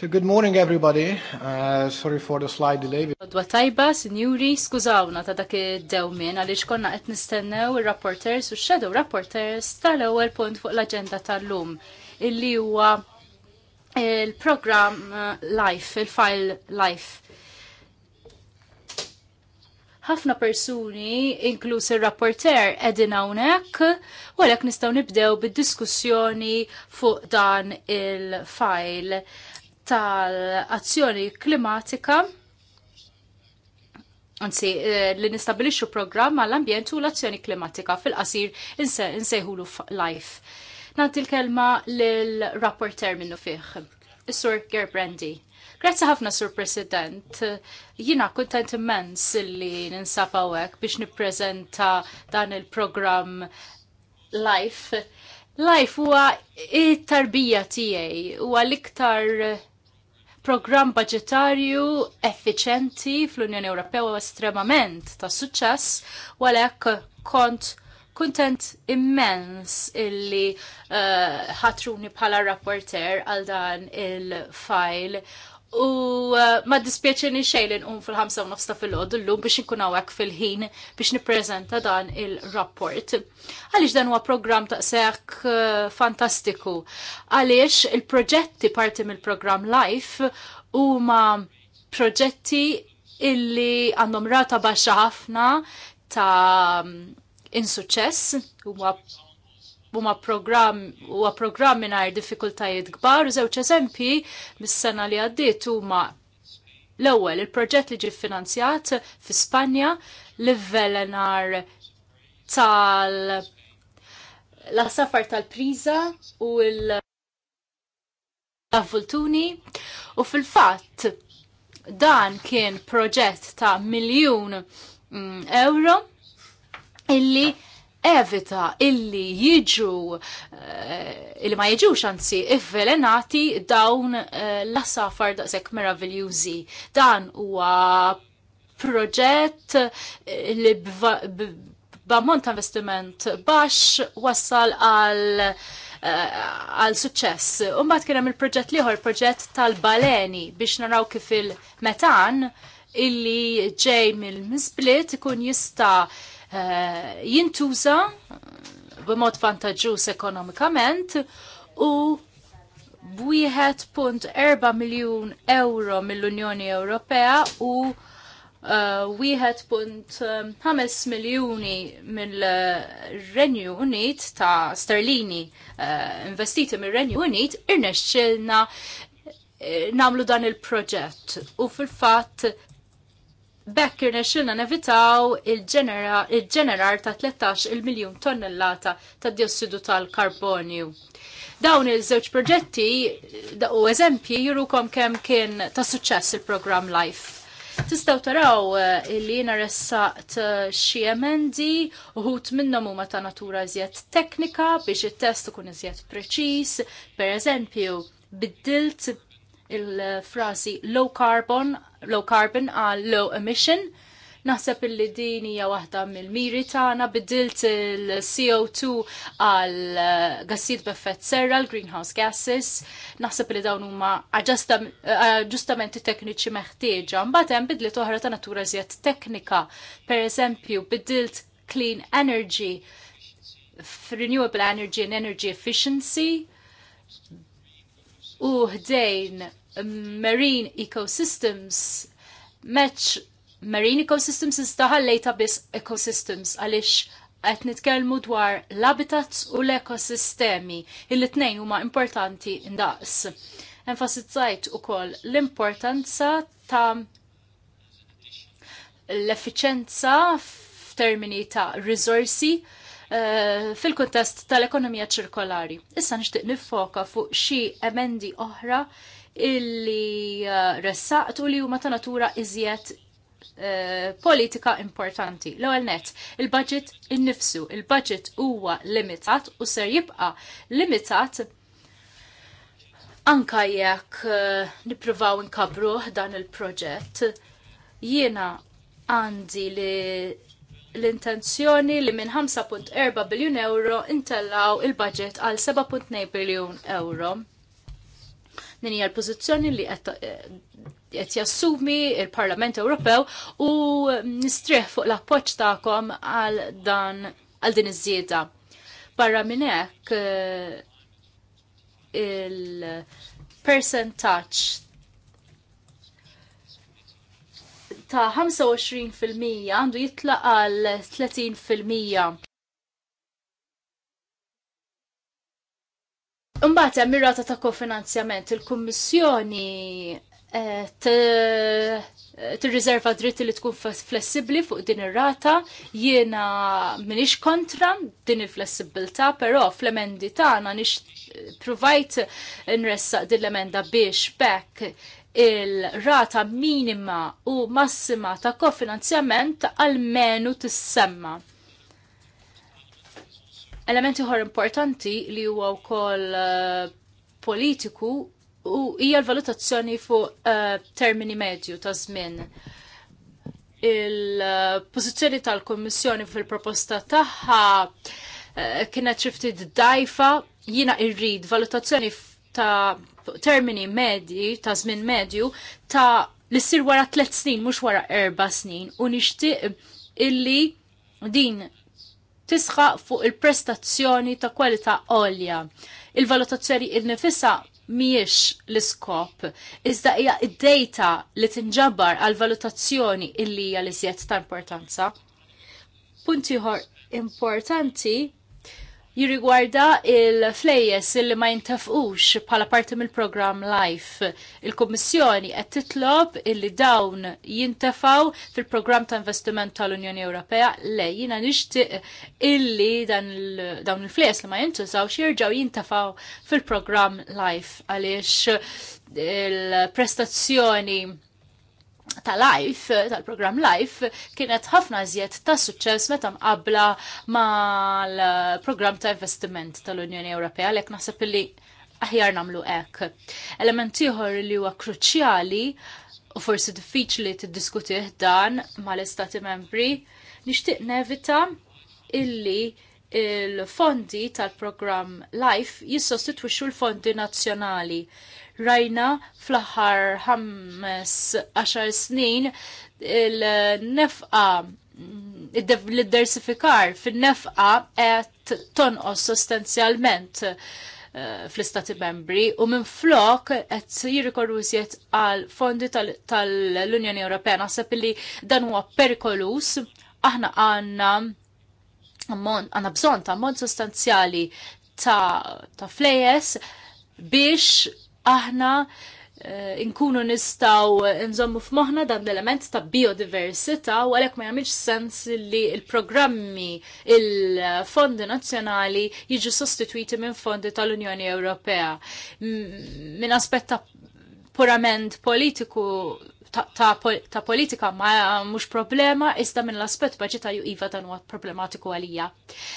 So good morning everybody. Uh, sorry for the slide delay. Dwa tajba, sinjuri, skużawna ta' dak id-dewmin għaliex konna qed nistennew ir-rapporters u shadow rapporters tal-ewwel punt fuq l-aġenda tal-lum illi huwa il-programm uh, Life, il-file Life ħafna persuni, inkluż ir-rapporter, edin hawnhekk, u għalhekk nistgħu nibdew bid-diskussjoni fuq dan il file tal-azzjoni klimatika anzi eh, li nistabilixxu programm għall-ambjent u l-azzjoni klimatika fil-qasir insejħulu life. Nanti l-kelma lill-rapporter minnu fiħ, is-Sur Gerbrandi. Grazzi ħafna, Sur President. Jina kuntent immens li ninsab biex nippreżenta dan il-programm Life. Life huwa it-tarbija tiegħi huwa l-iktar Programm budgetarju effiċenti fl-Unjoni Ewropew estremament ta' suċċess u għalhekk kont kuntent immens illi eh, ħatruni uh, bħala rapporter għal dan il file U eh, ma dispjaċini xej li nqum fil-5 ta' fil-qod l-lum biex nkun hawnhekk fil-ħin biex nippreżenta dan il-rapport. Għaliex dan huwa programm seħk eh, fantastiku. Għaliex il-proġetti parti mill-programm Life huma proġetti illi għandhom rata baxxa ħafna ta' mm, insuċess, huwa huma programm huwa programm mingħajr diffikultajiet kbar, żewġ eżempji mis-sena li għaddiet huma l-ewwel il-proġett li ġie finanzjat fi Spanja livell tal la safar tal-priza u l- Avultuni u fil-fatt dan kien proġett ta' miljun mm, euro illi evita illi jiġu eh, illi ma jiġux anzi ivvelenati dawn eh, l-asafar daqshekk meraviljużi. Dan huwa proġett eh, li b'ammont ta' investiment baxx wassal għal għal suċess. Umbat kien hemm il-proġett liħor, proġett tal-baleni biex naraw kif il-metan illi ġej mill-misblit ikun jista' Eh, jintuża b'mod vantaġġuż ekonomikament u b'1.4 miljun euro mill-Unjoni Ewropea u eh, wieħed punt ħames miljuni mill-Renju Unit ta' sterlini eh, investiti mill-Renju Unit irnexxilna namlu dan il-proġett u fil-fatt Bekker irnexxilna nevitaw il-ġenerar ta' 13 il-miljun tonnellata ta' diossidu tal-karbonju. Dawn il-żewġ proġetti u eżempji jurukom kemm kien ta' suċċess il-programm Life. Tistaw taraw eh, li jina ressaqt eh, xie emendi, uħut minnom huma ta' natura iżjed teknika biex it-test ikun iżjed preċis, per eżempju, biddilt il-frasi low carbon, low carbon għal low emission. Naħseb illi din hija waħda mill-miri tagħna biddilt il-CO2 għal eh, gassijiet b'effett serra, l-greenhouse gases. Naħseb li dawn huma aġġustamenti tekniċi meħtieġa. Mbagħad hemm bidliet oħra ta' natura żjed teknika. Pereżempju, biddilt clean energy, renewable energy and energy efficiency u ħdejn marine ecosystems meċ marine ecosystems lejta biss ecosystems għaliex qed nitkellmu dwar l-habitats u l-ekosistemi. Il-tnejn huma importanti ndaqs. Enfasizzajt ukoll l-importanza ta' l-effiċenza f'termini ta' risorsi uh, eh, fil-kontest tal-ekonomija ċirkolari. Issa nixtieq nifoka fuq xi emendi oħra illi uh, ressaqtu li huma ta' natura iżjed uh, politika importanti. L-ewwel net, il-budget innifsu, il-budget huwa limitat u ser jibqa' limitat anka jekk uh, nippruvaw nkabru dan il-proġett. Jiena għandi li l-intenzjoni li minn 5.4 biljun euro intellaw il-budget għal 7.2 biljun euro. Din hija l-pożizzjoni li eh, qed jassumi il-Parlament Ewropew u nistrih fuq l-appoġġ tagħkom għal dan għal din iż-żieda. Barra minn hekk eh, il-percentaġġ ta' 25% għandu jitla għal 30%. Imbagħad hemm ir-rata ta' kofinanzjament. Il-Kummissjoni eh, tirriserva eh, dritti li tkun flessibli fuq din ir-rata, jiena m'iniex kontra din il-flessibilità, però fl-emendi tagħna nix provajt nressaq din l-emenda biex bekk il-rata minima u massima ta' kofinanzjament għal-menu tissemma. Elementi ħor importanti li huwa wkoll eh, politiku u hija l-valutazzjoni fuq eh, termini medju ta' żmien. Il-pożizzjoni tal-Kommissjoni fil-proposta tagħha eh, kienet xiftit dajfa jina irrid valutazzjoni ta' termini medji, ta' żmien medju, ta' li ssir wara tliet snin, mhux wara erba snin, u nixtieq illi din tisħaq fuq il-prestazzjoni ta' kwalità għolja. Il-valutazzjoni innifisa miex l-iskop, iżda hija id-data li tinġabar għal valutazzjoni illi hija li ta' importanza. Punti ħor importanti Jirigwarda il-flejjes il ma jintafqux bħala parti mill-programm Life. Il-Kummissjoni qed titlob illi dawn jintafaw fil-programm ta' investiment tal-Unjoni Ewropea le jina nixtieq illi dawn il-flejjes li ma jintużawx jirġaw jintafaw fil-programm Life għaliex il-prestazzjoni ta' live, tal-program live, kienet ħafna żjed ta' suċċess meta mqabla mal-program ta' investiment tal-Unjoni Ewropea, lek naħseb li aħjar namlu hekk. Element ieħor li huwa kruċjali u forsi diffiċli tiddiskutih dan mal-Istati membri, nixtieq nevita illi il-fondi tal-program LIFE jissostitwixxu l-fondi nazzjonali rajna fl-aħħar ħames 10 snin il-nefqa l-diversifikar fin-nefqa qed tonqos sostanzjalment eh, fl-istati membri u minn flok qed jirrikorru iżjed għal fondi tal-Unjoni Ewropea naħseb li dan huwa perikolus aħna għandna għandna bżonn ta' ammont sostanzjali ta' flejes biex aħna eh, inkunu nistaw nżommu f'moħna dan l-element ta' biodiversita u għalek ma jamilx sens li il-programmi il-fondi nazzjonali jiġu sostituiti minn fondi tal-Unjoni Ewropea. Minn aspetta purament politiku ta' politika ma' mhux problema, iżda minn l-aspett budgetarju iva dan huwa problematiku għalija.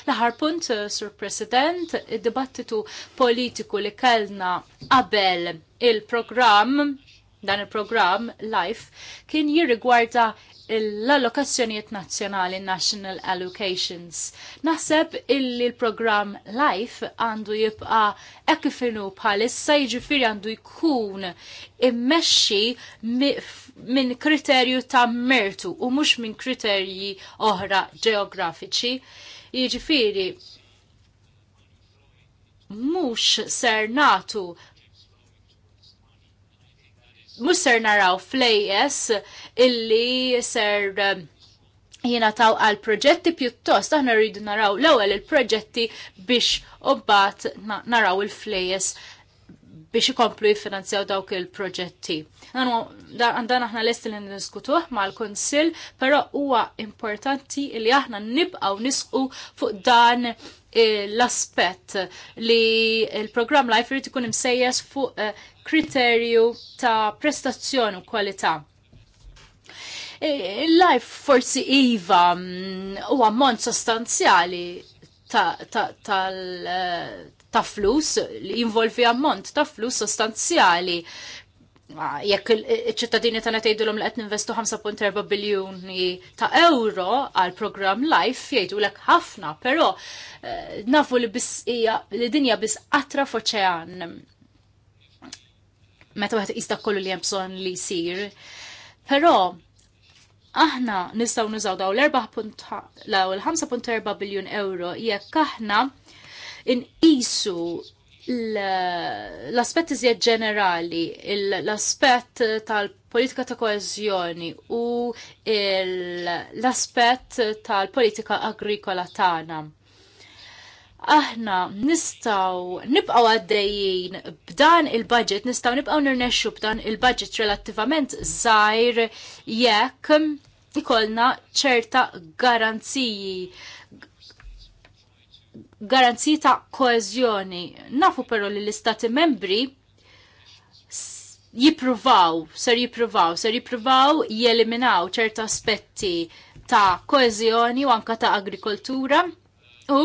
L-aħħar punt, eh, Sur President, id-dibattitu politiku li kellna qabel il-programm dan il-programm LIFE kien jirrigwarda l-allokazzjonijiet nazzjonali National Allocations. Naħseb illi l-programm LIFE għandu jibqa ekifinu bħalissa jiġifieri għandu jkun immexxi minn kriterju ta' mertu u mhux minn kriterji oħra ġeografiċi. Jiġifieri mhux ser natu mux ser naraw flejjes illi ser um, jina taw għal proġetti pjuttost, aħna rridu naraw l ewwel il-proġetti biex obbat naraw il-flejes biex ikomplu jiffinanzjaw dawk il-proġetti. Għandan aħna l-est li niskutuħ ma' l-Konsil, pero huwa importanti li aħna nibqaw nisqu fuq dan eh, l-aspett li il-programm life jrid ikun imsejjes fuq eh, kriterju ta' prestazzjoni u kwalità. Eh, il-life forsi iva mm, u ammont sostanzjali tal ta' flus li jinvolvi ammont ta' flus sostanzjali. Jekk iċ-ċittadini tagħna tgħidulhom li qed ninvestu 5.4 biljuni ta' euro għal programm life jgħidulek ħafna, però eh, nafu li biss li dinja biss qatra f'oċean. Meta wieħed jista' kollu li hemm bżonn li jsir. Però aħna nistgħu nużaw daw l-4 l-5.4 biljun euro jekk aħna inqisu l aspet iżjed ġenerali, l-aspett tal-politika ta' koezjoni u l-aspett tal-politika agrikola tagħna. Aħna nistaw nibqaw għaddejjin b'dan il-budget, nistaw nibqaw nirnexxu b'dan il-budget relattivament żgħir jekk ikolna ċerta garanziji Garanzija ta' koezjoni. Nafu però li l-istati membri jipruvaw, ser jipruvaw, ser jipruvaw jeliminaw ċerta aspetti ta' koezjoni u anka ta' agrikoltura u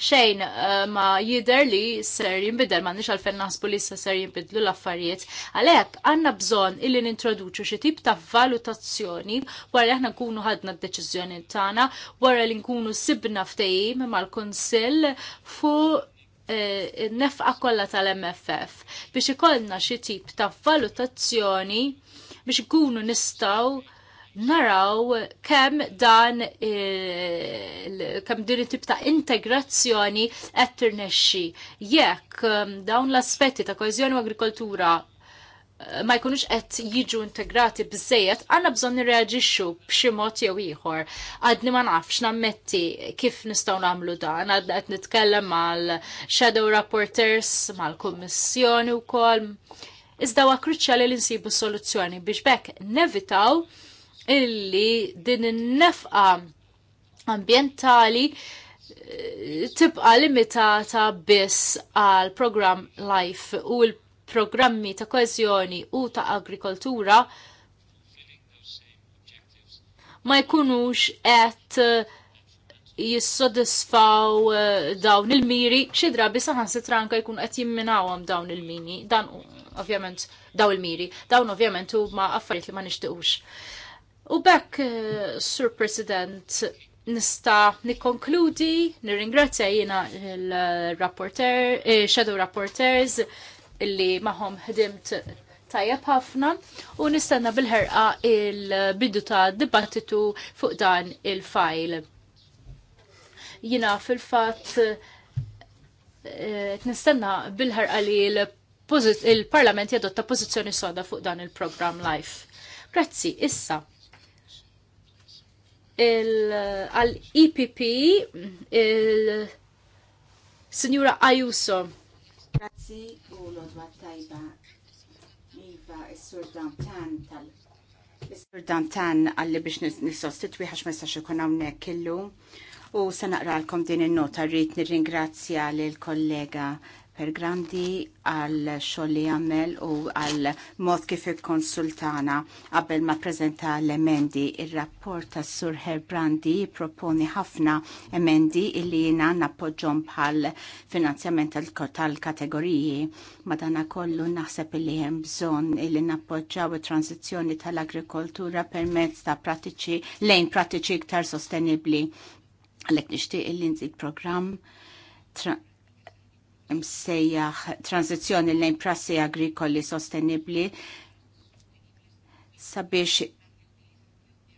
xejn eh, ma jider li ser jimbidel ma nix għalfen naħsbu li ser jimbidlu l-affarijiet. Għalek, għanna bżon illi nintroduċu xie tip ta' valutazzjoni wara li ħna nkunu ħadna d-deċizjoni tagħna wara li nkunu sibna ftehim mal-Kunsill fu eh, nefqa kollha tal-MFF biex ikollna xi tip ta' valutazzjoni biex nkunu nistaw naraw kemm dan eh, kemm din it-tip ta' integrazzjoni qed tirnexxi. Jekk um, dawn l-aspetti ta' koezjoni u agrikoltura eh, ma jkunux qed jiġu integrati biżejjed, għandna bżonn nirreaġixxu b'xi mod jew ieħor. Għadni ma nafx nammetti kif nistgħu nagħmlu dan, għadna qed nitkellem mal-shadow rapporters, mal-kummissjoni wkoll. Iżda huwa kruċjali li nsibu soluzzjoni biex bekk nevitaw illi din in-nefqa ambientali eh, tibqa limitata biss għal program life u l-programmi ta' koezjoni u ta' agrikoltura ma jkunux qed eh, jissodisfaw eh, dawn il-miri xi drabi saħan sitranka jkun qed jimminawhom dawn il-mini dan ovvjament dawn il-miri dawn ovvjament huma affarijiet li ma nixtiqux. U bekk, eh, Sur President, nista nikonkludi, nirringrazzja jina il-rapporter, eh, shadow rapporters illi maħom ħdimt tajjeb ħafna u nistenna bil-ħerqa il-bidu ta' dibattitu fuq dan il-fajl. Jina fil-fat eh, nistenna bil-ħerqa li il-Parlament jadotta pozizjoni soda fuq dan il-program live. Grazzi, issa għal-EPP il-Sinjura Ayuso. Grazzi u l-odwa tajba. Iva, s-sur Dantan tal Is-sur Dantan għalli biex nissostitwi għax ma jistax ikun hawnhekk illum. U se naqralkom din in-nota rrid nirringrazzja lill kollega Pergrandi għal xoll li għamel u għal mod kif il-konsultana qabel ma prezenta l-emendi. Il-rapport ta' Sur Herbrandi proponi ħafna emendi illi jina nappoġġom bħal finanzjament tal-kategoriji. Madana kollu naħseb illi hemm bżonn illi nappoġġaw it transizjoni tal-agrikoltura permezz ta' pratiċi lejn pratiċi iktar sostenibli. Għalhekk nixtieq illi nżid programm msejjaħ tranzizjoni lejn prassi agrikoli sostenibli sabiex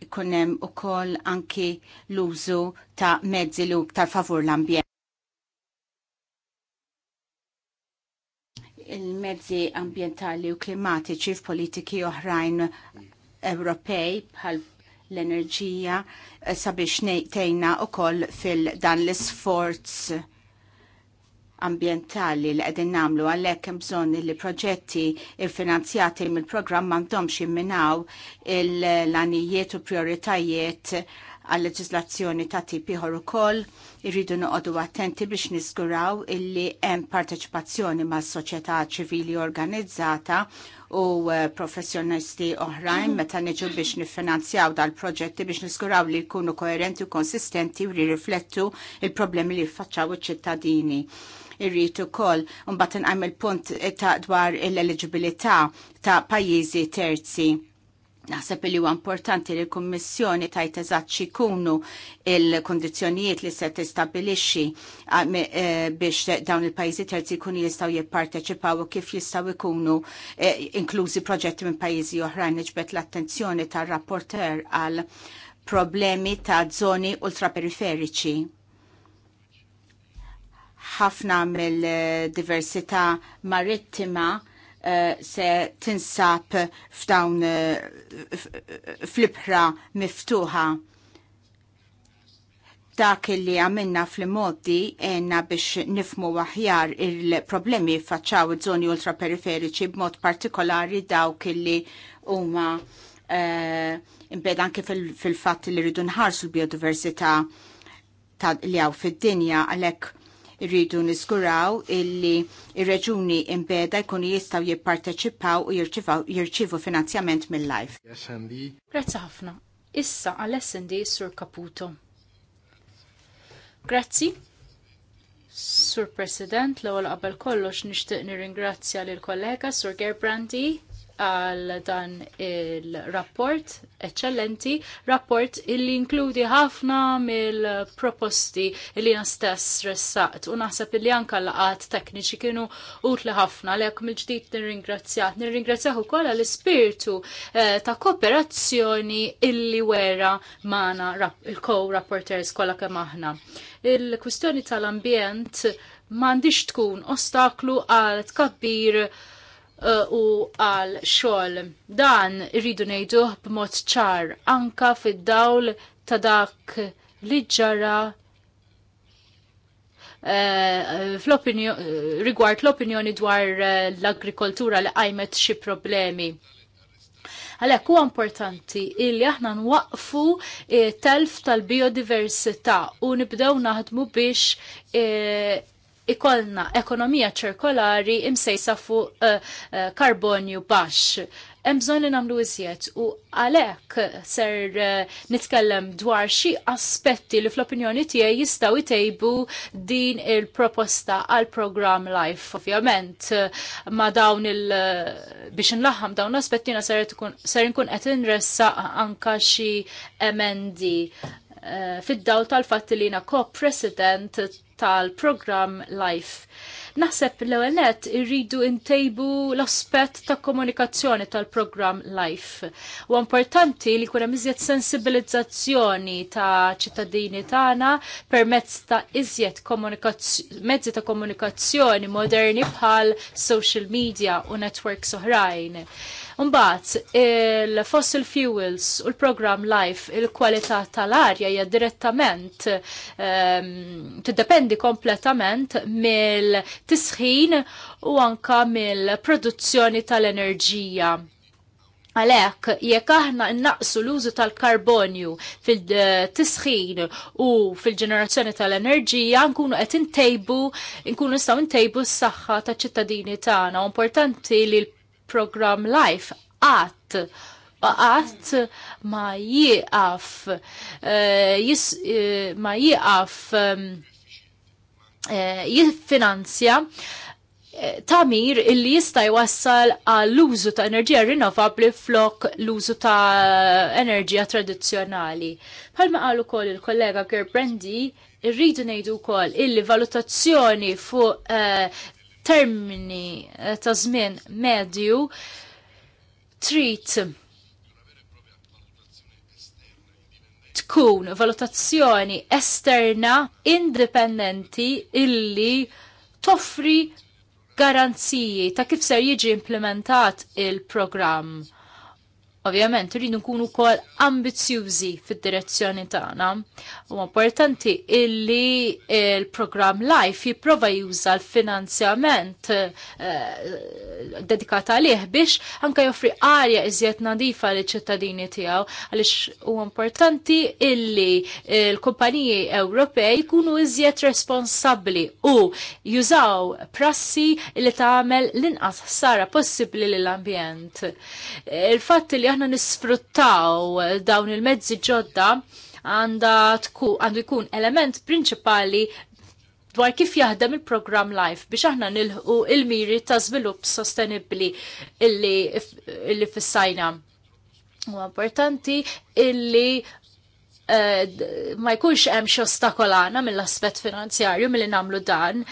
ikunem u ukoll anki l-użu ta' mezzi l tal-favur l-ambjent. il-mezzi ambientali u klimatiċi f'politiki oħrajn Ewropej bħal l-enerġija eh, sabiex tejna u koll fil-dan l-sforz ambientali li qegħdin nagħmlu għalhekk hemm bżonn li proġetti finanzjati mill-programm m'għandhomx jimminaw il-lanijiet u prioritajiet għal leġislazzjoni ta' tip ieħor ukoll irridu noqogħdu attenti biex niżguraw illi hemm parteċipazzjoni mas-soċjetà ċivili organizzata u eh, professjonisti oħrajn meta niġu biex niffinanzjaw dal-proġetti biex niskuraw li jkunu koerenti u konsistenti u li riflettu il-problemi li jfaċċaw iċ-ċittadini irrid ukoll mbagħad inqajm il-punt ta' dwar l eligibilità ta' pajjiżi terzi. Naħseb li huwa importanti li l-Kummissjoni tajt eżatt xikunu il-kondizzjonijiet li se tistabilixxi e, biex dawn il-pajjiżi terzi jkunu jistgħu jipparteċipaw u kif jistgħu jkunu e, inklużi proġetti minn pajjiżi oħrajn niġbet l-attenzjoni tar-rapporter għal problemi ta' żoni ultraperiferiċi ħafna mill-diversità marittima eh, se tinsab f'dawn eh, fl-ibħra miftuħa dak li għamilna fl-modi għenna biex nifmu aħjar il-problemi faċċaw iż-żoni ultraperiferiċi b'mod partikolari dawk li huma uh, imbed anke fil-fatt li rridu nħarsu l-biodiversità li għaw fid-dinja għalhekk Irridu niskuraw illi ir-reġuni imbeda jkunu jistgħu jipparteċipaw u jirċivu finanzjament mill-life. Grazzi ħafna. Issa għal-SND Sur Caputo. Grazzi. Sur President, l ewwel qabel kollox nixtieq nirringrazzja lill kollega Sur Gerbrandi għal dan il-rapport eccellenti, rapport illi inkludi ħafna mill-proposti illi jan stess ressaqt u naħseb illi anka laqat tekniċi kienu utli ħafna l mill-ġdid nir-ringrazzjat. Nir-ringrazzjat u kolla l spirtu eh, ta' kooperazzjoni illi wera maħna il-co-rapporters kolla kem aħna. Il-kwistjoni tal-ambjent mandiġ tkun ostaklu għal tkabbir Eh, u għal xogħol. Dan irridu ngħiduh b'mod ċar anka fid-dawl ta' dak li ġara eh, rigward l-opinjoni dwar eh, l-agrikoltura li għajmet xi problemi. Għalek huwa importanti illi aħna nwaqfu telf tal-biodiversità u nibdew naħdmu biex ikollna ekonomija ċirkolari imsejsa fuq uh, uh, karbonju baxx. Hemm bżonn li nagħmlu iżjed u għalhekk ser uh, nitkellem dwar xi aspetti li fl-opinjoni tiegħi jistgħu jtejbu din il-proposta għal programm life. Ovvjament ma dawn il biex inlaħħam dawn aspetti ser, ser nkun qed inressa anka xi emendi Eh, fid-dawl tal-fatt li jina co-president tal-programm Life. Naħseb l-ewwel irridu ntejbu l-aspett ta' komunikazzjoni tal-programm Life. U importanti li kuna iżjed sensibilizzazzjoni ta' ċittadini tagħna permezz ta' iżjed mezzi ta' komunikazzjoni moderni bħal social media u networks oħrajn. Mbaħt, il-fossil fuels u l-programm life il-kwalità tal-arja hija direttament ehm, tiddependi kompletament mill-tisħin u anka mill-produzzjoni tal-enerġija. Għalek, jekk aħna naqsu l-użu tal-karbonju fil-tisħin u fil-ġenerazzjoni tal-enerġija, nkunu qed intejbu, nkunu nistgħu ntejbu s-saħħa taċ-ċittadini tagħna. Importanti li l program life għat għat ma jieqaf eh, eh, ma jieqaf eh, jifinanzja tamir illi jista' jwassal għall użu ta' enerġija rinnovabbli flok l-użu ta' enerġija tradizzjonali. Palma qal kol il-kollega Gerbrendi, irridu ngħidu wkoll illi valutazzjoni fuq termini eh, ta' żmien medju trit tkun valutazzjoni esterna indipendenti illi toffri garanziji ta' kif ser jiġi implementat il-programm Ovvjament, rridu nkunu kol ambizjużi fid-direzzjoni tagħna. U importanti illi il-programm Life jipprova juża l-finanzjament eh, dedikat għalih biex anka joffri arja iżjed nadifa li ċittadini tiegħu għaliex huwa importanti illi l-kumpaniji Ewropej jkunu iżjed responsabbli u jużaw prassi li tagħmel l-inqas ħsara possibbli lill-ambjent. Il-fatt li aħna nisfruttaw dawn il-mezzi ġodda għandu jkun element prinċipali dwar kif jaħdem il-programm LIFE biex aħna nilħu il-miri ta' żvilupp sostenibbli illi fissajna. U importanti illi ma jkunx hemm xi ostakolana mill-aspett finanzjarju milli nagħmlu dan,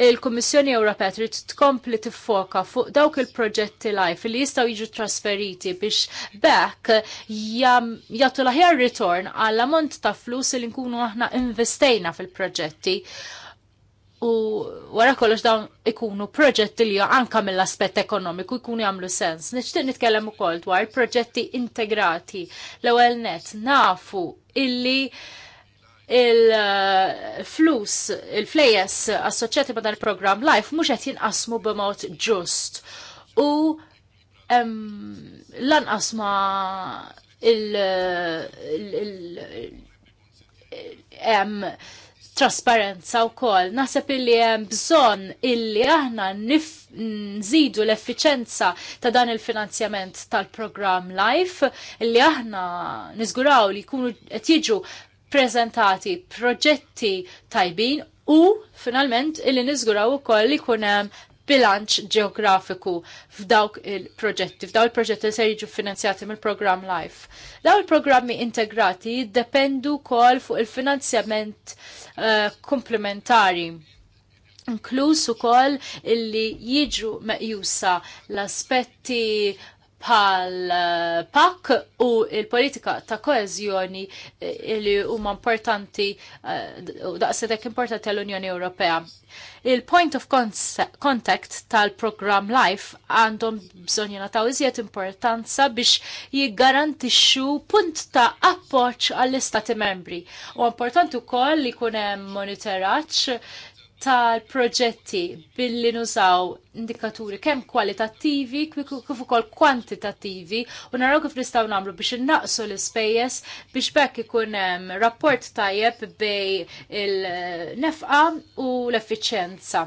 il-Kummissjoni Ewropea trid tkompli tiffoka fuq dawk il-proġetti life li jistgħu jiġu trasferiti biex bekk jagħtu l-aħjar ritorn għall ammont ta' flus li nkunu aħna investejna fil-proġetti. U wara kollox dawn ikunu proġetti li anka mill-aspett ekonomiku jkunu jagħmlu sens. Nixtieq nitkellem ukoll dwar proġetti integrati. L-ewwel net nafu illi il-flus, eh, il-flejes assoċjati ma' dan il-program live mhux qed jinqasmu b'mod ġust. U lanqas ma' il- hemm eh, trasparenza u kol. Nasab illi hemm bżon illi aħna nżidu l-effiċenza ta' dan il-finanzjament tal-programm Life, illi aħna nizguraw li jkunu qed jiġu prezentati proġetti tajbin u finalment illi nizguraw ukoll li jkun hemm bilanċ ġeografiku f'dawk il-proġetti, f'dawk il-proġetti li se jiġu finanzjati mill-programm Life. Daw il-programmi integrati jiddependu kol fuq il-finanzjament uh, komplementari inkluż ukoll illi jiġu meqjusa l-aspetti pal eh, pak u il-politika ta' koezjoni eh, li huma importanti eh, u daqsetek importanti għall-Unjoni Ewropea. Il-point of contact tal-program Life għandhom bżonn jingħataw iżjed importanza biex jiggarantixxu punt ta' appoġġ għall-Istati membri. U importanti wkoll li jkun hemm monitoraġġ tal-proġetti billi nużaw indikaturi kemm kwalitattivi kif ukoll kwantitattivi u naraw kif nistgħu nagħmlu biex innaqsu l-ispejjeż biex bekk ikun hemm rapport tajjeb bej il-nefqa u l-effiċjenza.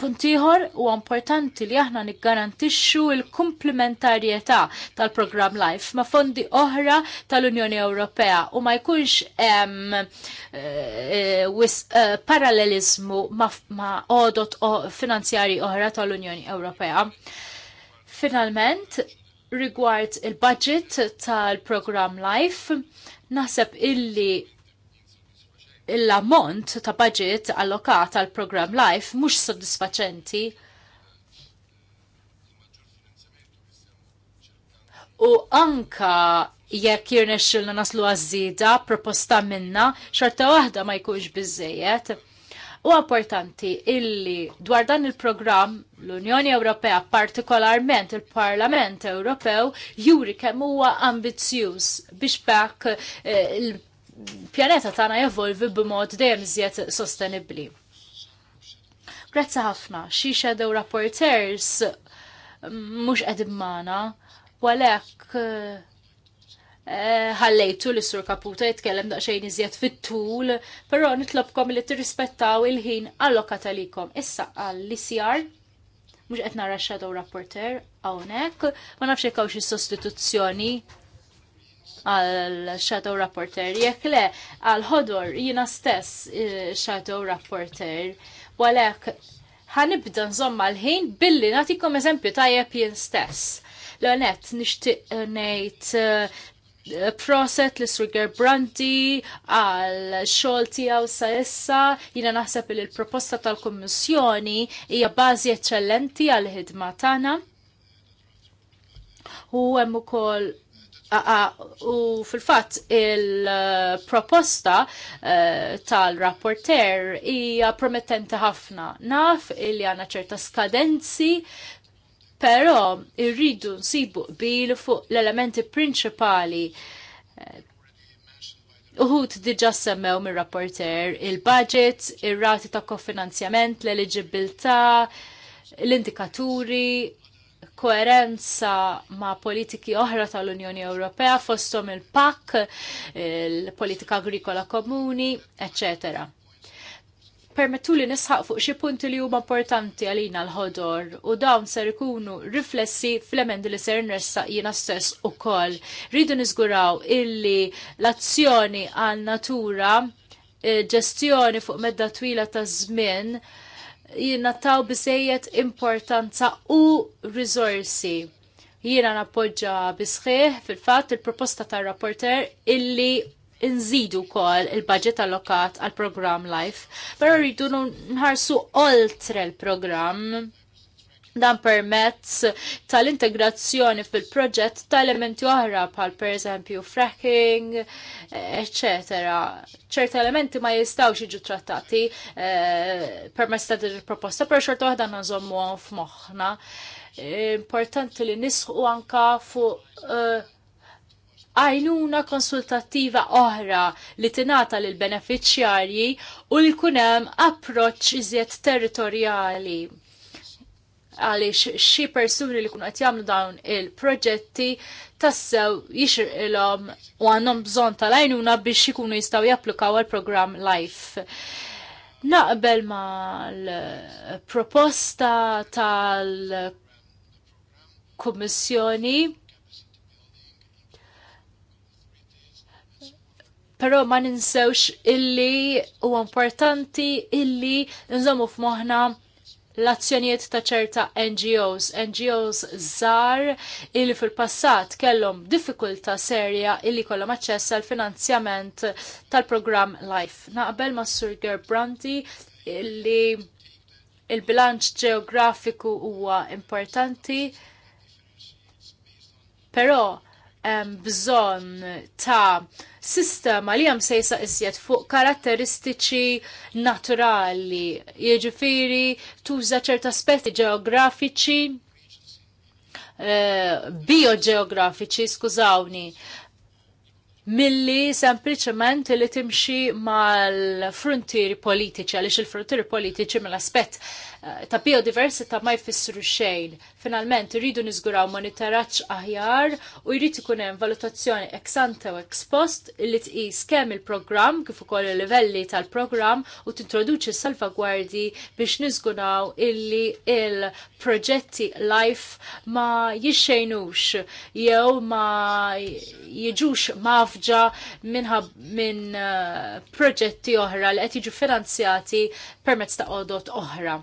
Puntiħor u importanti li aħna niggarantixxu il-komplementarjetà tal-programm Life ma' fondi oħra tal-Unjoni Ewropea u ma jkunx hemm uh, eh, eh, eh, ma' għodot finanzjari oħra tal-Unjoni Ewropea. Finalment, rigward il-budget tal programm Life, naħseb illi l-ammont ta' budget allokat għal program Life mhux soddisfaċenti u anka jekk jirnexxilna naslu għażida proposta minna xorta waħda ma jkunx biżejjed. U importanti illi dwar dan il-programm l-Unjoni Ewropea, partikolarment il-Parlament Ewropew, juri kemm huwa ambizzjuż biex bekk eh, pjaneta tagħna jevolvi b'mod dejjem iżjed sostenibbli. Grazzi ħafna, xi shadow rapporters mm, mhux qed immana, għalhekk eh, eh, ħallejtu li sur Kaputa jitkellem daqsxejn iżjed fit-tul, però nitlobkom li tirrispettaw il-ħin allokat talikom. Issa għall-ICR, mhux qed nara shadow rapporter hawnhekk, ma nafx hekk xi sostituzzjoni għal shadow rapporter, jekk le għal ħodor jina stess eh, shadow rapporter, walek ħanibda nżomma l-ħin billi natikom eżempju tajjeb jien stess. L-għanet, nishtiq eh, nejt eh, proset li Sriger Brandi għal xol tijaw sa issa jina naħseb li l-proposta tal-Kommissjoni hija bażi eccellenti għal ħidma tagħna. U hemm ukoll u fil-fatt il-proposta uh, tal-rapporter hija promettenti ħafna. Naf li għandna ċerta skadenzi, però irridu nsibu bil fuq l-elementi prinċipali eh, Uħut diġa semmew mir rapporter il-budget, ir-rati ta' kofinanzjament, l eligibilta l-indikaturi, koerenza ma' politiki oħra tal-Unjoni Ewropea fostom il-PAK, il-Politika Agrikola Komuni, eccetera permettu li nisħaq fuq xi punti li huma importanti għalina l-ħodor u dawn ser ikunu riflessi fl-emendi li ser nressa jina stess ukoll. Rridu niżguraw illi l-azzjoni għal natura eh, ġestjoni fuq medda twila ta' żmien jinnattaw biżejjed importanza u risorsi jiena nappoġġa bisħieħ fil-fatt il-proposta tar rapporter illi nżidu kol il-budget allokat għal programm Life, pero rridu nħarsu oltre l-programm dan permezz tal-integrazzjoni fil-proġett ta' elementi oħra bħal per eżempju fracking, etc. ċerti elementi ma jistawx jiġu trattati eh, permezz ta' din proposta per xorta waħda nażommu f'moħħna. Importanti li nisħu anka fuq eh, għajnuna eh, konsultattiva oħra li tinata lill beneficjarji u li kunem approċċ iżjed territorjali għaliex xi persuni li kunu qed jagħmlu dawn il-proġetti tassew il-om u għandhom bżonn tal-għajnuna biex ikunu jistgħu japplikaw għal programm Life. Naqbel mal-proposta tal kommissjoni pero ma ninsewx illi u importanti illi nżomu f'moħna l-azzjonijiet ta' ċerta NGOs, NGOs żar illi fil-passat kellhom diffikulta serja illi kollhom aċċess għal finanzjament tal-programm Life. Naqbel ma' Sur Gerbranti illi il-bilanċ ġeografiku huwa importanti, però bżonn ta' sistema li hemm sejsa isjed fuq karatteristiċi naturali, jiġifieri tuża ċerta aspetti ġeografiċi, eh, bioġeografiċi, skużawni, milli sempliciment li timxi mal-frontieri politiċi, għaliex il-frontieri politiċi mill-aspett ta' biodiversità ma jfissru xejn. Finalment irridu niżguraw monitoraġġ aħjar u jrid ikun hemm valutazzjoni ex ante u ex post li tqis kemm il-programm kif ukoll il-livelli tal-programm u tintroduċi s-salvagwardji biex nizgunaw illi il-proġetti life ma jixxejnux jew ma jiġux mafġa minn uh, proġetti oħra li qed jiġu finanzjati permezz ta' qodot oħra.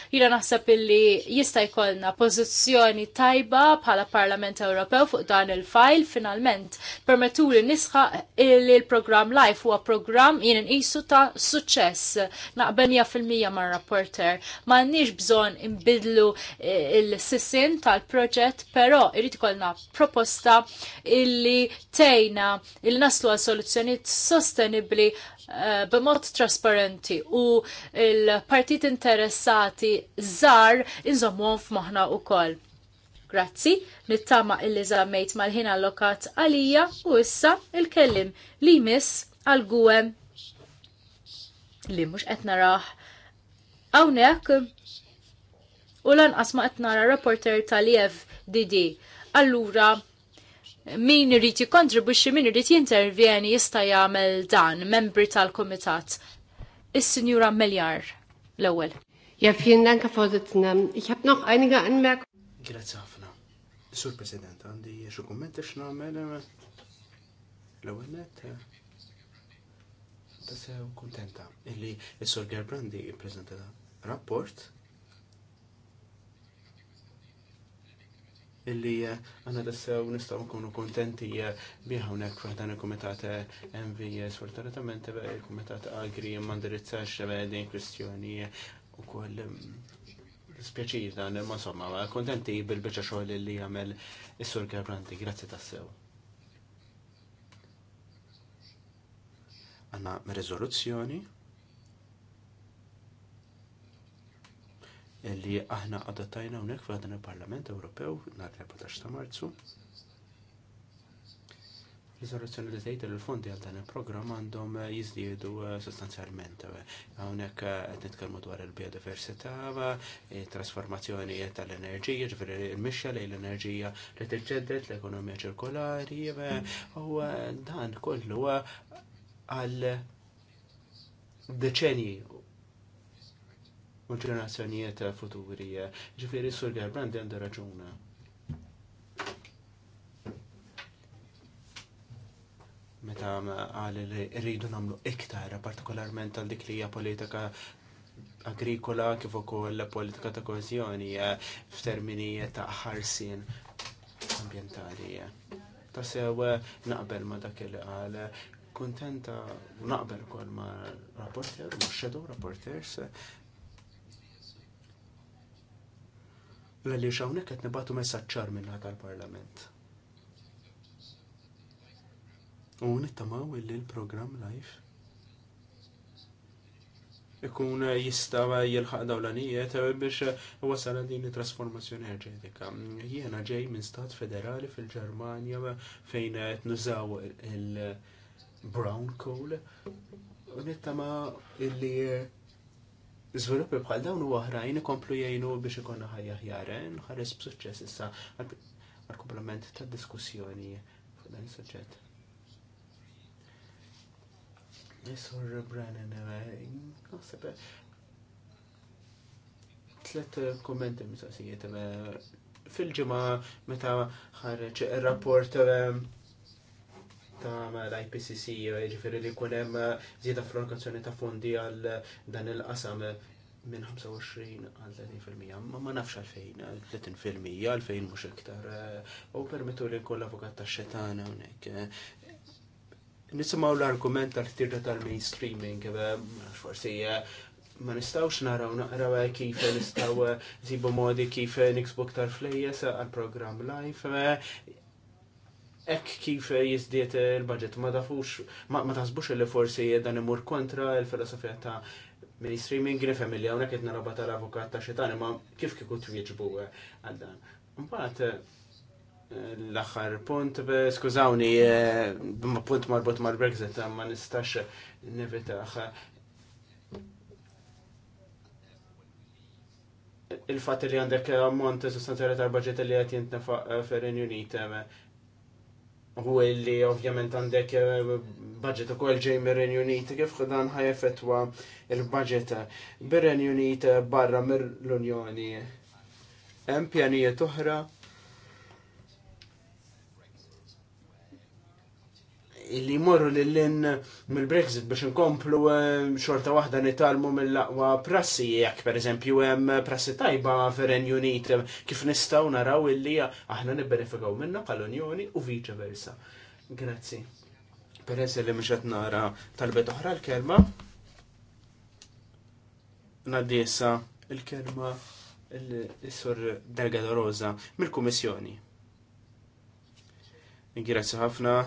Jina naħseb illi jista' jkollna pożizzjoni tajba bħala Parlament Ewropew fuq dan il-fajl finalment permettu li nisħa li l-programm live huwa programm jien nqisu ta' suċċess. Naqben fil-mija mar-rapporter. M'għandniex bżonn imbidlu eh, il-sisin tal-proġett, però jrid ikollna proposta illi tejna il naslu għal soluzzjonijiet sostenibli eh, b'mod trasparenti u l-partit interessati żar f'maħna u wkoll. Grazzi, nittama illi żammejt mal-ħin allokat għalija u issa il-kellim li miss għal guwem li mhux qed raħ hawnhekk u lanqas ma qed nara reporter tal-Jev Didi. Allura, min irid jikkontribwixxi, min irid jintervjeni jista' jagħmel dan, membri tal-kumitat. Is-Sinjura Meljar l-ewwel. Ja, vielen Dank, Herr Vorsitzender. Ich habe noch einige Anmerkungen. Grazie ħafna. Sur President, għandi xo kommenti x'nagħmel l-ewwel net. Eh, Ta' sew kuntenta illi s-Sur Gerbrandi ppreżenta rapport illi eh, għanna tassew nistaw nkunu kontenti eh, biħa unek fħadan il MVS, MV sfortunatamente il Agri mandirizzax din kwistjoni u koll spjaċir dan, ma somma kontenti bil beċa xogħol li jagħmel is-Sur Gerbranti, grazzi tassew. Għanna rezoluzzjoni Li aħna adattajna unek fl-għadan il-Parlament Ewropew nar-14 ta' Marzu Rizoluzzjoni li tgħid il-fondi għal dan il-programm għandhom eh, jiżdiedu eh, sostanzjalment. Eh, hawnhekk qed nitkellmu dwar il-biodiversità, trasformazzjoni tal-enerġija, ġifieri l-mixja lejn l-enerġija li tiġġedded l-ekonomija ċirkolari, u dan kollu għal deċenji u ġenerazzjonijiet futuri. s Sur Gerbrandi għandu raġuna. meta qal li rridu namlu iktar, partikolarment għal dik li hija politika agrikola kif ukoll politika ta' kohezjoni eh, f'termini ta' ħarsien ambjentali. Ta' sew eh, naqbel ma' dak li qal kuntenta u naqbel ukoll ma' rapporter, ma' shadow rapporters l għalli xawnek qed nibatu messaċċar minna tal-Parlament. U nittamaw illi l-program live ikun jista jilħaq dawlanijiet biex wasal din trasformazzjoni enerġetika. Jiena ġej minn stat federali fil-Ġermanja fejn qed nużaw il-brown coal. U nittama illi Żviluppi bħal dawn u għahrajn ikomplu jgħinu biex ikonna ħajja ħjaren, eh? ħares b'suċċess issa għal-komplement tad-diskussjoni fuq dan is-suġġett. Sur Brennan, naħseb eh, tlet eh, kommenti mistoqsijiet eh, fil-ġimgħa meta ħareġ ir-rapport ta' l-IPCC, ġifieri li jkun hemm żieda ta' fondi għal dan il-qasam minn 25 għal 30%, ma ma nafx għalfejn, għal 30% għalfejn mux iktar. U permettu li nkoll avukat ta' xetana unek nisimaw l-argument tal-tirda tal-mainstreaming, eh, forsi eh, ma nistawx naraw naqraw eh, kif nistaw zibu modi kif nixbuk tal-flejjes għal-program live. Ek kif jizdiet il-budget ma dafux, ma tasbux li forsi dan imur kontra il-filosofija ta' mainstreaming nifhem li hawnhekk kietna rabata tal-avukat ta' xitani ma kif kieku twieġbu għal dan. Mbagħad L-axar punt, skużawni, e, ma punt marbut mal-Brexit, ma nistax nevitax. Il-fat li għandek ammont sostanzjali tal-budget li għet jintnafaq fil-Renju Unit, e, u li ovvjament għandek e, budget u kol ġej mir-Renju Unit, kif dan effettwa il-budget bir-Renju Unit barra mir-Unjoni. Hemm pjanijiet oħra li jmorru lil-lin mill-Brexit biex nkomplu eh, xorta waħda nitalmu mill-laqwa prassi, jekk pereżempju hemm prassi tajba fir Unit, kif nistgħu naraw illi aħna nibbenefikaw minnha bħall-Unjoni u viċi versa. Grazzi. Peress li mhux nara talbet oħra l-kelma. Ngħaddi issa il-kelma l-Sur Delgado Rosa mill-Kummissjoni. Grazzi ħafna.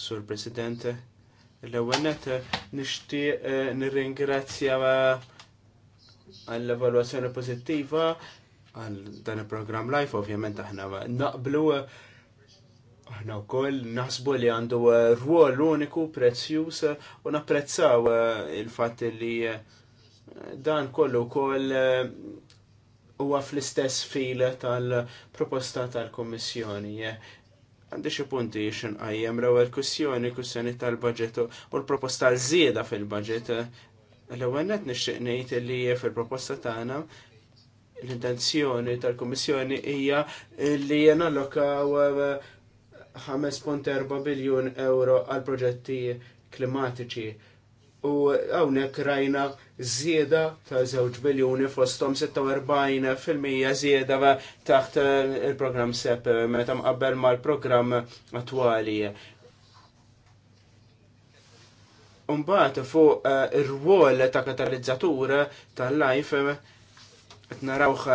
Sur President, l-ewenet nishtiq eh, nirringrazzja eh, għall-evaluazzjoni pozittiva għal dan il-program live, ovvjament aħna naqblu aħna u koll naħsbu li għandu eh, rwol uniku, prezzjus u napprezzaw il-fat li dan kollu koll huwa fl-istess fil tal-proposta tal-Kommissjoni għandi xi punti xinqajjem l-ewwel kussjoni, kussjoni tal-budget u l-proposta żieda fil-budget. L-ewwel qed nixtieq ngħid li fil-proposta tagħna l-intenzjoni tal-Kummissjoni hija li nallokaw 5.4 biljun euro għal proġetti klimatiċi u hawnhekk rajna żieda ta' żewġ biljoni fosthom 46% zjeda taħt eh, il-programm SEP eh, meta mqabbel mal-programm attwali. Umbat fuq eh, ir-rwol ta' katalizzatura tal-life narawħ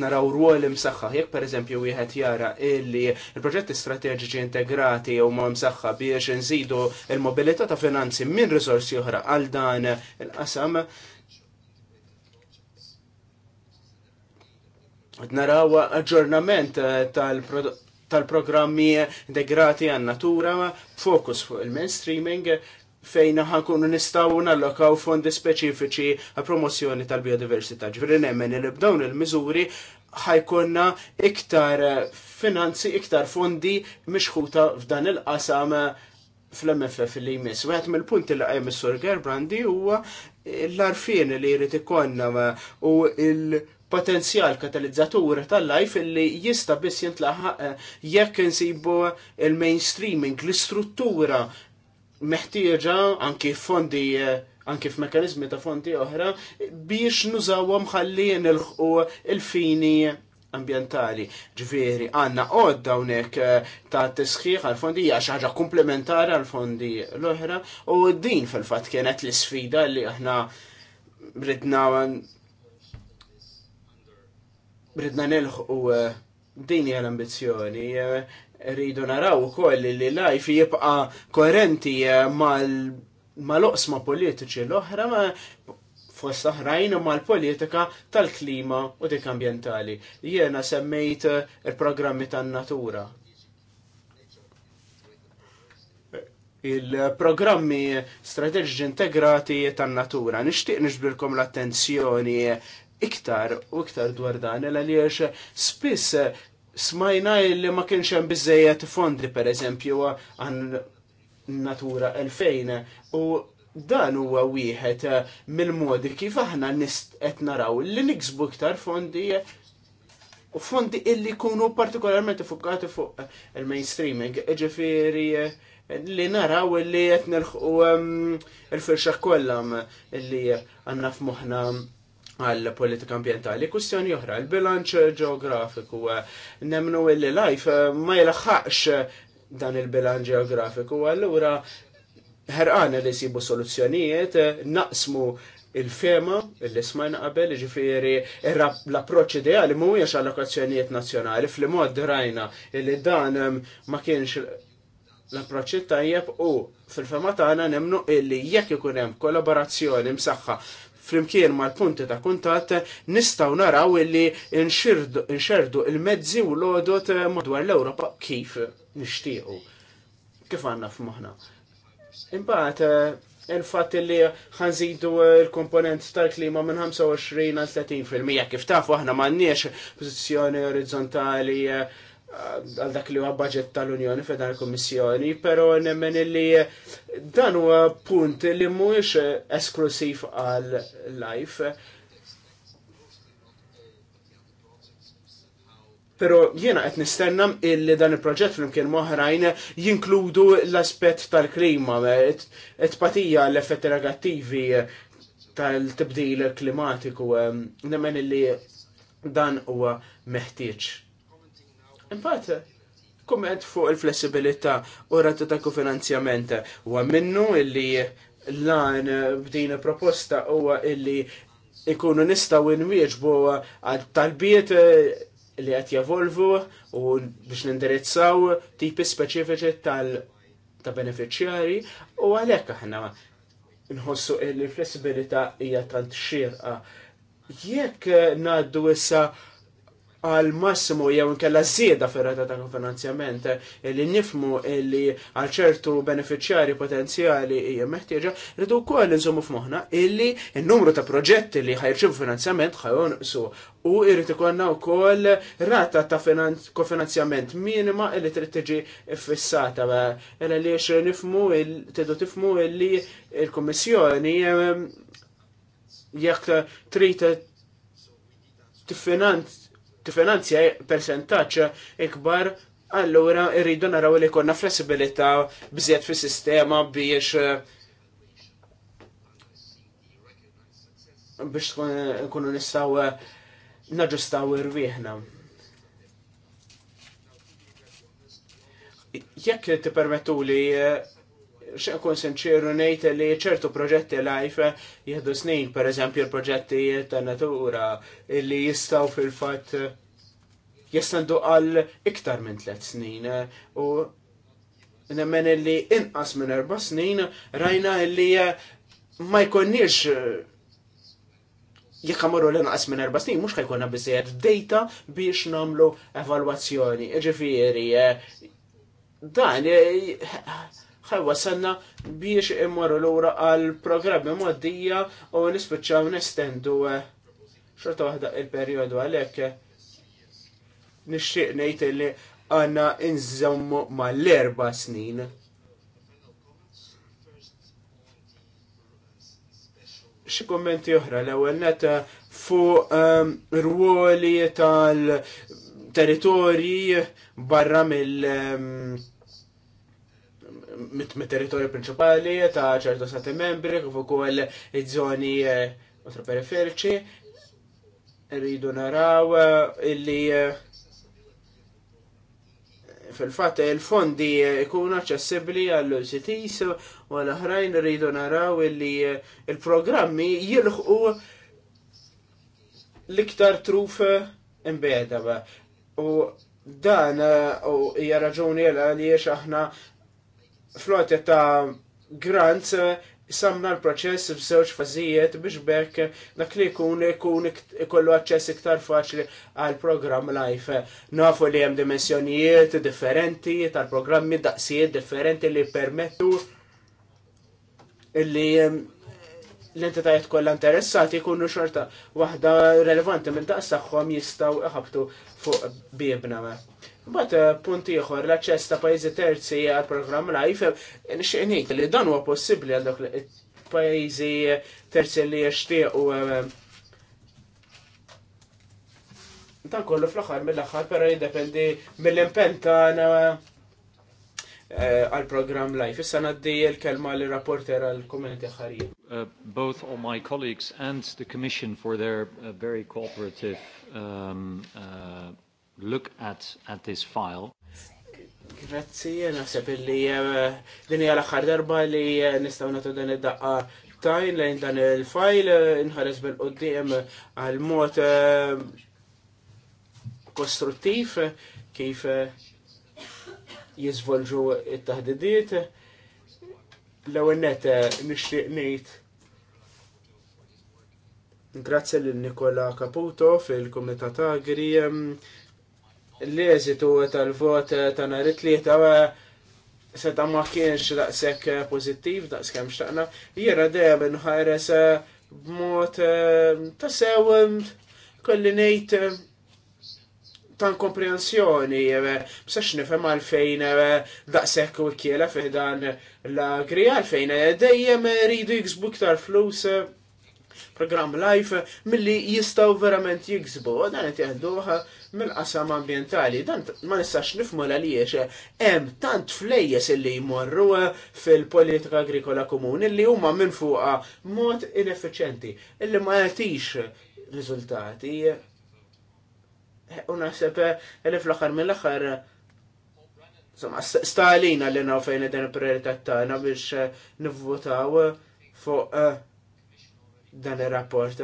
naraw ruol imsaxħa, jekk per eżempju wieħed jara illi il-proġetti strateġiċi integrati u ma msaxħa biex nżidu il-mobilità ta' finanzi minn risorsi oħra għal dan il-qasam. Naraw aġġornament tal-programmi integrati għan natura, fokus fuq il-mainstreaming, fejn ħankunu nistaw nallokaw fondi speċifiċi għal promozzjoni tal-biodiversità. Ġifri nemmen li b'dawn il-miżuri ħajkonna iktar finanzi, iktar fondi mixħuta f'dan il-qasam fl-MFF li jmiss. Wieħed mill-punti li għajm is-Sur Gerbrandi huwa l-arfien li jrid ikonna u il- potenzjal katalizzatur tal-life illi jista biss jintlaħ jekk insibu il-mainstreaming, l-istruttura meħtieġa anki fondi eh, anki f'mekanizmi ta' fondi oħra biex nużawhom ħalli nilħqu il-fini ambientali. Ġveri, għanna għodda dawnek eh, ta' tisħiħ għal-fondi, hija ħaġa komplementari għal-fondi l-oħra, u din fil-fat kienet l-sfida li aħna ridna ridna nilħu u eh, din hija l-ambizzjoni rridu naraw ukoll li lajf jibqa koerenti eh, mal-oqsma politiċi l-oħra ma fost oħrajn mal-politika tal-klima u dik ambjentali. Jiena semmejt eh, il-programmi tan-natura. Il-programmi strateġiċi integrati tan-natura. Nixtieq nixbilkom l-attenzjoni eh, iktar u iktar dwar dan, għaliex spiss smajna li ma kienx hemm biżejjed fondi pereżempju għan natura 2000 u dan huwa wieħed mill-modi kif aħna qed naraw li niksbu iktar fondi u fondi illi jkunu partikolarment fukati fuq il-mainstreaming, ġifiri li naraw li qed nilħu ehm, il-firxa kollha ehm, illi għandna f'moħħna għal politika ambientali. Kustjoni oħra, il-bilanċ ġeografiku. Eh, nemnu illi lajf eh, ma jilaxħax eh, dan il-bilanċ ġeografiku, għallura ħerqana li sibu soluzzjonijiet, naqsmu il-fema, il-ismajna qabel, ġifiri, l-approċ ideali mhuwiex għallokazzjonijiet nazzjonali, fl-mod rajna li dan ma kienx l-approċ tajjeb u fil-fema tagħna nemnu illi jekk ikun hemm kollaborazzjoni msaħħa flimkien mal-punti ta' kuntat nistaw naraw illi nxerdu il-mezzi u l-odot eh, madwar l-Ewropa kif nishtiqu. Kif għanna f'moħna. Imbagħad eh, il-fatt li ħanżidu eh, l-komponent tal-klima minn 25 għal 30 fil-mija kif tafu aħna m'għandniex pożizzjoni orizzontali għal dak li huwa budget tal-Unjoni Federal Kommissjoni, pero nemmen li eh, dan huwa punt li mhuwiex eh, esklusiv għal life. Pero jiena qed nistennam il dan il-proġett flimkien moħrajn jinkludu l-aspett tal-klima, it-patija l-effetti negattivi eh, tal-tibdil klimatiku, nemmen li dan huwa meħtieġ. Imbagħad kumment fuq il-flessibilità u rata ta' kofinanzjament huwa minnu illi lan b'din proposta huwa illi ikunu nistgħu nwieġbu għal talbiet li qed javolvu u biex nindirizzaw tipi speċifiċi tal ta' beneficjari u għalhekk aħna nħossu il-flessibilità hija tant xirqa. Jekk ngħaddu issa għal massimo jew nkella żieda fir-rata ta' finanzjament eh, li nifmu li għal ċertu beneficjari potenzjali hija meħtieġa rridu wkoll inżommu f'moħħna illi n-numru ta' proġetti li ħajrċivu finanzjament su u jrid ikollna wkoll rata ta' kofinanzjament minima li trid tiġi fissata għaliex nifmu tidu tifmu illi il-Kummissjoni eh, jekk trid tiffinanz tifinanzja percentaċ ikbar, allura rridu naraw li konna flessibilità bżiet fis sistema biex biex kunu nistaw naġustaw irwieħna. Jekk ti permettu li xekun sinċeru nejt li ċertu proġetti life jihdu snin, per eżempju l-proġetti ta' natura li jistaw fil-fat jistandu għal iktar minn tlet snin u nemmen li inqas minn erba snin rajna li ma jkonniex jekk għamorru l-inqas minn erba snin, mux ħajkonna bizzejed data biex namlu evalwazzjoni. Ġifiri, dan ħajwa sanna biex immorru l-ura għal programmi moddija u nispiċċaw nestendu eh, xorta waħda il-periodu għalek. Eh, nixtieq ngħid li għanna inżommu mal-erba snin. Xi kommenti oħra l-ewwel net eh, fuq um, ruoli tal-territorji barra mill- um, mit-territorju prinċipali ta' ċertu stati membri, kif ukoll iż-żoni eh, periferiċi eh, eh, Rridu naraw illi fil-fatt il-fondi jkunu aċċessibbli għall ucts u l-oħrajn rridu naraw illi il-programmi jilħqu l-iktar truf imbeda. U dan u hija raġuni għaliex aħna Flotta ta' grants eh, samna l-proċess f'żewġ fażijiet biex bekk dak li jkun ikun ikollu aċċess iktar faċli għal programm life. Nafu li hemm dimensjonijiet differenti tal-programmi daqsijiet differenti li permettu li eh, l-entitajiet kollha interessati jkunu xorta waħda relevanti minn daqs tagħhom jistgħu iħabtu fuq biebna. Bat uh, punt ieħor l-aċċess ta' pajjiżi terzi għal programm live nixtieq li dan huwa possibbli għal dak pajjiżi terzi li u um, dan kollu fl-aħħar mill-aħħar pero jiddependi mill impenta tagħna uh, għal program live. Issa naddi l-kelma l rapporter għal komuniti ħarija. Uh, both all my colleagues and the Commission for their uh, very cooperative um, uh, look at, at this file. Grazzi, naħseb li eh, din hija l-aħħar darba li eh, nistgħu nagħtu dan id-daqqa tajn lejn dan il-fajl eh, inħares bil-qudiem għal mod kostruttiv kif jiżvolġu it-taħdidiet. L-ewwel net nixtieq ngħid Grazzi lil Nikola Caputo fil-Kumitat Agri l-eżitu tal-vot ta' nhar it-tlieta eh, seta ma kienx daqshekk eh, pożittiv daqskemm xtaqna, jiena dejjem inħares eh, b'mod ta' sew kolli ngħid ta' komprensjoni, bsa nifhem għalfejn daqshekk u kiela dan l-agri għalfejn dejjem rridu jiksbu iktar flus program live milli jistaw verament jiksbu, dan qed jeħduha mill-qasam ambientali, dan ma nistax nifmu għaliex eh, hemm tant flejjes illi jmorru eh, fil-politika agrikola komuni li huma minn fuqha mod ineffiċenti, illi ma jagħtix riżultati. U naħseb eh, li fl-aħħar mill-aħħar Insomma, stalina li naw fejn id-den prioritat tagħna biex nivvutaw fuq dan ir-rapport.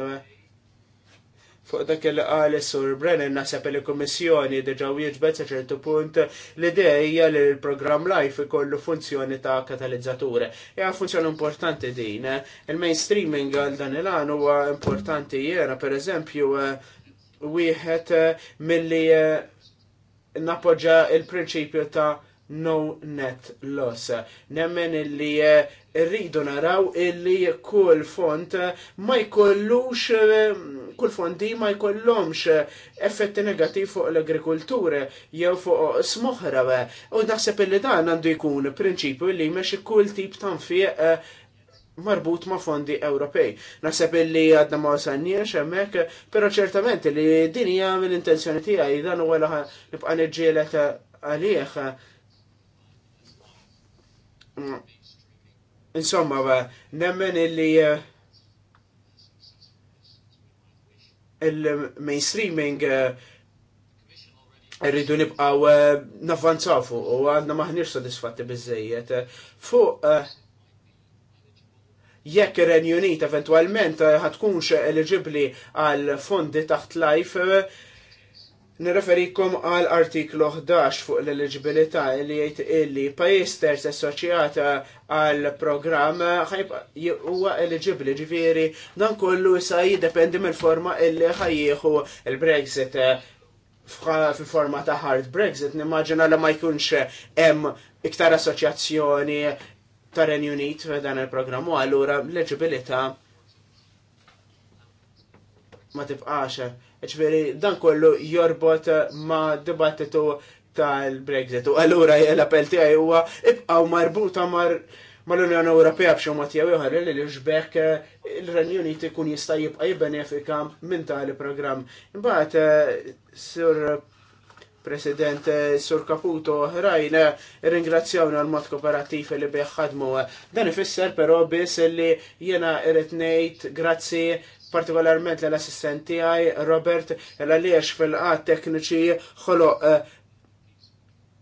Fuq dak il qal sur Brennan nasab li kummissjoni diġa wieġbet sa ċertu punt l dejja hija li l-programm life ikollu funzjoni ta' katalizzaturi. Ja funzjoni importanti din. Il-mainstreaming għal dan il-għan huwa importanti jena, per eżempju, wieħed milli eh, napoġġa il-prinċipju ta' no net loss. Nemmen illi eh, rridu naraw illi kull font ma jkollux eh, kull fondi ma jkollhomx eh, effetti negattiv fuq l-agrikultura jew fuq smoħra eh. u naħseb li dan għandu jkun prinċipju li jmexxi kull tip ta' nfiq eh, marbut ma' fondi Ewropej. Naħseb li għadna ma' sanniex hemmhekk, però ċertament li din hija mill-intenzjoni tiegħi dan huwa nibqa' niġġielet għalih. Mm. Insomma, nemmen illi il-mainstreaming eh, rridu nibqaw eh, navvanzaw fuq u għandna maħnir sodisfatti bizzejiet. Fuq eh, jekk ir-Renju Unit eventualment ħatkunx eligibli għal fondi taħt life Nirreferikom għal artiklu 11 fuq l-eligibilità li jgħid illi pajjiż terz assoċjata għal programm huwa eligibli ġifieri dan kollu issa jiddependi mill-forma illi ħajjieħu l brexit fi forma ta' hard Brexit nimmaġina li ma jkunx hemm iktar assoċjazzjoni ta' Renju Unit f'dan il-programm u allura l-eligibilità ma tibqax ċveri, dan kollu jorbot ma dibattitu tal-Brexit. U għallura jgħal appell tiegħi huwa ibqgħu marbuta mar mal-Unjoni Ewropea b'xi mod jew ieħor li l-ġbek il-Renju Unit ikun jista' jibqa' jibbenefika minn tali programm. Imbagħad eh, sur President eh, Sur Caputo ħrajn ringrazzjawna għal mod kooperattiv li bieħħadmu. Dan ifisser però biss li jiena irid ngħid grazzi partikolarment l-assistent tiegħi Robert għaliex fil-qat tekniċi ħoloq eh,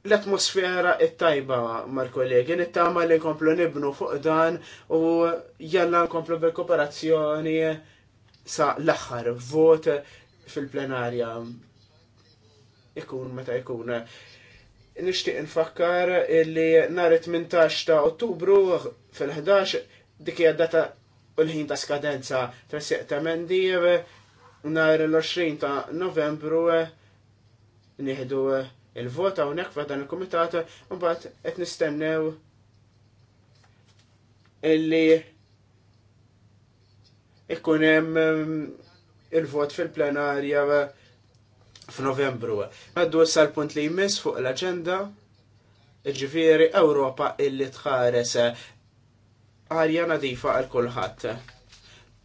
l-atmosfera it-tajba mal-kollegi, nittama li nkomplu nibnu fuq dan u jalla nkomplu bil-kooperazzjoni sa l-axħar vot fil-plenarja. Ikun meta ikun. Nishtiq nfakkar illi nhar 18 ta' Ottubru fil-11 dikija data u l-ħin ta' skadenza ta' seqtamendi eh, nar l-20 ta' novembru eh, nieħdu eh, il-vota u nekfa dan il-komitat u bat qed nistennew illi ikkun hemm il-vot fil-plenarja f'Novembru. Għaddu sal-punt li jmiss fuq l-agenda ġifiri Ewropa illi tħares għarja nadifa għal kulħadd.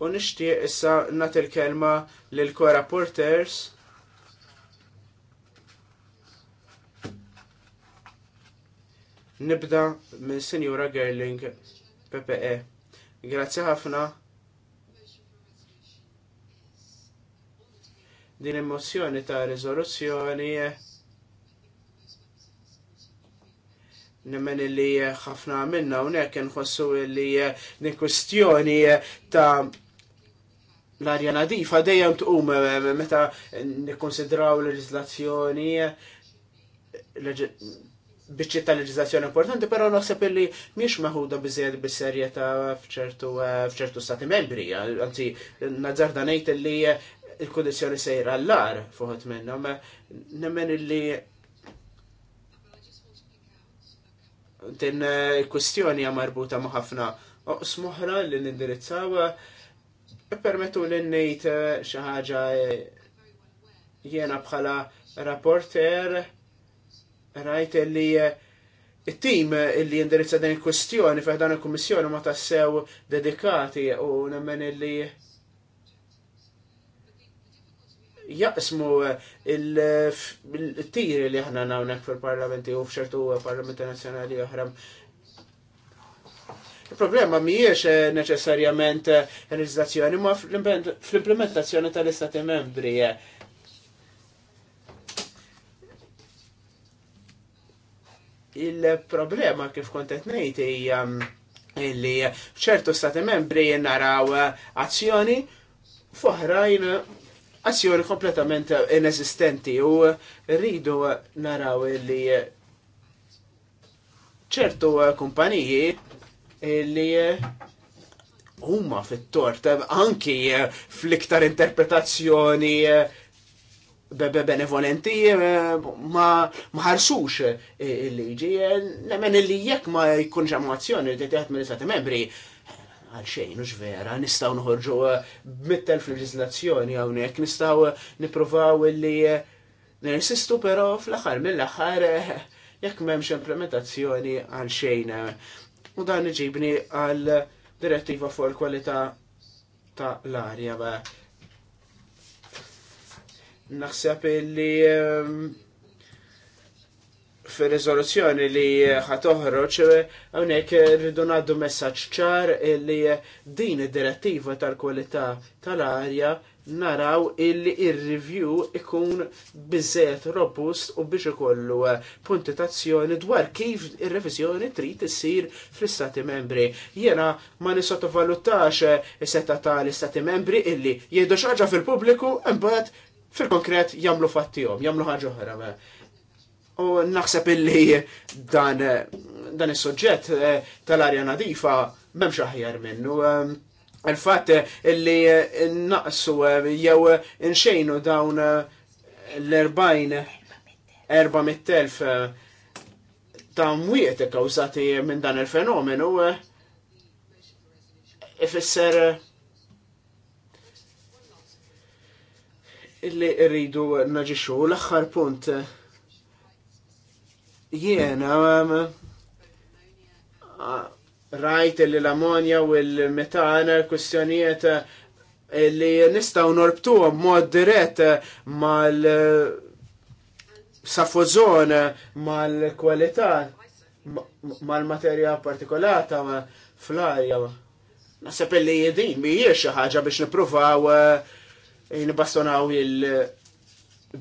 U nixtieq issa nagħti il-kelma lil kora Porters. Nibda minn Sinjura Gerling PPE. Grazzi ħafna. Din il-mozzjoni ta' riżoluzzjoni nemmen li eh, ħafna minna unek nħossu li eh, nekwestjoni eh, ta' l-arja nadifa dejjem tqum meta nikkonsidraw l-leġislazzjoni biċċi ta' leġislazzjoni importanti, però naħseb li miex maħuda biżjed bis-serjetà f'ċertu stati membri, anzi nazzar ngħid li il-kondizjoni sejra l-lar fuħat minnhom. nemmen li din il-kwestjoni eh, hija marbuta ma' ħafna oqs moħra li nindirizzaw e permettu li ngħid eh, xi ħaġa eh, jiena bħala rapporter rajt li it-tim li jindirizza din il-kwestjoni fih dan il-kummissjoni ma tassew dedikati u nemmen li jaqsmu eh, il-tiri eh, li ħna nawnek fil-parlamenti u fċertu eh, parlamenti nazjonali oħra. Il-problema miex neċessarjament realizzazzjoni, ma fl-implementazzjoni tal-istati membri. Il-problema kif kontet nejt hija mm, li ċertu stati membri naraw azzjoni, foħrajn azzjoni kompletament inesistenti u rridu naraw li ċertu kumpaniji li huma fit-tort anki fl-iktar interpretazzjoni benevolenti ma ħarsux il-liġi, nemmen li jekk ma jkunx ammazzjoni li teħet mill istati membri, għal xejn u vera, nistaw nħorġu eh, mittel fil ġizlazzjoni hawnhekk nistaw eh, nippruvaw li eh, nirsistu però fl-aħħar mill-aħħar jekk m'hemmx implementazzjoni għal xejn. U dan iġibni għal direttiva fuq il-kwalità ta' l-arja. Naħseb li fir rizoluzzjoni li ħatoħroċ hawnhekk rridu naddu messaġġ ċar li din id-direttiva tal-kwalità tal-arja naraw illi ir-review ikun bizzet robust u biex ikollu punti tazzjoni dwar kif ir-reviżjoni trid issir fl-Istati Membri. Jiena ma nisottovalutax is setta tal-Istati Membri illi jgħidu xi ħaġa fil-pubbliku imbagħad fil-konkret jagħmlu fattihom, jagħmlu ħaġa oħra U naħseb illi dan, dan is-soġġett eh, tal-arja nadifa memx aħjar minnu. Eh, Il-fatt illi naqsu eh, jew inxejnu dawn l-40 400.000 ta' mwiet kawzati minn dan il-fenomenu ifisser illi rridu naġixxu l-aħħar punt Jiena um, rajt li l-ammonja u l-metana kwestjonijiet eh, li nistaw norbtu mod dirett eh, mal eh, safozon mal-kwalità mal-materja partikolata fl-arja. Nasab li jedin mi xi ħaġa biex nippruvaw bastonaw il-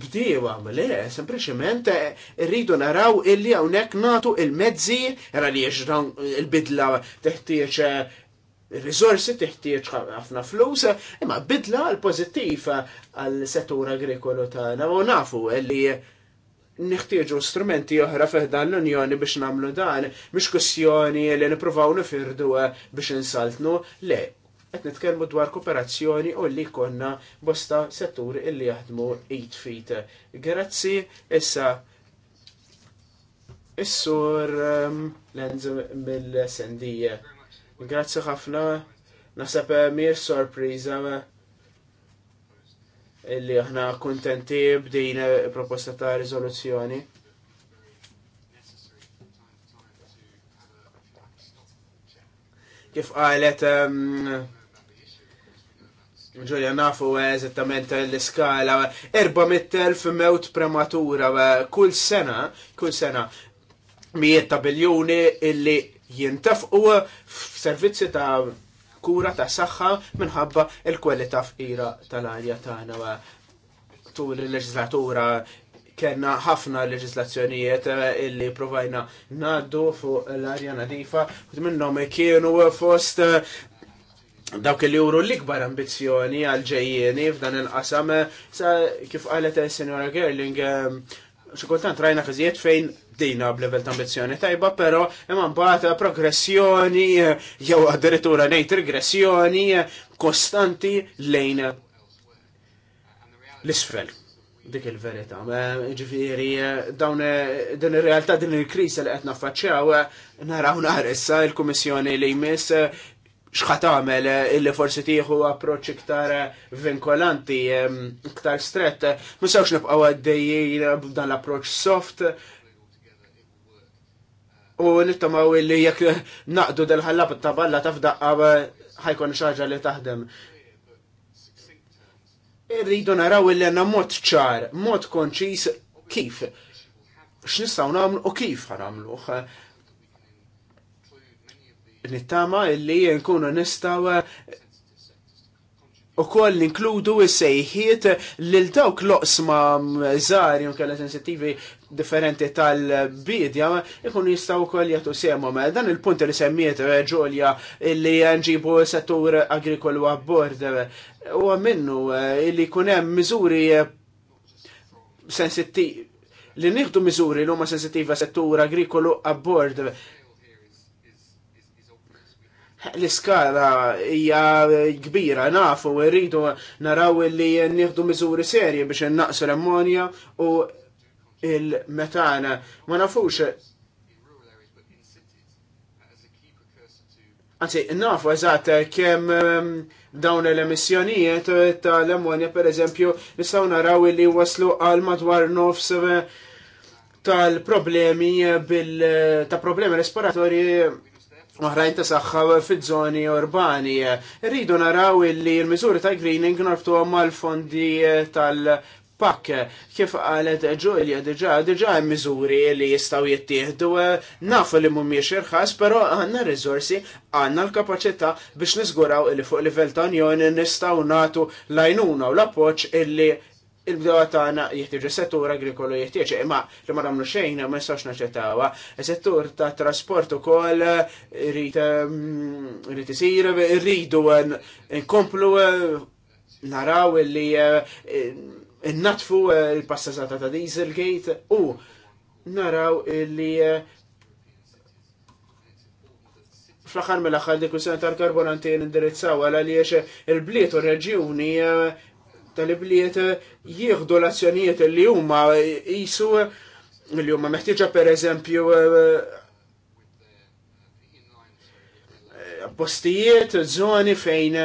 bdiewa, le, sempliciment eh, rridu naraw illi hawnhekk natu il-mezzi, era li il-bidla teħtieġ ir-rizorsi, eh, teħtieġ ħafna flus, imma bidla l-pozittiv għal-settur agrikolu tagħna u nafu illi niħtieġu strumenti oħra fiħdan l-Unjoni biex namlu dan, biex kussjoni li niprofaw nifirdu eh, biex insaltnu, le, qed nitkellmu dwar kooperazzjoni u li konna bosta settur illi jaħdmu 8 feet. Grazzi, issa Is-sur um, Lenz mill-Sendija. Grazzi ħafna, nasab eh, mir sorpriza eh, illi aħna kontenti bdejna eh, proposta ta' riżoluzzjoni. Kif qalet um, Ġurja, nafu eżattament l-iskala, 400.000 mewt prematura eh, kull sena, kull sena mijiet ta' biljoni illi jintafqu f'servizzi ta' kura ta' saħħa minħabba il-kwalità f'ira tal-arja tagħna tul il-leġislatura kena ħafna leġislazzjonijiet eh, illi provajna naddu fuq l-arja nadifa, minnom kienu fost dawk li juru l-ikbar ambizjoni għal-ġejjeni f'dan il-qasam, sa kif qalet il-Senjora Gerling, xikultant rajna kazijiet fejn dina b'level ta' ambizjoni tajba, pero imman bata progressjoni, jew addirittura nejt regressjoni kostanti lejn l-isfel. Dik il-verita. Ġifiri, dawn din ir-realtà din il-kris li qed naffaċċjaw naraw nar il l-Kummissjoni li jmiss xħat għamel eh, illi forsi tiħu approċ iktar eh, vinkolanti, eh, iktar stret. Musawx nibqaw għaddejjien b'dan l-approċ soft. U nittamaw illi jek naqdu dal-ħallab t-taballa tafdaqqa ħajkon xaġa li taħdem. Irridu naraw illi għanna mod ċar, mod konċis kif. X'nistgħu nagħmlu u kif ħanamluh nittama illi nkunu nistaw eh, u koll inkludu s-sejħiet lil dawk loqsma zaħar un kalla sensitivi differenti tal-bidja ikun jistaw u koll jatu sema ma dan il-punt li semmiet eh, ġolja illi nġibu settur u għabbord u minnu eh, illi kunem mizuri sensitivi li nieħdu miżuri l huma sensitiva settur agrikolu abbord l-iskala hija kbira nafu rridu naraw li nieħdu miżuri serji biex innaqsu l-ammonja u il-metana. Ma nafux Anzi, nafu eżatt kemm um, dawn l-emissjonijiet tal-ammonja per eżempju nistgħu naraw li waslu għal madwar nofs uh, tal-problemi bil ta' problemi respiratorji oħrajn tisaxħaw fil żoni urbani. Rridu naraw li l-miżuri ta' greening nortuhom mal-fondi tal- pak kif qalet Ġulja diġa diġa hemm miżuri li jistgħu jittieħdu nafu li mhumiex irħas, però għandna r-rizorsi, għandna l-kapaċità biex niżguraw li fuq livell ta' Unjoni nistgħu nagħtu lajnuna u l-appoġġ illi il-bdewa tagħna jeħtieġ settur agrikolu jeħtieġ imma li ma nagħmlu xejn ma jistax naċċettawha. settur ta' trasport ukoll irid ehm, isir irridu eh, nkomplu eh, naraw li eh, innatfu l passazata ta' Dieselgate u naraw li fl-axar mill-axar dik tal-karbonanti indirizzaw għal għaliex il-bliet u reġjuni tal-ibliet eh, jieħdu l-azzjonijiet li huma jisu li huma meħtieġa per eżempju eh, eh, postijiet, zoni fejn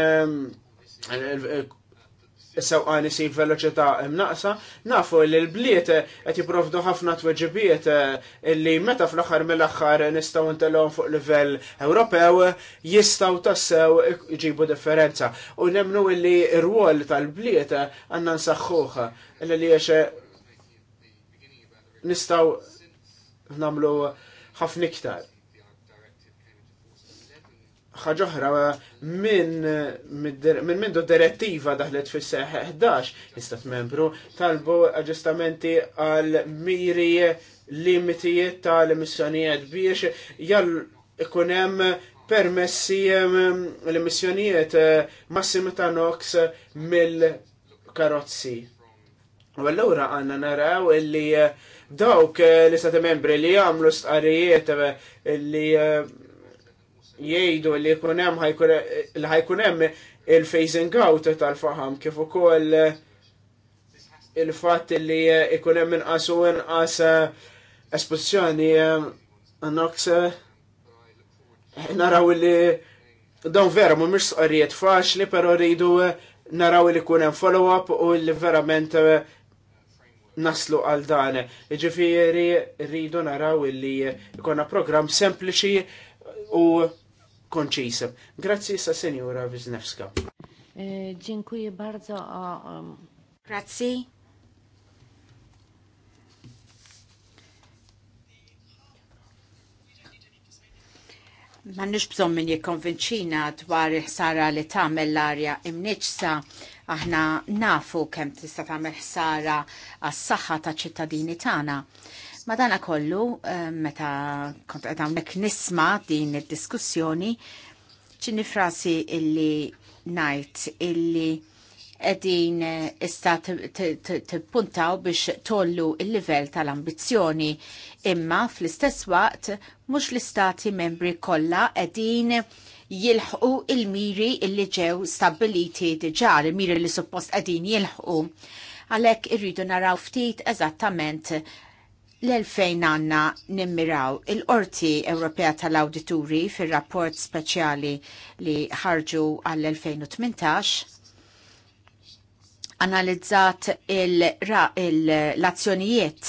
sewqan si veloċità imnaqsa, nafu li l-bliet eh, qed jipprovdu ħafna tweġibiet eh, li meta fl-aħħar mill-aħħar nistgħu intelhom fuq livell Ewropew jistgħu tassew jġibu differenza. U nemnu li r wol tal-bliet eh, għandna nsaħħuh li jiex nistgħu nagħmlu ħafna iktar ħaġoħra minn minn direttiva daħlet fis seħ 11 istat membru talbu aġġustamenti għal miri limitijiet tal-emissjonijiet biex jall ikunem permessi l-emissjonijiet eh, massimi ta' NOx mill-karozzi. U allura għanna naraw illi eh, dawk eh, l-istati membri li jagħmlu stqarijiet li jgħidu li kunem li ħajkunem il-phasing out tal-faham kif ukoll il-fatt li ikunem inqas u inqas eh, esposizjoni eh, għannox naraw li dawn vera mu mux sqarijiet faċli pero rridu eh, naraw li kunem follow-up u li verament naslu għal dan. Ġifiri rridu naraw li ikonna program sempliċi u konċisa. Grazzi sa senjora Wisniewska. E, dziękuję bardzo. Grazzi. Mannux bżon min jikonvinċina dwar ħsara li tagħmel l-arja imniċsa aħna nafu kemm tista' tagħmel ħsara għas-saħħa ta' ċittadini tagħna dana kollu, eh, meta kont qed hawnhekk nisma' din id-diskussjoni, ċini frasi illi najt illi qegħdin eh, issa tippuntaw biex tollu il-livell tal-ambizzjoni imma fl-istess waqt mhux l-istati membri kollha qegħdin jilħqu il-miri illi ġew stabiliti diġà, il-miri li suppost qegħdin jilħqu għalek irridu naraw ftit eżattament l-2000 għanna nimmiraw il-Qorti Ewropea tal-Awdituri fil-rapport speċjali li ħarġu għall-2018 analizzat l-azzjonijiet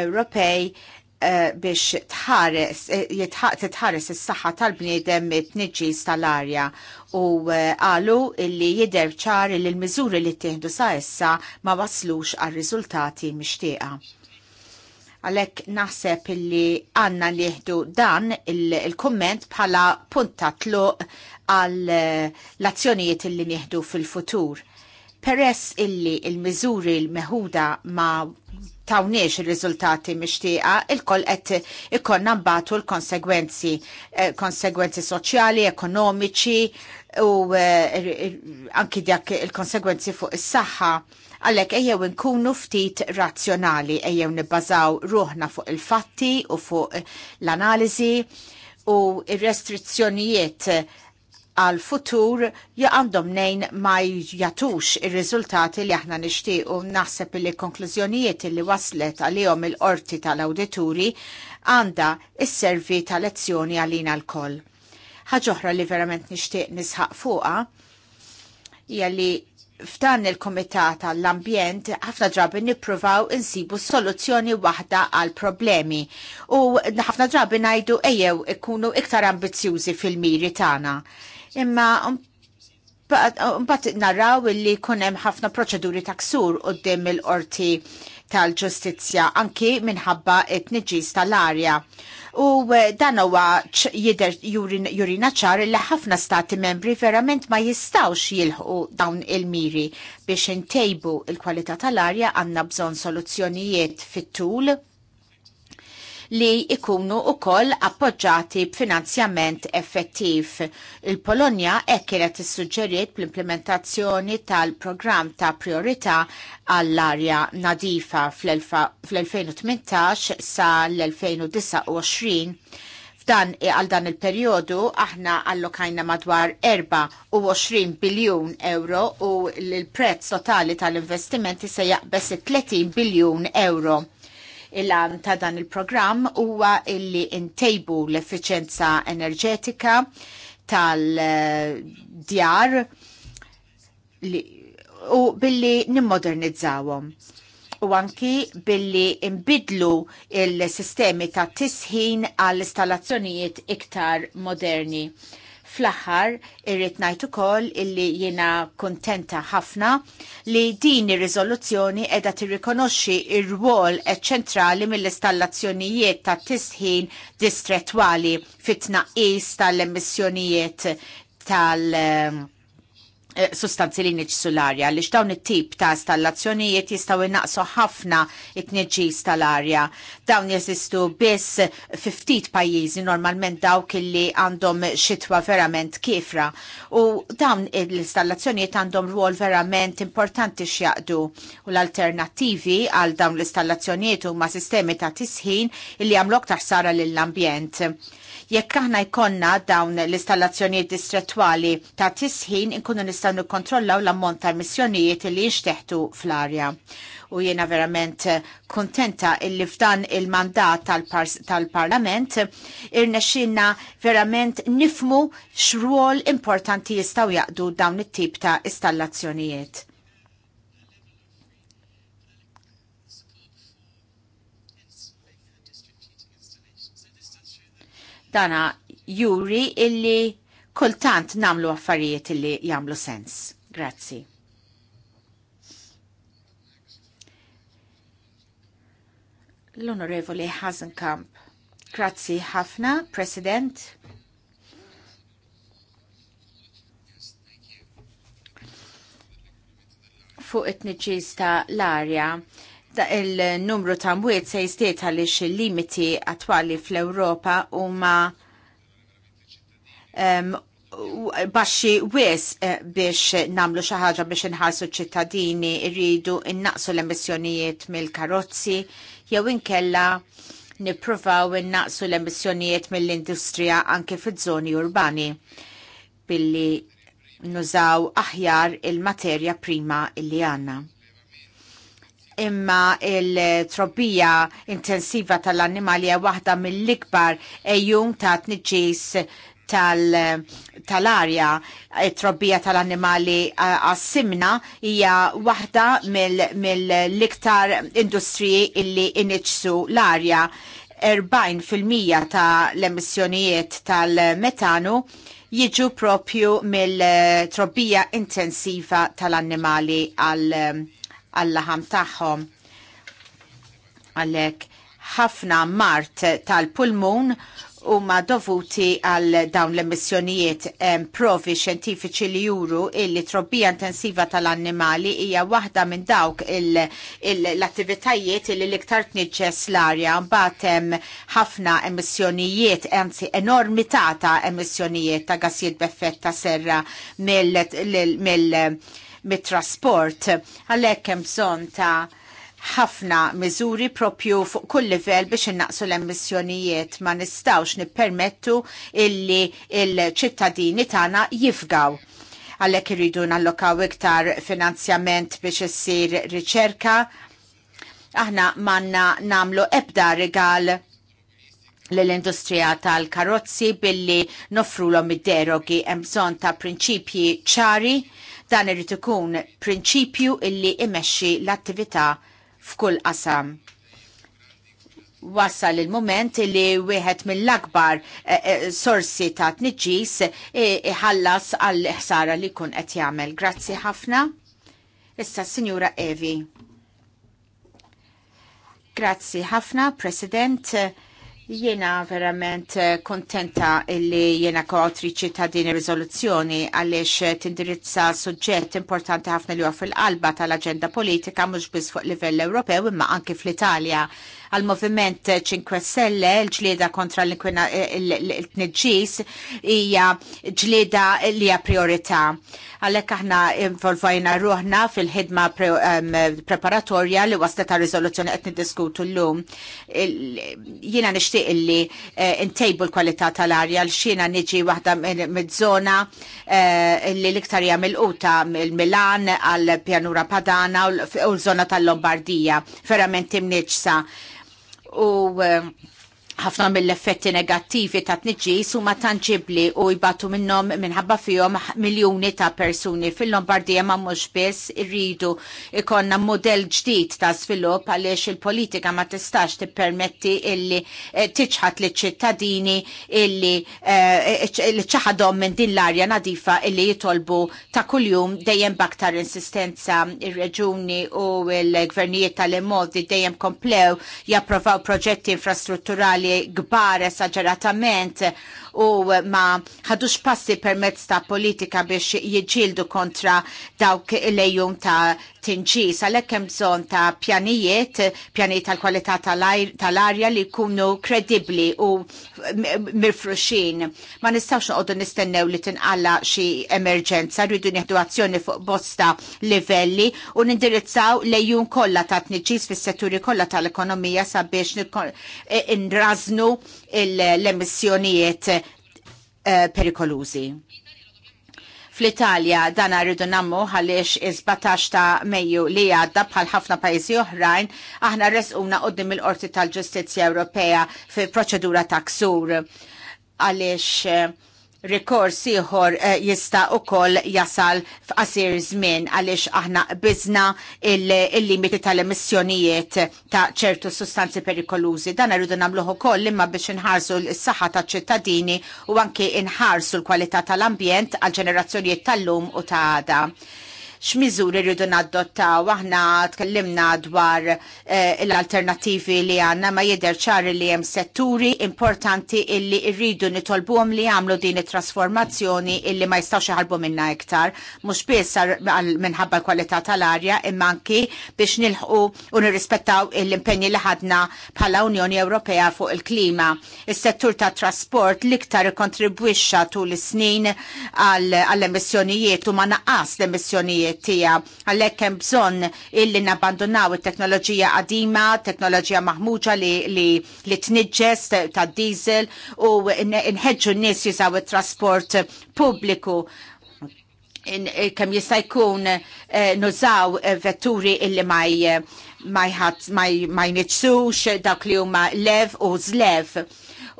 Ewropej eh, biex tħares, eh, titħares is-saħħa tal-bniedem it-tniġġis tal-arja u eh, għalu illi jider ċar li l-miżuri li ttieħdu sa issa ma waslux għal riżultati mixtieqa Għalek naħseb illi għanna liħdu dan il-komment il bħala punta tlu għal eh, l-azzjonijiet illi nieħdu fil-futur. Peress illi il-mizuri l-meħuda ma tawniex il-rizultati mixtieqa, il-koll qed ikonna mbagħtu l-konsegwenzi, eh, konsegwenzi soċjali, ekonomiċi u eh, anki dak il-konsegwenzi fuq is-saħħa. Għalhekk ejjew nkunu ftit razzjonali, ejjew nibbażaw ruħna fuq il-fatti u fuq l-analiżi u il restrizzjonijiet għal futur għandhom nejn ma jatux ir-riżultati li aħna nixtiequ naħseb li konklużjonijiet li waslet għalihom il-qorti tal-awdituri għanda is-servi tal-lezzjoni għalina l-koll. ħaġoħra li verament nixtieq nisħaq fuqa hija li f'dan il kumitat tal ambjent ħafna drabi nippruvaw insibu soluzzjoni waħda għal problemi u ħafna drabi najdu ejjew ikunu iktar ambizjużi fil-miri tagħna. Imma mbagħad naraw illi jkun hemm ħafna proċeduri ta' ksur qudiem il-qorti tal-ġustizzja anki minħabba t tniġġis tal-arja. U eh, dan huwa jider jurina ċar li ħafna stati membri verament ma jistawx jilħu dawn il-miri biex intejbu il-kwalità tal-arja għandna bżonn soluzzjonijiet fit-tul li ikunu u koll appoġġati b'finanzjament effettiv. Il-Polonja ekkiret is-suġġeriet bl-implementazzjoni tal-programm ta' priorità għall-arja nadifa fl-2018 sa l-2029 F'dan għal dan il-perjodu aħna allokajna madwar 24 biljun euro u l-prezz totali tal-investimenti se jaqbes 30 biljun euro. Il-għan ta' dan il-programm huwa illi intejbu l efficienza enerġetika tal-djar u billi nimmodernizzawhom u anki billi imbidlu il-sistemi ta' tisħin għall installazzjonijiet iktar moderni. Fl-aħħar irrid ngħid ukoll illi jiena kuntenta ħafna li din ir-riżoluzzjoni qiegħda tirrikonoxxi r rwol eċċentrali mill-installazzjonijiet ta' tisħin distrettwali fit-tnaqqis tal-emissjonijiet tal-, -emissjonijiet tal Eh, sustanzi li l-arja, li x'dawn it-tip ta' installazzjonijiet jistgħu innaqsu ħafna it-tniġġis tal-arja. Dawn jeżistu biss fi ftit pajjiżi normalment dawk li għandhom xitwa verament kifra u dawn l-installazzjonijiet għandhom rwol verament importanti x'jaqdu u l-alternattivi għal dawn l-installazzjonijiet huma sistemi ta' tisħin li aktar sara lill-ambjent Jekk aħna jkonna dawn l-installazzjonijiet distrettwali ta' tisħin inkunu nistgħu nikkontrollaw l-ammont ta' emissjonijiet li jixteħtu fl-arja. U jiena verament kontenta illi f'dan il-mandat tal-Parlament tal irnexxinna verament nifmu x'rwol importanti jistgħu jaqdu dawn it-tip ta' installazzjonijiet. Dana juri illi kultant namlu affarijiet illi jamlu sens. Grazzi. L-Onorevoli Hasenkamp. Grazzi ħafna, President. Fuq it-nġis ta' l-arja Da il-numru ta' mwiet se jistiet għaliex il-limiti attwali fl-Ewropa huma um, baxxi wis eh, biex namlu xi ħaġa biex inħarsu ċittadini irridu innaqsu l-emissjonijiet mill-karozzi jew inkella nippruvaw innaqsu l-emissjonijiet mill-industrija anke fiż-żoni urbani billi nużaw aħjar il-materja prima illi għandna imma il-trobbija intensiva tal-annimali hija waħda mill-ikbar ejjum ta' tniġġis tal-arja trobbija tal-annimali għas-simna hija waħda mill-iktar industriji illi iniċsu l-arja. 40% ta' l-emissjonijiet tal-metanu jiġu propju mill-trobbija intensiva tal-annimali għal-arja għall-laħam tagħhom. Għalhekk ħafna mart tal-pulmun huma dovuti għal dawn l-emissjonijiet provi xjentifiċi li juru illi trobbija intensiva tal-annimali hija waħda minn dawk l-attivitajiet li l-iktar tniġġes l-arja mbagħad hemm ħafna emissjonijiet anzi enormi ta' emissjonijiet ta' gassijiet b'effett ta' serra mill mit-trasport. Għalhekk hemm bżonn ta' ħafna miżuri propju fuq kull livell biex innaqsu l-emissjonijiet ma nistawx nippermettu illi il-ċittadini tagħna jifgaw għalhekk irridu nallokaw iktar finanzjament biex issir riċerka. Aħna manna namlu ebda rigal l-industrija tal-karozzi billi nofru l-om id-derogi bżonn ta' prinċipji ċari Dan irid ikun prinċipju illi imexxi l-attività f'kull qasam wasal il-moment li wieħed mill-akbar eh, eh, sorsi ta' tniġġis eh, iħallas għall ħsara li kun qed jagħmel. Grazzi ħafna. Issa Sinjura Evi. Grazzi ħafna, President Jena verament eh, kontenta illi jena koautriċi ta' din ir-riżoluzzjoni għaliex tindirizza suġġett importanti ħafna li huwa fil-qalba tal-aġenda politika mhux biss fuq livell Ewropew imma anke fl-Italja għal moviment 5 Stelle, l-ġlieda kontra l-tneġġis, hija ġlieda li hija priorità. Għalhekk aħna involvajna ruħna fil-ħidma preparatorja li waslet ta' riżoluzzjoni qed niddiskutu llum. Jiena nixtieq li eh, intejbu l-kwalità tal-arja l xiena niġi waħda mid-żona eh, li l-iktar hija mill mill-Milan għal Pjanura Padana u l-żona tal-Lombardija, verament imniġsa u eh, ħafna mill-effetti negattivi ta' u huma tanġibli u jbatu minnhom minħabba fihom miljuni ta' persuni. Fil-Lombardija ma' mhux biss irridu ikonna model ġdid ta' svilup għaliex il-politika ma tistax tippermetti illi eh, tiċħat li ċittadini illi eh, ċaħadhom minn din l-arja nadifa illi jitolbu ta' kuljum dejjem baktar insistenza ir-reġuni u l-gvernijiet tal-immodi dejjem komplew japprovaw proġetti infrastrutturali li gbar esagġeratament u ma ħadux passi permezz ta' politika biex jiġġieldu kontra dawk lejjum ta' tinġis. Għalhekk hemm bżonn ta' pjanijiet, pjanijiet tal-kwalità tal-arja li jkunu kredibbli u mirfruxin. Ma nistawx noqogħdu nistennew li tinqalla xi emerġenza, rridu nieħdu azzjoni fuq bosta livelli u nindirizzaw lejjum kollha ta' tniġis fis-setturi kollha tal-ekonomija sabiex e-, nraznu l-emissjonijiet Eh, perikolużi fl-Italja dan rridu nammu għaliex iż 17 ta' Mejju li għadda bħal ħafna pajjiżi oħrajn aħna resquna qoddim il-Qorti tal-Ġustizzja Ewropea fi proċedura ta' ksur għaliex eh, rikors ieħor eh, jista' ukoll jasal f'qasir żmien għaliex aħna biżna il-limiti tal-emissjonijiet ta' ċertu sustanzi perikolużi. Dan rridu nagħmluh ukoll imma biex inħarsu l-saħħa taċ-ċittadini u anke inħarsu l-kwalità tal-ambjent għal ġenerazzjonijiet tal-lum u ta' għada x'miżuri rridu nadottaw aħna tkellimna dwar eh, l-alternattivi li għandna ma jidher ċar li hemm setturi importanti illi rridu nitolbuhom li jagħmlu din it-trasformazzjoni illi ma jistgħux jaħarbu minna iktar, mhux biss minħabba l-kwalità tal-arja imma anki biex nilħqu u nirrispettaw l-impenni li ħadna bħala Unjoni Ewropea fuq il-klima. Is-settur tat trasport l-iktar ikkontribwixxa tul is-snin għall-emissjonijiet u ma naqqas l-emissjonijiet tija. Għallek hemm bżonn illi nabbandonaw it-teknoloġija qadima, teknoloġija maħmuġa li, li, li ta' diesel u nħedġu n-nies jużaw it-trasport pubbliku eh, kem jista' jkun eh, nużaw eh, vetturi illi ma jħat ma jniċsux dawk li huma lev u zlev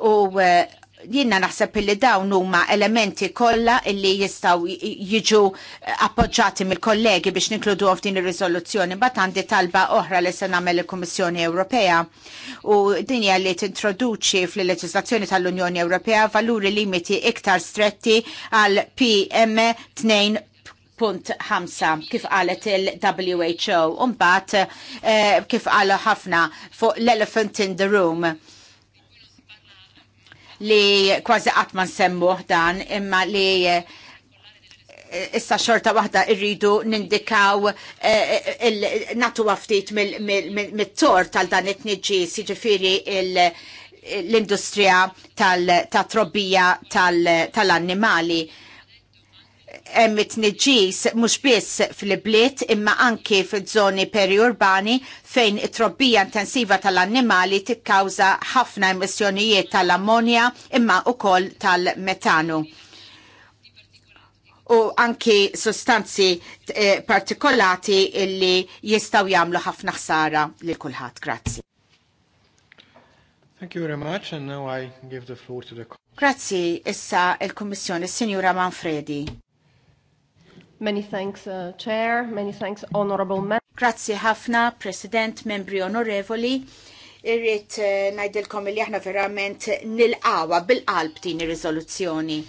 u eh, jina naħseb illi dawn huma elementi kollha illi jistgħu jiġu appoġġati mill-kollegi biex ninkludu f'din ir-riżoluzzjoni. Mbagħad għandi talba oħra li se nagħmel il-Kummissjoni Ewropea u din hija li tintroduċi fil-leġiżlazzjoni tal-Unjoni Ewropea valuri limiti iktar stretti għal PM 2 punt 5 kif qalet il-WHO, unbat eh, kif qalu ħafna fuq l-elephant in the room li kważi qatt ma nsemmuh dan imma li eh, issa xorta waħda irridu nindikaw eh, natu għaftit mill-tor tal dan it-nġi, siġifiri l-industrija tal-trobbija tal-annimali. Tal hemm it-tniġġis mhux biss fil-bliet imma anki fiż-żoni periurbani fejn it-trobbija intensiva tal-annimali tikkawża ħafna emissjonijiet tal-ammonja imma wkoll tal-metanu. U anki sostanzi eh, partikolati illi jistaw jagħmlu ħafna ħsara lil kulħadd. Grazzi. Thank you very much and now I give the floor to the Grazzi, issa il-Kummissjoni, Signora Manfredi. Many thanks, uh, Chair. Many thanks, Honorable Member. Grazie ħafna, President, membri onorevoli. Irrit uh, eh, najdilkom li aħna verament nil-qawa bil-qalb din ir-riżoluzzjoni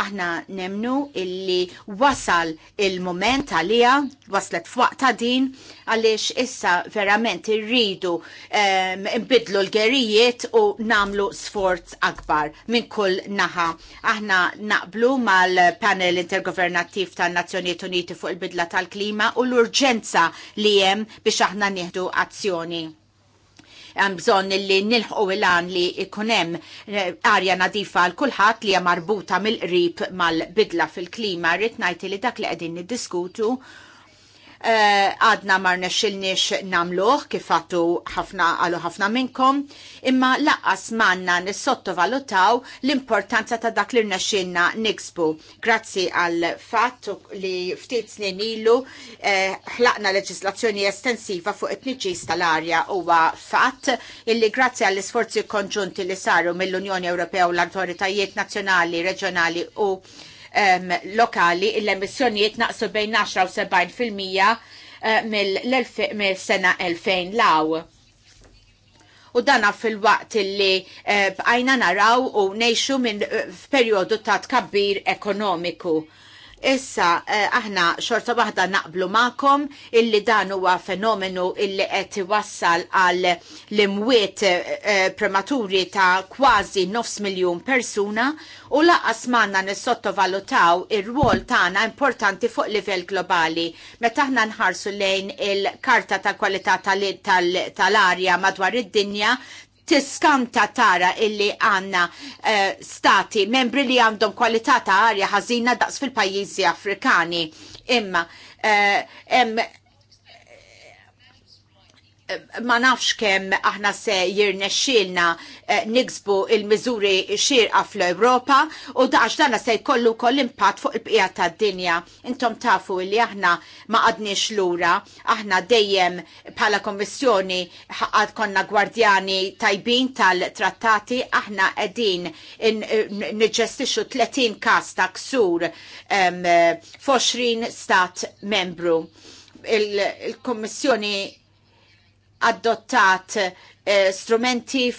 Aħna nemnu illi wasal il-moment għalija, waslet fwaqta din, għaliex issa verament irridu ehm, imbidlu l-gerijiet u namlu sforz akbar minn kull naħa. Aħna naqblu mal-panel intergovernattiv tan-Nazzjonijiet Uniti fuq il-bidla tal-klima u l-urġenza li hemm biex aħna nieħdu azzjoni hemm bżonn li nilħqu il-għan li ikunem hemm eh, arja nadifa għal kulħadd li hija marbuta mill-qrib mal-bidla fil-klima. Rrid li dak li qegħdin niddiskutu Eh, għadna uh, marna xilnix namluħ kif għattu ħafna għalu ħafna minnkom, imma laqqas manna nissottovalutaw l-importanza ta' dak li rnexxinna niksbu. Grazzi għal fatt li ftit snin ilu eh, ħlaqna leġislazzjoni estensiva fuq it-niġis tal-arja huwa fatt illi grazzi għall isforzi konġunti li saru mill-Unjoni Ewropea u l-autoritajiet nazzjonali, reġjonali u lokali l-emissjonijiet naqsu bejn 10 u 70% eh, mill-sena 2000 law. U dana fil-waqt li eh, bqajna naraw u nejxu minn eh, periodu ta' tkabbir ekonomiku Issa, eh, aħna xorta waħda naqblu ma'kom illi dan huwa fenomenu illi qed iwassal għal l-imwiet eh, prematuri ta' kważi nofs miljun persuna u laqas manna nissottovalutaw ir-rwol tagħna importanti fuq livell globali. Meta aħna nħarsu lejn il-karta tal-kwalità tal-arja madwar id-dinja tiskanta tara illi għanna uh, stati membri li għandhom kwalità ta' arja ħażina daqs fil-pajjiżi Afrikani. Imma uh, ma nafx kemm aħna se jirnexxilna xilna eh, niksbu il-miżuri xirqa fl-Ewropa u daħx dana se jkollu koll impatt fuq il-bqija tad-dinja. Intom tafu li aħna ma għadniex lura, aħna dejjem bħala kommissjoni ħad konna gwardjani tajbin tal-trattati, aħna qegħdin nġestixu 30 każ ta' ksur um, stat membru il-Kommissjoni adottat eh, strumenti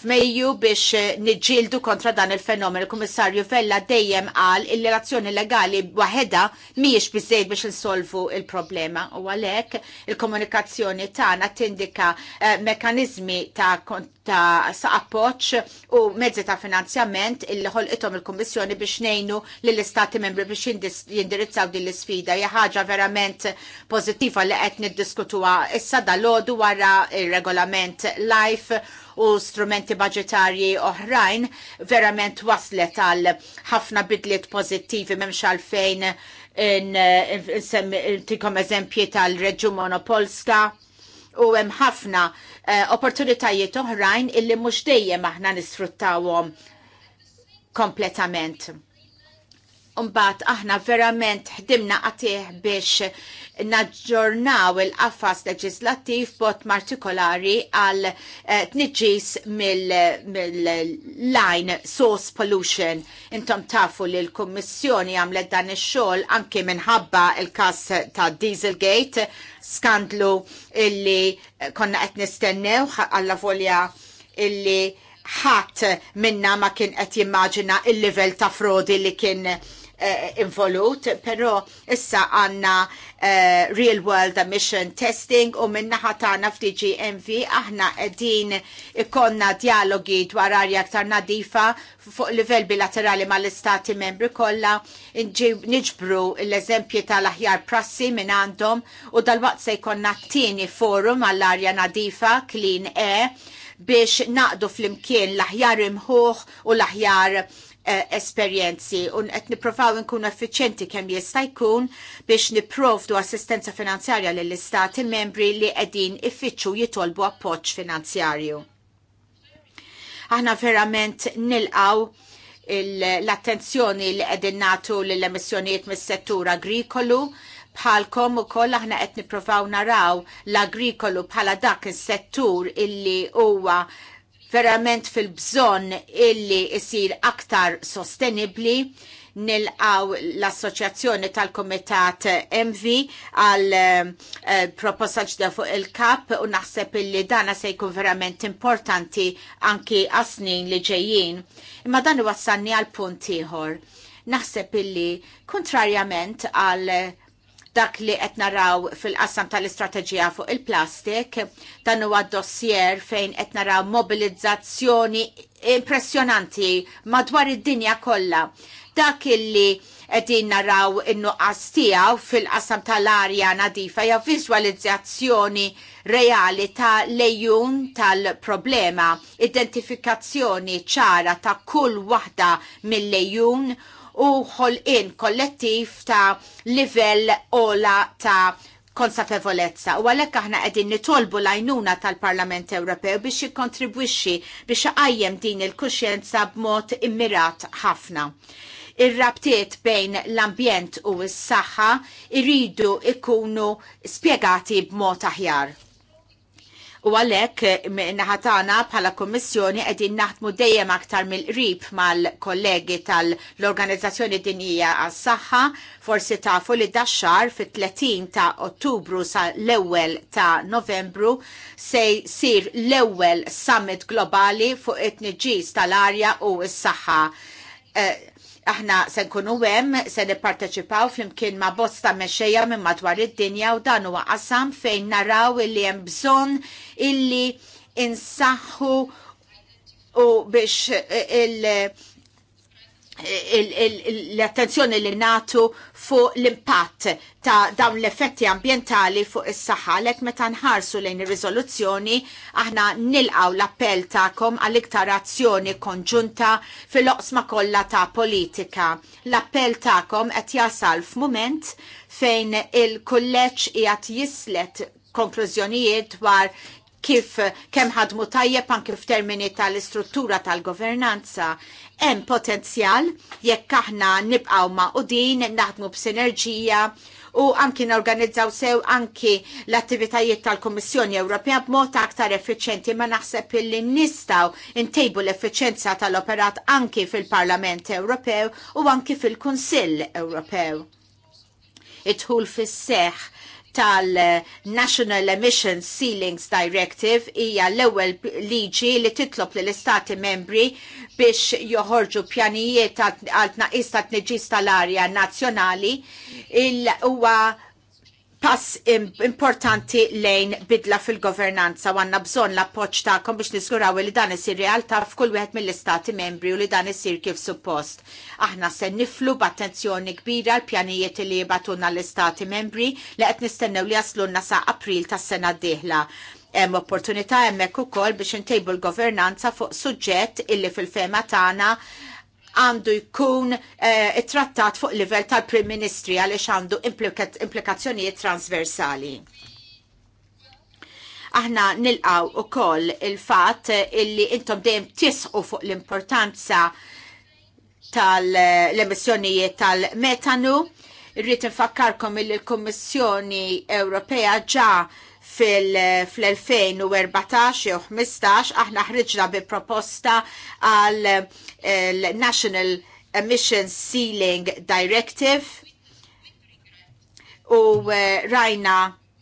f'Mejju biex eh, niġġieldu kontra dan il-fenomen. Il-Kummissarju Vella dejjem qal il-relazzjoni legali waħedha mhijiex biżejjed biex insolvu il-problema u għalhekk il-komunikazzjoni tagħna tindika eh, mekanizmi ta' ta' u mezzi ta' finanzjament il-ħolqithom il-Kummissjoni biex nejnu lill-Istati membri biex jindirizzaw din l-isfida. Hija ħaġa verament pożittiva li qed niddiskutuha issa dalodu wara ir-regolament life u strumenti budgetarji oħrajn verament waslet għal ħafna bidliet pozittivi memx għalfejn tikom eżempji tal-Reġu Monopolska u hemm ħafna eh, opportunitajiet oħrajn illi mhux dejjem aħna nisfruttawhom kompletament Umbat aħna verament ħdimna għatieħ biex naġġornaw il-qafas leġislattiv bot partikolari għal eh, tniġġis mill-line source pollution. Intom tafu li l-Kommissjoni għamlet dan ix-xogħol anke minħabba il-każ ta' Dieselgate, skandlu illi konna qed nistennew għalla volja illi ħadd minna ma kien qed jimmaġina il-livell ta' frodi li kien Eh, involut, però issa għanna eh, real world emission testing u minnaħa tagħna f'DG MV aħna qegħdin ikonna dialogi dwar arja aktar nadifa fuq livell bilaterali mal-istati membri kollha niġbru l-eżempji tal-aħjar prassi minn għandhom u dal-waqt se jkollna t-tieni forum għall-arja nadifa Clean Air biex naqdu fl-imkien l-aħjar imħuħ u l-aħjar Eh, esperjenzi u qed nippruvaw nkunu effiċjenti kemm jista' jkun biex nipprovdu assistenza finanzjarja lill istati membri li qegħdin iffiċċu jitolbu appoġġ finanzjarju. Aħna verament nilqaw l-attenzjoni li qegħdin nagħtu lill-emissjonijiet mis-settur agrikolu bħalkom u koll aħna qed nippruvaw naraw l-agrikolu bħala dak is-settur illi huwa verament fil-bżonn illi jisir aktar sostenibli nilqaw l-Assoċjazzjoni tal-Komitat MV għal eh, proposta ġdew fuq il-kap u naħseb illi dana se jkun verament importanti anki għasnin li ġejjin. Imma dan wassanni għal punt ieħor. Naħseb illi kontrarjament għal dak li qed naraw fil-qassam tal-istrateġija fuq il-plastik, dan huwa dossier fejn qed naraw mobilizzazzjoni impressjonanti madwar id-dinja kollha. Dak illi qegħdin naraw in-nuqqas tiegħu fil-qassam tal-arja nadifa hija viżwalizzazzjoni reali ta' lejun tal-problema, identifikazzjoni ċara ta' kull waħda mill lejun u ħolqien kollettiv ta' livell ola ta' konsapevolezza u għalhekk aħna qegħdin nitolbu l-għajnuna tal-Parlament Ewropew biex jikkontribwixxi biex għajjem din il-kuxjenza b'mod immirat ħafna. Ir-rabtiet bejn l-ambjent u s-saħħa irridu ikunu spjegati b'mod aħjar. U għalek eh, naħatana bħala kommissjoni għedin naħdmu dejjem aktar mill-qrib mal-kollegi tal-Organizzazzjoni Dinija għas saħħa forsi tafu li daċxar fit-30 ta' Ottubru sa' l-ewwel ta' Novembru se sir l-ewwel summit globali fuq it tal-arja u s-saħħa. Uh, Aħna se nkunu hemm se nipparteċipaw flimkien ma' bosta mexxejja minn madwar id-dinja u dan huwa qasam fejn naraw illi hemm bżonn illi insaħħu u biex il- l-attenzjoni li natu fuq l-impatt ta' dawn l-effetti ambientali fuq is-saħħa lek meta nħarsu lejn ir-riżoluzzjoni aħna nilqaw l-appell tagħkom għall iktar azzjoni konġunta fil-oqsma kollha ta' politika. L-appell tagħkom qed jasal f'mument fejn il-kulleġġ qiegħed jislet konklużjonijiet dwar kif kemm ħadmu tajjeb anke f'termini tal-istruttura tal-governanza hemm potenzjal jekk aħna nibqgħu ma' u din naħdmu b'sinerġija u anki norganizzaw sew anki l-attivitajiet tal-Kommissjoni Ewropea b'mod aktar effiċenti ma naħseb illi nistaw intejbu l-effiċenza tal-operat anki fil-Parlament Ewropew u anki fil-Kunsill Ewropew. Idħul fis-seħ tal-National Emission Ceilings Directive hija l-ewwel liġi li titlob lill istati membri biex joħorġu pjanijiet għal tnaqqis tat tniġis tal-arja nazzjonali il huwa pass importanti lejn bidla fil-governanza u għanna bżon l-appoċ ta'kom biex nisguraw li dan isir realtà f'kull wieħed mill-istati membri u li dan isir kif suppost. Aħna se niflu b'attenzjoni kbira l-pjanijiet li jibatuna l-istati membri li qed nistennew li jaslunna sa' April tas-sena d-dieħla hemm opportunità hemmhekk ukoll biex intejbu l-governanza fuq suġġett illi fil-fema tagħna għandu jkun eh, trattat fuq livell tal-Prim Ministri għaliex għandu implikazzjonijiet transversali. Aħna nilqaw u koll il-fat illi intom dejjem tisqu fuq l-importanza tal-emissjonijiet tal-metanu. rrid infakkarkom illi l-Kummissjoni Ewropea ġa fil-2014 u 15 aħna ħriġna bi proposta għal eh, National Emissions Ceiling Directive u eh, rajna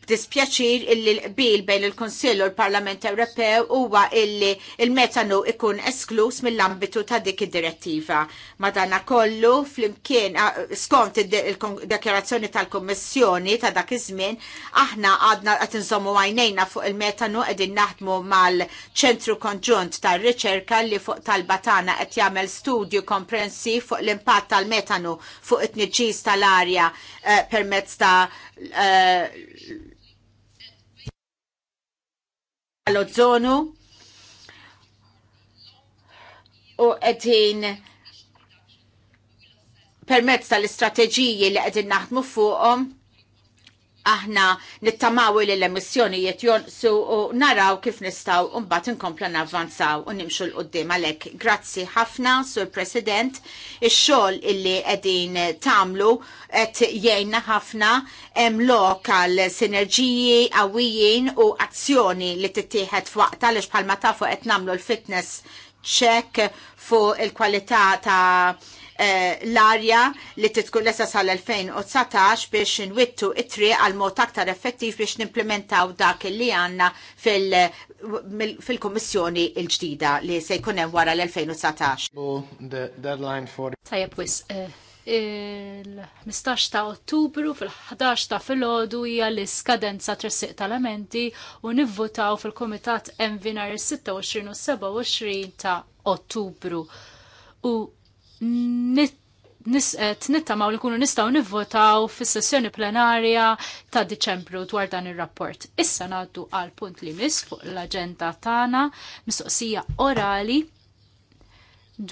dispjaċir illi l-qbil bejn il konsillu u l-Parlament Ewropew huwa illi il-metanu ikun esklus mill-ambitu ta' dik id-direttiva. Madana kollu flimkien skont id-dekjarazzjoni tal-Kommissjoni ta' dak iż-żmien aħna għadna qed inżommu għajnejna fuq il-metanu qegħdin naħdmu mal-Ċentru Konġunt tar-Riċerka li fuq tal-Batana qed jagħmel studju komprensiv fuq l-impatt tal-metanu fuq it-tniġġis tal-arja eh, permezz ta' eh, l-ozzonu u qegħdin permezz tal-istrateġiji li qegħdin naħdmu fuqhom aħna nittamaw li l-emissjonijiet jonqsu u naraw kif nistaw unbat inkomplu navvanzaw u nimxu l-qoddim għalek. Grazzi ħafna, Sur President, il-xol illi edin tamlu et jgħajna ħafna em lokal sinerġiji għawijin u azzjoni li tittieħed f'waqta li bħalma tafu qed namlu l-fitness check fuq il-kwalità ta' l-arja li titkun lesa sal-2019 biex nwittu it-tri għal mod aktar effettiv biex nimplementaw dak li għanna fil-Kommissjoni il-ġdida li se jkunem wara l-2019. Tajab wis, il-15 ta' ottubru fil-11 ta' filgħodu hija l-iskadenza tressiq tal amenti u nivvutaw fil-Kumitat MV nhar 26 u 27 ta' Ottubru. U nisqet eh, nittamaw li kunu nistaw nivvotaw fis sessjoni plenarja ta' Diċembru dwar dan ir-rapport. Issa ngħaddu għal punt li mis fuq l-aġenda tagħna mistoqsija orali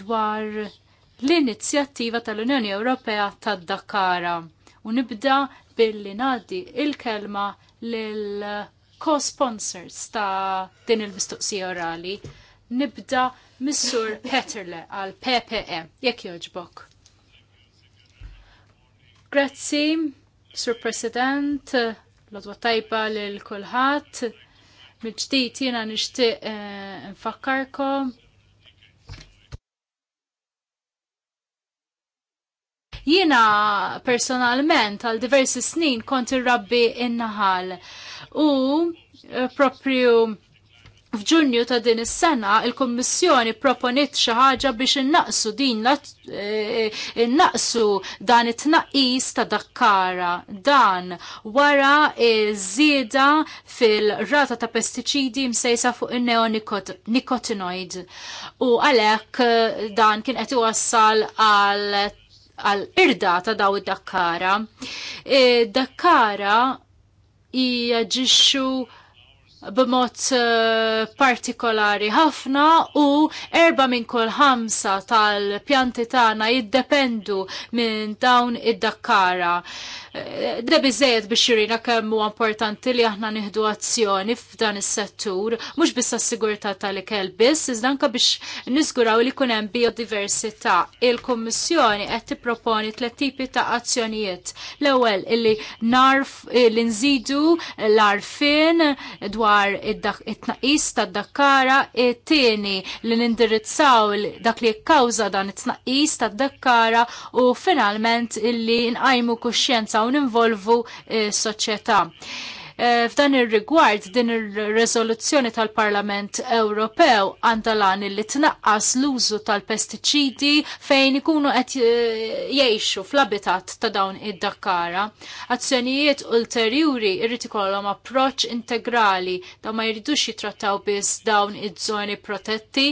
dwar l-inizjattiva tal-Unjoni Ewropea tad-Dakara u nibda billi ngħaddi il-kelma lil co-sponsors ta' din il-mistoqsija orali nibda Missur Peterle għal PPE. Jekk joġbok. Grazzi, Sur President, l-odwa tajba l-kulħat. mil jena nishti eh, nfakkarkom. Jena personalment għal diversi snin kont irrabbi innaħal u eh, propju F'Ġunju ta' din is-sena il-Kummissjoni proponiet xi ħaġa biex innaqsu din eh, innaqsu dan it-tnaqqis ta' dakkara dan wara żieda fil-rata ta' pestiċidi msejsa fuq in-neonicotinoid. U għalhekk eh, dan kien qed iwassal għal għal irda ta' daw id-dakkara. Eh, dakkara jaġixxu e, b'mod eh, partikolari ħafna u erba minn kull ħamsa tal-pjanti tagħna jiddependu minn dawn id-dakkara drebi zejed biex jirina kemm huwa importanti li aħna nieħdu azzjoni f'dan is-settur, mhux biss s sigurtà tal-ikel biss, iżda anke biex niżguraw li jkun hemm biodiversità. Il-Kummissjoni qed tipproponi tliet tipi ta' azzjonijiet. L-ewwel illi narf li nżidu l-arfin dwar it-tnaqqis tad-dakkara, it-tieni li nindirizzaw dak li kkawża dan it-tnaqqis tad-dakkara u finalment illi nqajmu kuxjenza dawn involvu s-soċjetà. Eh, Eh, f'dan ir-rigward din ir-resoluzzjoni tal-Parlament Ewropew għandha lan li tnaqqas l-użu tal-pestiċidi fejn ikunu qed eh, jgħixu fl-abitat ta' dawn id-dakkara. Azzjonijiet ulterjuri jrid ikollhom approċċ integrali da ma jridux jitrattaw biss dawn iż-żoni protetti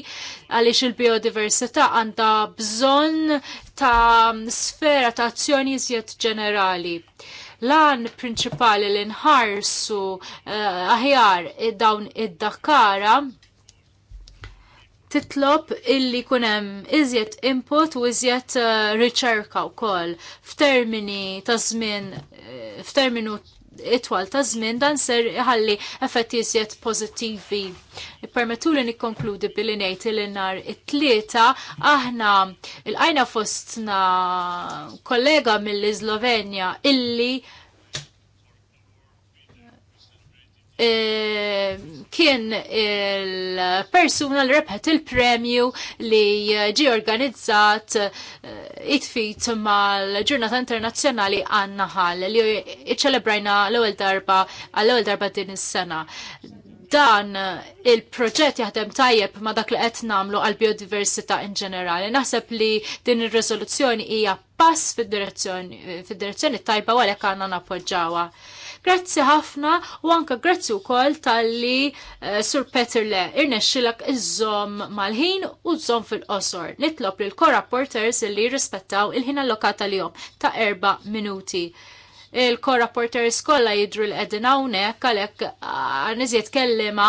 għaliex il-biodiversità għandha bżonn ta' sfera ta' azzjoni iżjed ġenerali lan prinċipali li nħarsu eh, aħjar dawn id-dakkara titlob illi kunem iżjed input u iżjed eh, riċerka u koll f'termini ta' żmien eh, f'terminu itwal ta' żmien dan ser iħalli effetti iżjed pożittivi. Permettu li nikkonkludi billi ngħid li nhar it-tlieta aħna l-għajna fostna kollega mill-Slovenja illi Eh, kien il-persuna li rebħet il-premju li ġi organizzat eh, it-fit mal-ġurnata internazzjonali għanna ħall li iċċelebrajna l-ewwel darba għall-ewwel darba din is-sena. Dan il-proġett jaħdem tajjeb ma dak li qed nagħmlu għall-biodiversità in ġenerali. Naħseb li din ir-riżoluzzjoni hija pass direzzjoni fid-direzzjoni tajba għalhekk għandna nappoġġawha. Grazzi ħafna u anka grazzi wkoll tal-li uh, Sur Le irnexxilak iż żom mal-ħin u żom fil-qosor. Nitlob lil korrapporters li jirrispettaw il-ħin allokata li jom ta' erba' minuti il porters kollha jidru l-qegħdin hawnhekk għalhekk ah, niżjed kellima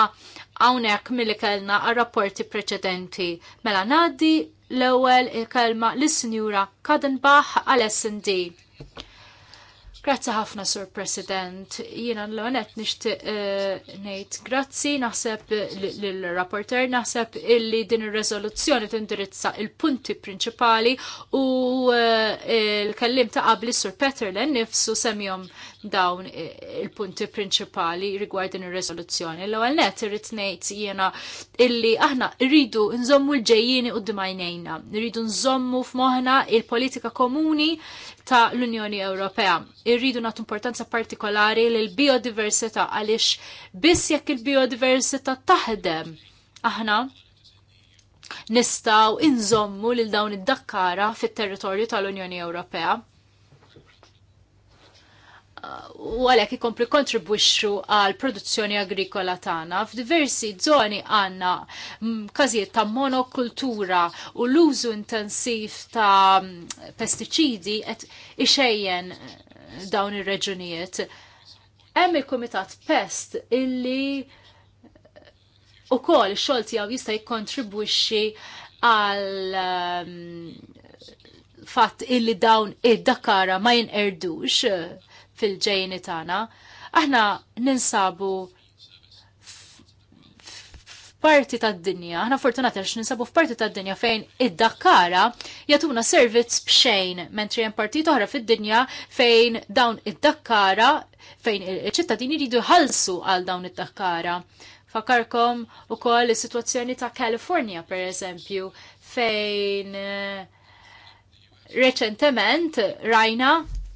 hawnhekk milli kellna għar-rapporti preċedenti. Mela ngħaddi l-ewwel kelma lis-Sinjura Kadenbach għal SD. Grazzi ħafna, Sur President. Jiena l-għonet nixtieq eh, ngħid grazzi, naħseb l-rapporter, naħseb illi din ir-reżoluzzjoni tindirizza il-punti prinċipali u eh, l-kellim ta' qabli Sur l nifsu semjom dawn eh, il-punti prinċipali rigwardin il ir-riżoluzzjoni. L-ewwel net irrid ngħid jiena illi aħna rridu nżommu l ġejjini u d dmajnejna rridu nżommu f'moħħna il-politika komuni ta' l-Unjoni Ewropea. Irridu nagħtu importanza partikolari lill biodiversità għaliex biss jekk il-biodiversità taħdem aħna nistaw inżommu lil dawn id-dakkara fit-territorju tal-Unjoni Ewropea u għalhekk ikompli kontribwixxu għal produzzjoni agrikola tagħna. F'diversi żoni għandna mm, każijiet ta' monokultura u l-użu intensiv ta' pestiċidi qed ixejjen dawn ir-reġunijiet. Hemm il-Kumitat Pest illi u kol xogħol tiegħu jista' jikkontribwixxi għal mm, fatt illi dawn id-dakara ma jinqerdux fil-ġejni tagħna. Aħna ninsabu f'parti tad-dinja, aħna fortunati għax ninsabu f'parti tad-dinja fejn id-dakkara jagħtuna servizz b'xejn, mentri hemm partit oħra fid-dinja fejn dawn id-dakkara fejn iċ-ċittadini jridu jħallsu għal dawn id-dakkara. Fakarkom ukoll is-sitwazzjoni ta' California, per eżempju, fejn eh, reċentement rajna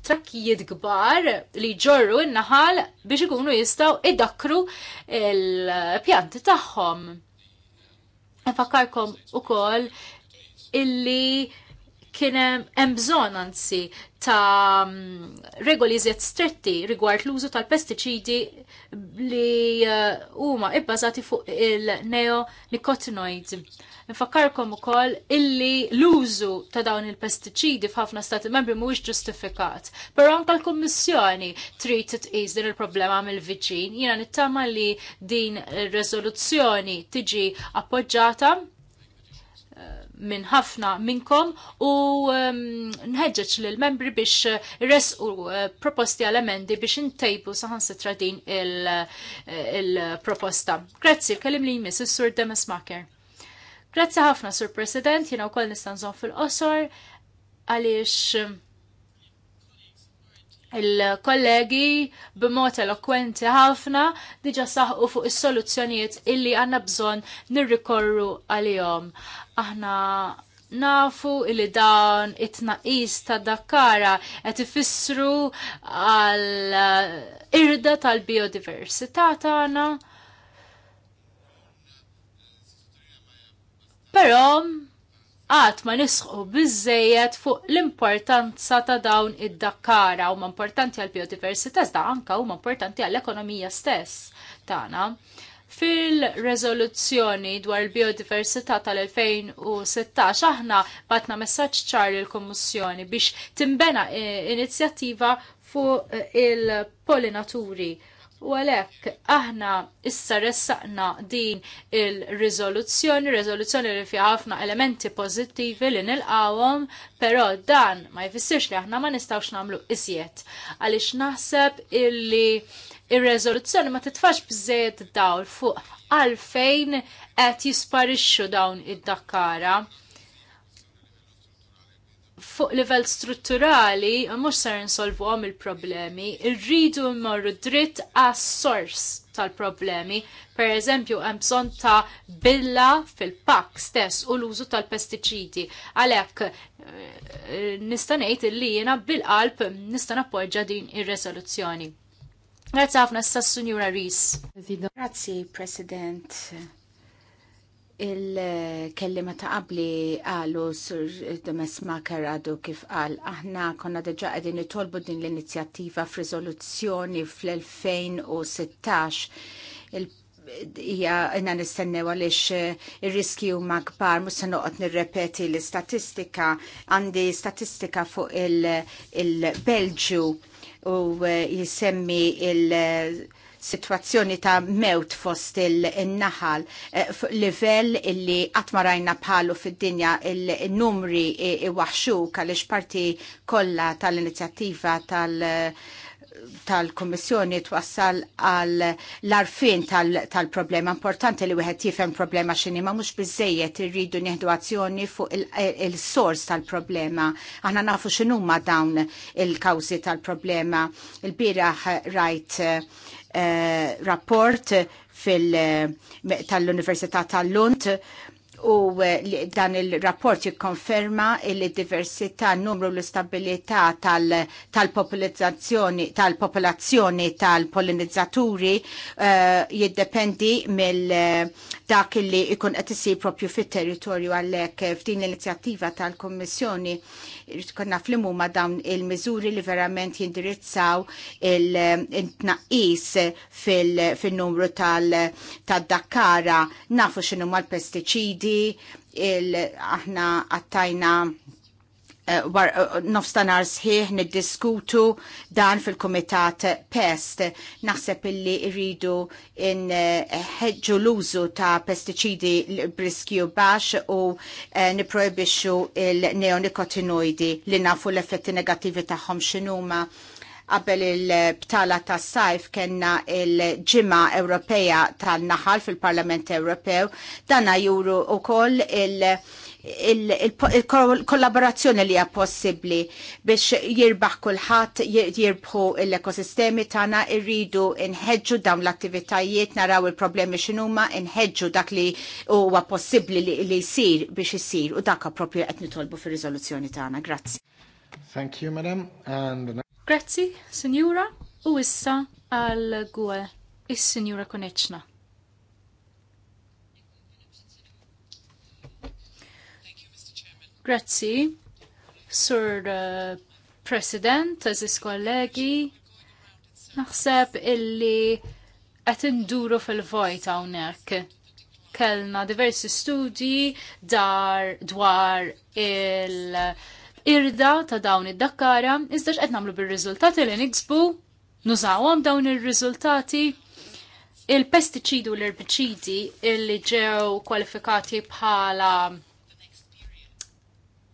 trakkijiet kbar li ġorru n-naħal biex ikunu jistaw idakru il-pjanti tagħhom. Nfakkarkom ukoll illi kienem embżon anzi ta' mm, regoli zjed stretti rigward l-użu tal-pestiċidi li eh, huma uh, ibbażati fuq il-neonicotinoid. Nfakkarkom ukoll illi l-użu ta' dawn il-pestiċidi f'ħafna stati membri mhuwiex ġustifikat. Però anke l-Kummissjoni trid tqis din il-problema mill-viċin. Jiena nittama li din ir-reżoluzzjoni tiġi appoġġata minn ħafna minnkom u um, nħeġġeġ l membri biex resqu uh, proposti għal emendi biex intejbu saħansitra din il-proposta. Uh, Grazzi, kellim li jmiss is-Sur Demes Maker. Grazzi ħafna, Sur President, jina u koll nistanżon fil-qosor għaliex um, il-kollegi b'mod elokwenti ħafna diġa saħqu fuq is-soluzzjonijiet illi għanna bżonn nirrikorru għalihom. Aħna nafu illi dawn it-tnaqis ta' dakkara qed ifissru għal uh, irda tal-biodiversità tagħna. Però għat ma nisħu bizzejet fuq l-importanza ta' dawn id-dakkara u ma' importanti għal biodiversità iżda anka huma importanti għall ekonomija stess tagħna. Fil-rezoluzzjoni dwar il-biodiversità tal-2016 aħna batna messaġġ ċar il-Kommissjoni biex timbena eh, inizjattiva fuq eh, il-pollinaturi. U għalek, aħna issa ressaqna din il-rizoluzzjoni, rizoluzzjoni li fiha ħafna elementi pozittivi li nilqawhom, però dan ma jfissirx li aħna ma nistgħux nagħmlu iżjed. Għaliex naħseb illi ir-rezoluzzjoni ma titfax bżejjed dawl fuq għalfejn qed jisparixxu dawn id-dakkara. Fuq livell strutturali mhux ser għom il-problemi, irridu mmorru dritt għas-sors tal-problemi. Per eżempju, hemm bżonn ta' billa fil-pak stess u l-użu tal-pestiċidi. Għalhekk eh, nista' ngħid li jena bil-qalb nista' nappoġġa din ir-resoluzzjoni. Grazie ħafna sassu Njura Ris. Grazie, President il-kellima ta' qabli għalu sur Demes Maker għadu kif għal. Aħna konna deġa għedin nitolbu din l-inizjattiva f'rizoluzzjoni fl-2016 hija inna nistennew għaliex eh, ir-riski huma kbar mhux se noqgħod nirrepeti l-istatistika għandi statistika fuq il-Belġu il il belġu u eh, jisemmi il- eh, situazzjoni ta' mewt fost il-naħal eh, livell illi għatma rajna bħalu fid-dinja il-numri i-waxxu għalix parti kollha tal-inizjattiva tal-, -inizjattiva tal tal-Kommissjoni twassal għal l-arfin tal-problema. Importanti li wieħed jifhem problema x'inhi ma mhux biżejjed irridu nieħdu azzjoni fuq il-sors tal-problema. Aħna nafu x'inhuma dawn il-kawżi tal-problema. Il-bieraħ rajt eh, rapport tal-Università tal-Lund u eh, dan il-rapport jikkonferma il-diversità, numru l-istabilità tal-popolazzjoni tal popolazzjoni tal-pollinizzaturi eh, jiddependi mill eh, dak li ikun qed isir propju fit-territorju għalhekk f'din l-inizjattiva tal-Kummissjoni konna flimu ma dawn il-mizuri li verament jindirizzaw il-tnaqis ehm, fil-numru tal-dakkara, nafu xinu mal-pesticidi, aħna għattajna Eh, eh, nofstanar sħiħ niddiskutu dan fil-Komitat Pest. Naħseb illi rridu eh, ħedġu l-użu ta' pesticidi briskju bax u niprojbixu il-neonicotinoidi li nafu l-effetti negativi tagħhom x'inhuma qabel il-btala tas sajf kena il-ġimma Ewropea tan-naħal fil-Parlament Ewropew, dana juru u koll il- il-kollaborazzjoni li hija possibbli biex jirbaħ kulħadd jirbħu l-ekosistemi tagħna irridu nħeġġu dawn l-attivitajiet naraw il-problemi x'inhuma nħeġġu dak li huwa possibbli li jsir biex isir u dak propju qed nitolbu fir-riżoluzzjoni tagħna. Grazzi. Thank you, madam. And... Grazzi, Signora, u issa għal gwe is-Sinjura Koneċna. Grazzi, Sur uh, President, Aziz kollegi, naħseb illi qed induru fil-vojt hawnhekk. Kellna diversi studji dar dwar il- irda ta' dawn id-dakkara, iżda x'qed nagħmlu bir-riżultati li niksbu, nużawhom dawn ir-riżultati il-pestiċidi u l-erbiċidi illi ġew kwalifikati bħala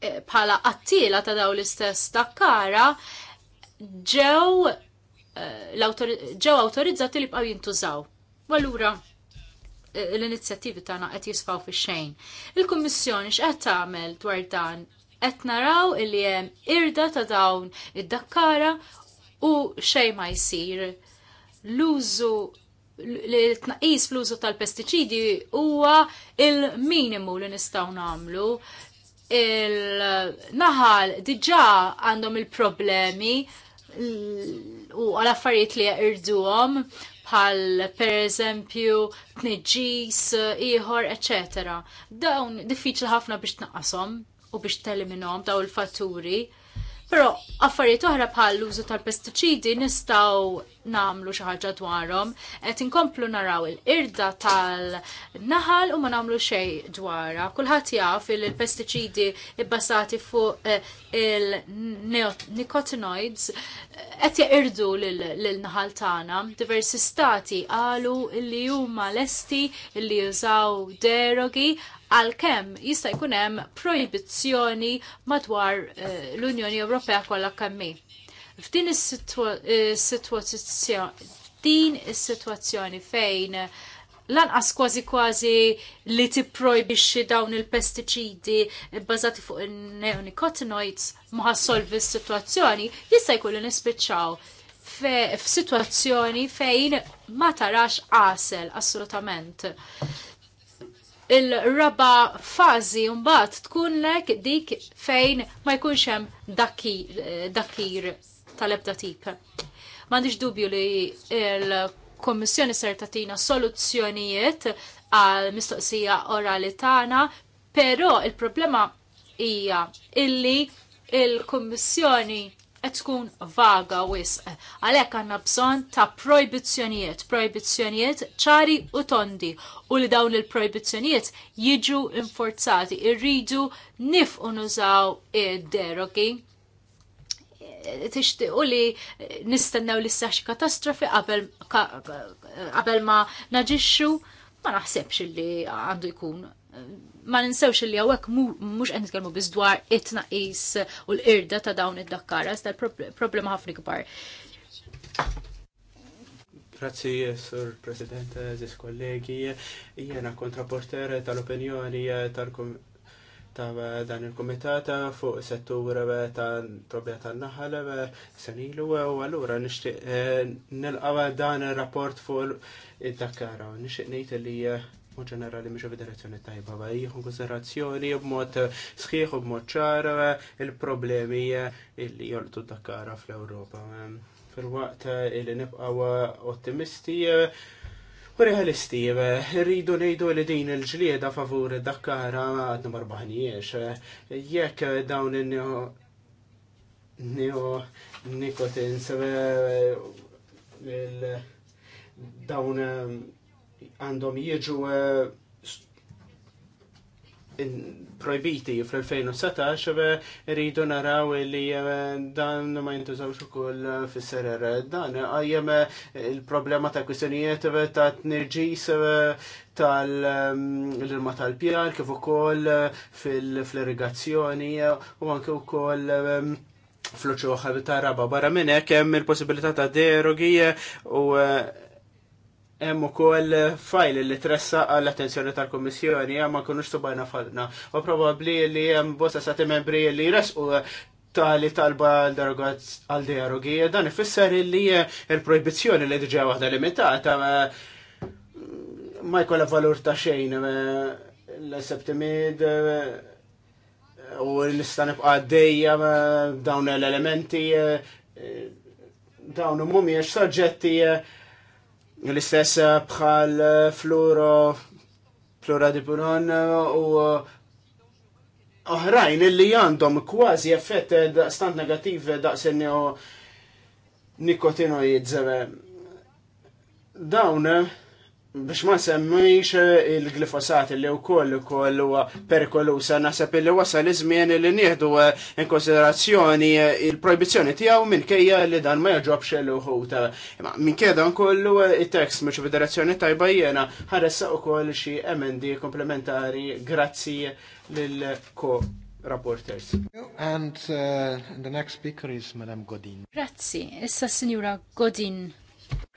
Eh, bħala qattila ta' daw l-istess takkara ġew eh, ġew autorizzati li bqaw jintużaw. Walura eh, l-inizjattivi tagħna qed jisfaw fix-xejn. Il-Kummissjoni x'qed tagħmel dwar dan qed naraw li hemm irda ta' dawn id-dakkara u xejn ma jsir. L-użu l-tnaqis fl-użu tal-pestiċidi huwa il-minimu li nistgħu nagħmlu il-naħal diġa għandhom il-problemi u għal-affarijiet li irduhom bħal per eżempju tneġġis ieħor, eċetera. Dawn diffiċli ħafna biex tnaqqashom u biex teliminom daw il-fatturi. il fatturi Però affarijiet oħra bħal l-użu tal-pestiċidi nistgħu nagħmlu xi ħaġa dwarhom, qed inkomplu naraw il-irda tal-naħal u ma nagħmlu xejn dwarha. Kulħadd jaf il pestiċidi bbażati fuq eh, il-neonicotinoids eh, qed jaqirdu lil-naħal tagħna. Diversi stati qalu li huma lesti li jużaw derogi għalkemm jista' jkun hemm proibizzjoni madwar eh, l-Unjoni Ewropea kollha kemmi. F'din is-sitwazzjoni eh, din is-sitwazzjoni fejn lanqas kważi kważi li tipprojbixxi dawn il-pestiċidi bbażati fuq il-neonicotinoids ma ħassolvi s-sitwazzjoni jista' jkun li nispiċċaw f'sitwazzjoni fejn ma tarax qasel assolutament il-raba fazi mbagħad tkun lek dik fejn ma jkunx hemm dakir, eh, tal-ebda tip. M'għandix dubju li l-Kommissjoni ser tagħtina soluzzjonijiet għal mistoqsija orali tagħna, però il-problema hija illi il-Kommissjoni qed tkun vaga wisq. Għalhekk għandna bżonn ta' projbizzjonijiet, projbizzjonijiet ċari u tondi u li dawn il-projbizzjonijiet jiġu inforzati irridu nif nużaw id-derogi. u li nistennew li s-saxi katastrofi qabel ma naġixxu ma naħsebx li għandu jkun ma ninsewx li għawek mux għed nitkelmu bizdwar itna is u l-irda ta' dawn id-dakkara, sta' problema ħafna kbar. Grazzi, Sur President, ziz kollegi, jena kontraporter tal-opinjoni tal ta' dan il-komitata fuq settur ta' tobja tan naħal senilu u għallura nishtiq eh, dan il-rapport fuq id-dakkara. Nishtiq nejt li eh, mod ġenerali mhix fid-direzzjoni tajba, ma jieħu konsiderazzjoni b'mod sħiħ u b'mod ċar il-problemi li jolqtu dakara fl europa Fil-waqt li nibqaw ottimisti u realisti, rridu nejdu li din il-ġlieda favur dakara għadna marbaħniex. Jekk dawn il-nikotin, neo dawn għandhom jieġu eh, projbiti fl-2017 eh, rridu naraw li eh, dan ma jintużawx ukoll fis-serer. Dan għajjem il-problema ta' kwistjonijiet ta' t-nerġis tal-ilma tal-pjar kif ukoll fil-irrigazzjoni u anke ukoll fl-ċoħa ta' raba barra minn hekk hemm il-possibilità ta' derogi u Hemm ukoll fajl li tressa għall attenzjoni tal-Kummissjoni ma kunux subajna falna. U probabbli li hemm bosta sa' membri li jresqu tali talba għal dialogi dan ifisser li il-proibizzjoni li diġa waħda limitata ma jkollha valur ta' xejn l-septimid u nista' nibqa' dejja dawn l-elementi dawn mhumiex soġġetti L-istess eh, bħal eh, fluro, flora di puron eh, u oħrajn illi għandhom kważi effett stant negativ daqsen nikotinoid. Dawn, biex ma semmix eh, il-glifosat li u koll koll u perikolusa nasab li wasal iż-żmien li nieħdu eh, in konsiderazzjoni eh, il-proibizzjoni tiegħu minkejja li dan ma jaġobx l uħuta Minkejja dan kollu it-tekst mhux federazzjoni tajba jiena ħaressa ukoll xi emendi komplementari grazzi lil ko rapporters. And uh, the next speaker is Madame Godin. Grazzi, issa Signora Godin.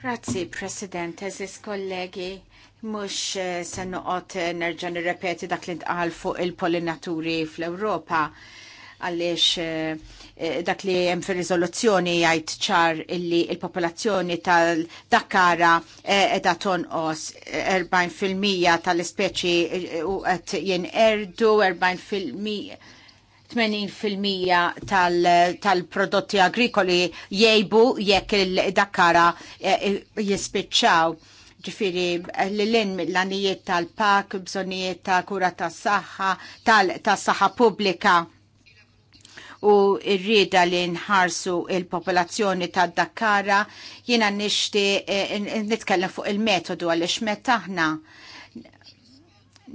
Grazzi, President, eżis kollegi. Mux eh, se noqot eh, nerġa' nirrepeti dak li ntqal fuq il-pollinaturi fl-Ewropa għaliex eh, dak li hemm fir-riżoluzzjoni jgħid ċar illi il-popolazzjoni tal-dakkara qiegħda tonqos 40% tal-ispeċi u qed jinqerdu 40% 80% tal-prodotti tal agrikoli jiejbu jekk dakkara eh, eh, jispiċċaw. Ġifiri, l-lin l-anijiet tal-pak, bżonijiet ta' kura ta' saħħa, ta' saħħa publika u rrida li nħarsu il-popolazzjoni ta' Dakkara jina nishti eh, nitkellem fuq il-metodu għal-ixmet taħna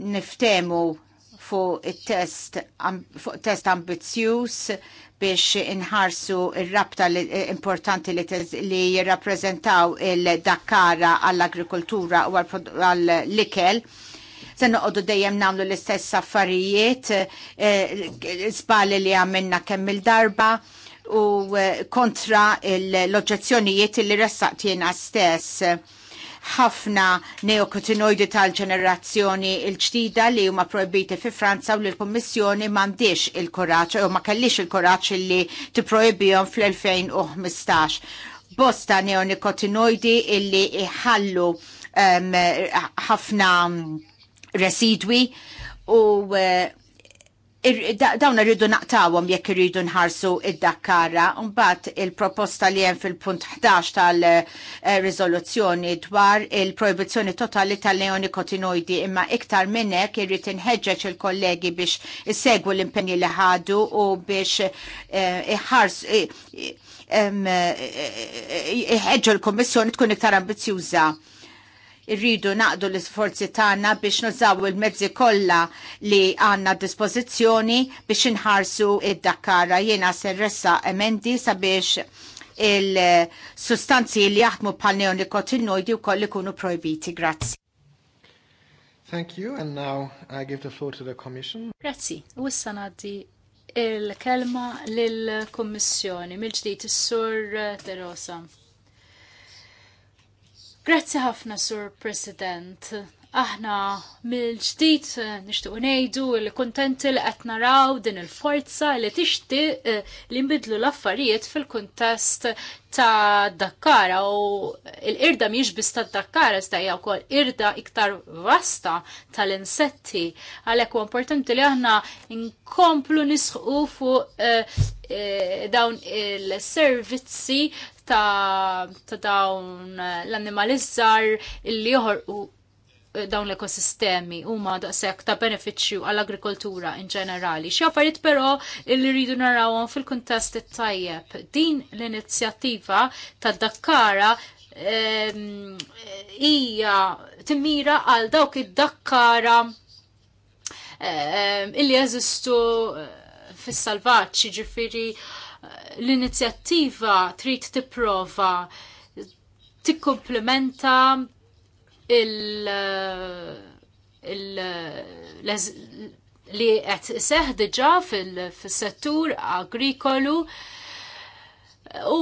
niftemu fuq test, fu test ambizjus biex inħarsu il-rabta importanti li, li jirrappreżentaw il-dakkara għall-agrikoltura u għall-likel. Se noqogħdu dejjem nagħmlu l-istess affarijiet, eh, żbali li għamilna kemm il-darba u eh, kontra l-oġġezzjonijiet li ressaqt jiena stess ħafna neokotinoidi tal-ġenerazzjoni il-ġdida li huma proibiti fi Franza u li l-Kommissjoni m'għandix il-kuraġġ u ma kellix il-kuraġġ li tipprojbihom fl-2015. Bosta neonicotinoidi illi iħallu ħafna residwi u uh, dawn irridu naqtawhom jekk rridu nħarsu id-dakkara, mbagħad il-proposta li hemm fil-punt 11 tal-riżoluzzjoni eh, dwar il-proibizzjoni totali tal-neonikotinoidi imma iktar minn hekk irrid inħeġġeġ il-kollegi biex segwu l-impenji li ħadu u biex eh, iħarsu eh, iħedġu l-Kommissjoni tkun iktar ambizjuża irridu naqdu l-isforzi tagħna biex nużaw il-mezzi kollha li għandna dispożizzjoni biex inħarsu id-dakkara. Jiena serressa emendi sabiex il-sustanzi li jaħdmu bħal neonicotinoidi wkoll ikunu projbiti. Grazzi. Thank you, and now I give the floor to the Commission. Grazzi, u issa ngħaddi il-kelma lill-Kummissjoni mill-ġdid is-Sur Terosa. Grazzi ħafna, Sur President. Aħna mill-ġdid eh, nixtiequ ngħidu li kuntenti li qed naraw din il-forza li tixtieq eh, li nbidlu l-affarijiet fil-kuntest ta' Dakkara u l-irda miex biss ta' Dakkara stajja wkoll irda iktar vasta tal-insetti. Għalhekk huwa importanti li aħna nkomplu nisħu fuq eh, dawn il-servizzi ta', ta dawn eh, l-annimali illi joħorqu eh, dawn l-ekosistemi huma daqsek ta' benefiċċju għall-agrikoltura in ġenerali. Xi affarijiet però li rridu narawhom fil-kuntest tajjeb Din l-inizjattiva ta' Dakkara ehm, hija timmira għal dawk id-dakkara eh, illi jeżistu fis-salvaġġ, ġifiri l-inizjattiva trid tipprova tikkomplementa il li qed seħ diġà fil-settur agrikolu u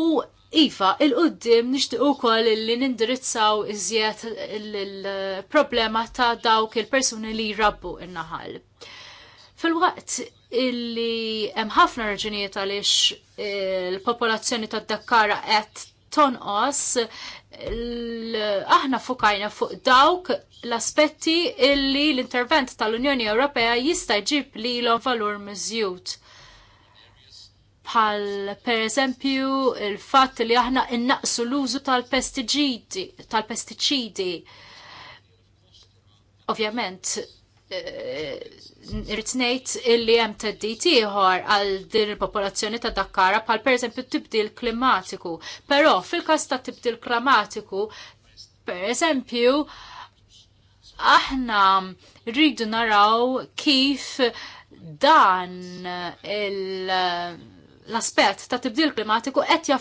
Iva, il qudiem nixtieq ukoll li nindirizzaw iżjed il-problema ta' dawk il-persuni li jrabbu in-naħal. Fil-waqt illi hemm ħafna raġunijiet għaliex il-popolazzjoni eh, tad dakkara qed tonqos aħna fukajna fuq dawk l-aspetti illi l-intervent tal-Unjoni Ewropea jista' jġib lilhom valur miżjud. Bħal per eżempju il-fatt li aħna innaqsu l-użu tal-pestiċidi. Tal pestiċidi Ovvjament, Eh, rritnejt ngħid illi hemm teddit ieħor għal din il-popolazzjoni ta' Dakkara bħal pereżempju tibdil klimatiku. Però fil-każ ta' tibdil klimatiku, pereżempju, aħna rridu naraw kif dan il- l-aspett ta' tibdil klimatiku qed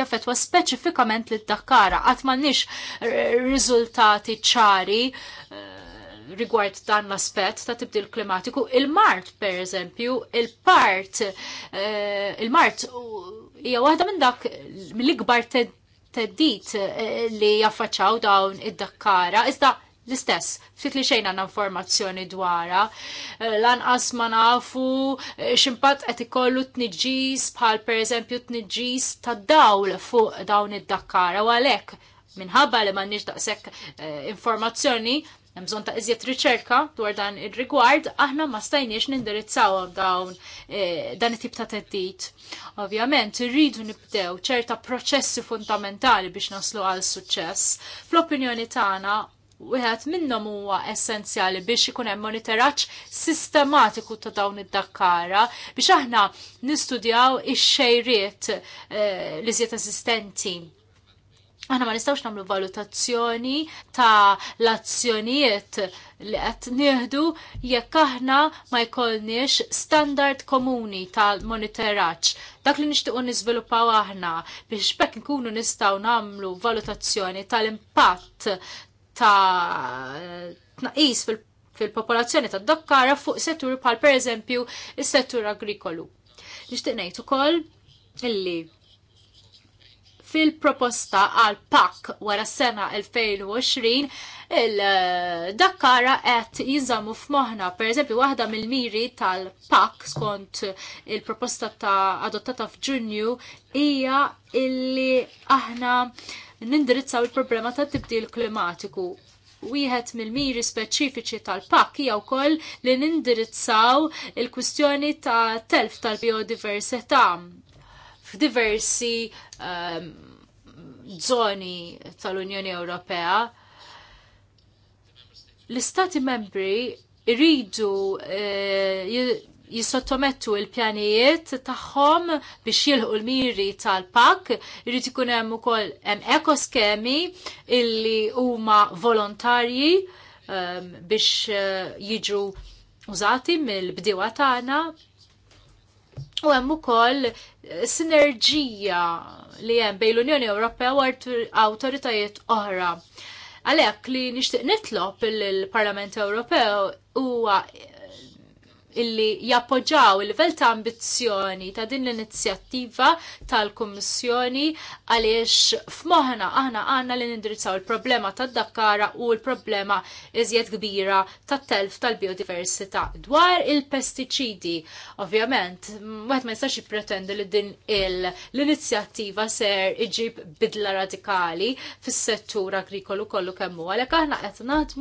jaffettwa speċifikament lid dakkara qatt m'għandniex riżultati ċari uh, rigward dan l-aspett ta' tibdil klimatiku, il-Mart per eżempju, il-Part, eh, il-Mart hija waħda minn dak mill-ikbar teddit eh, li jaffaċċaw dawn id-dakkara, iżda l-istess, ftit li xejn għandna informazzjoni dwarha, eh, lanqas ma nafu ximpat qed ikollu tniġġis bħal pereżempju tniġġis tad dawl fuq dawn id-dakkara u għalhekk minħabba li m'għandniex daqshekk informazzjoni hemm ta' iżjed riċerka dwar dan ir-rigward, aħna ma stajniex nindirizzaw dawn eh, dan it-tip ta' teddit. Ovvjament, irridu nibdew ċerta proċessi fundamentali biex naslu għal suċċess. Fl-opinjoni tagħna, wieħed minnhom huwa essenzjali biex ikun hemm monitoraġġ sistematiku ta' dawn id-dakkara biex aħna nistudjaw ix-xejriet eh, li żjed eżistenti Aħna ma nistawx namlu valutazzjoni ta' l-azzjonijiet li qed nieħdu jekk aħna ma jkollniex standard komuni tal-monitoraġġ. Dak li nixtiequ niżviluppaw aħna biex bekk nkunu nistgħu nagħmlu valutazzjoni tal-impatt ta' tnaqis fil-popolazzjoni fil tad dokkara fuq settur bħal pereżempju is-settur agrikolu. Nixtieq ngħid ukoll illi fil-proposta għal pak wara s-sena 2020 il-dakkara qed jiżammu f'moħħna. Pereżempju waħda mill-miri tal-pak skont il-proposta ta' adottata f'Ġunju hija illi aħna nindirizzaw il-problema ta' tibdil klimatiku wieħed mill-miri speċifiċi tal pak hija wkoll li nindirizzaw il-kwistjoni ta' telf tal-biodiversità f'diversi um, zoni tal-Unjoni Ewropea. L-Istati membri iridu eh, jisottomettu il-pjanijiet tagħhom biex jilħu l-miri tal-pak, irrid ikun hemm ukoll hemm ekoskemi illi huma volontarji um, biex eh, jiġu użati mill-bdiewa tagħna U hemm ukoll eh, sinerġija li hemm bejn l-Unjoni Ewropea u awtoritajiet oħra. Għalhekk li nixtieq nitlob il-Parlament Ewropew huwa illi jappoġġaw il-level ta' ambizzjoni ta' din l-inizjattiva tal-Kummissjoni għaliex f'moħħna aħna għandna li nindirizzaw il-problema tad-dakkara u l-problema iżjed kbira tat-telf tal-biodiversità. Dwar il-pestiċidi, ovvjament, wieħed ma jistax jippretendi li din l-inizjattiva ser iġib bidla radikali fis-settur agrikolu kollu kemm hu għalhekk aħna qed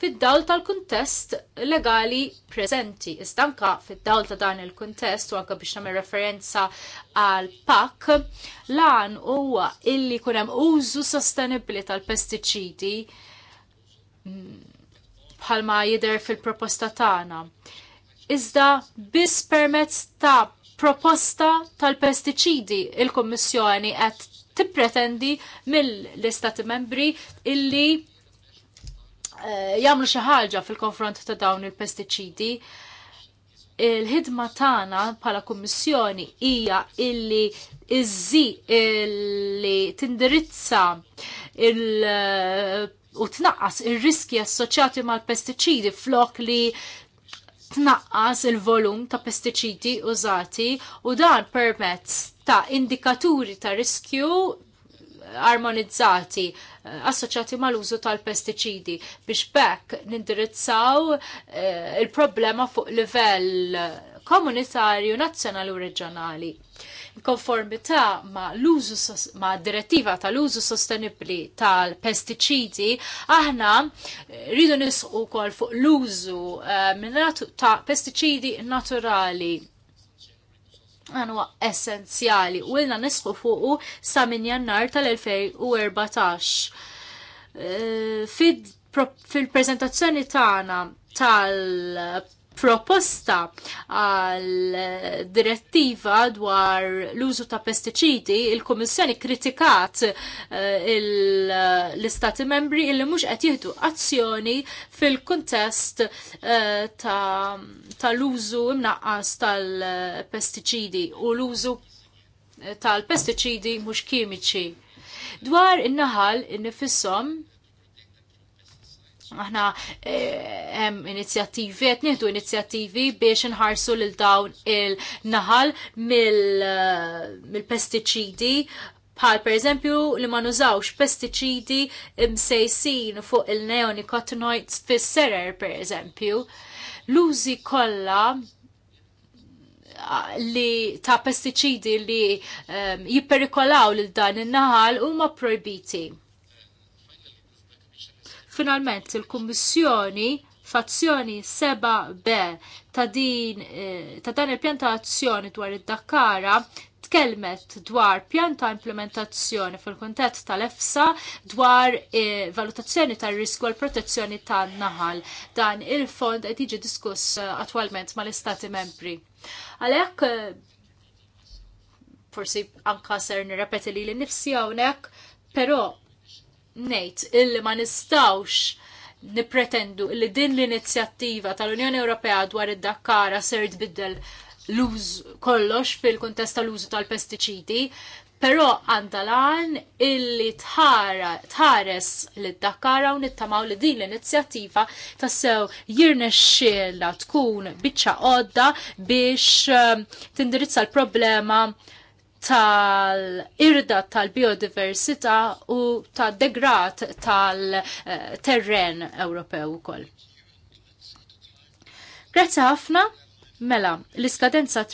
fid-dawl tal-kuntest legali preżenti Iżda anka fid-dawl ta' dan il-kuntest u anke biex nagħmel referenza għal pak lan huwa illi jkun hemm użu sostenibbli tal-pestiċidi mm, bħalma jidher fil-proposta tagħna. Iżda biss permezz ta' proposta tal-pestiċidi il-Kommissjoni qed tippretendi mill-istati membri illi eh, jagħmlu xi ħaġa fil-konfront ta' dawn il-pestiċidi il-ħidma tagħna bħala kummissjoni hija illi iżżi illi tindirizza il- u tnaqqas ir-riski assoċjati mal-pestiċidi flok li tnaqqas il-volum ta' pestiċidi użati u dan permezz ta' indikaturi ta' riskju armonizzati eh, assoċjati mal-użu tal-pestiċidi biex bekk nindirizzaw eh, il-problema fuq livell komunitarju, nazzjonali u reġjonali. Konformità ma' l-użu ma' direttiva tal-użu sostenibli tal-pestiċidi, aħna eh, rridu nisqu kol fuq l-użu ta' pestiċidi naturali għanwa essenzjali u ilna nisħu fuqu sa minn jannar tal-2014. Eh, fil-prezentazzjoni tagħna tal proposta għal direttiva dwar l-użu ta' pestiċidi, il-Kummissjoni kritikat eh, l-Istati membri illi mhux qed jieħdu azzjoni fil kontest eh, tal-użu imnaqqas tal-pestiċidi u l-użu tal-pestiċidi mhux kimiċi. Dwar in-naħal innifissom aħna eh, hemm inizjattivi qed nieħdu inizjattivi biex inħarsu lil dawn il-naħal eh, mill-pestiċidi bħal per eżempju li ma nużawx pestiċidi msejsin fuq il-neonicotinoids fis-serer per eżempju. L-użi kollha eh, li ta' pestiċidi li um, jipperikolaw lil dan in-naħal huma projbiti Finalment il-Kummissjoni fazzjoni 7B ta' din eh, ta' dan il-pjan ta' azzjoni dwar id-Dakkara tkellmet dwar pjan ta' implementazzjoni fil kuntett tal-EFSA dwar eh, valutazzjoni tar risku għal protezzjoni tan naħal. Dan il-fond qed jiġi diskuss eh, attwalment mal-Istati membri. Għalhekk forsi anka ser nirrepeti li l-nifsi hawnhekk, però nejt illi ma nistawx nipretendu li din l-inizjattiva tal-Unjoni Ewropea dwar id-dakkara ser tbiddel l-uż kollox fil-kuntest tal-użu tal-pestiċidi, però għandha lan illi tħares li d-dakkara u nittamaw li din l-inizjattiva tassew jirnexxiela tkun biċċa għodda biex eh, tindirizza l-problema tal-irda tal-biodiversità u tad-degrat tal-terren Ewropew ukoll. Grazzi ħafna. Mela, l-iskadenza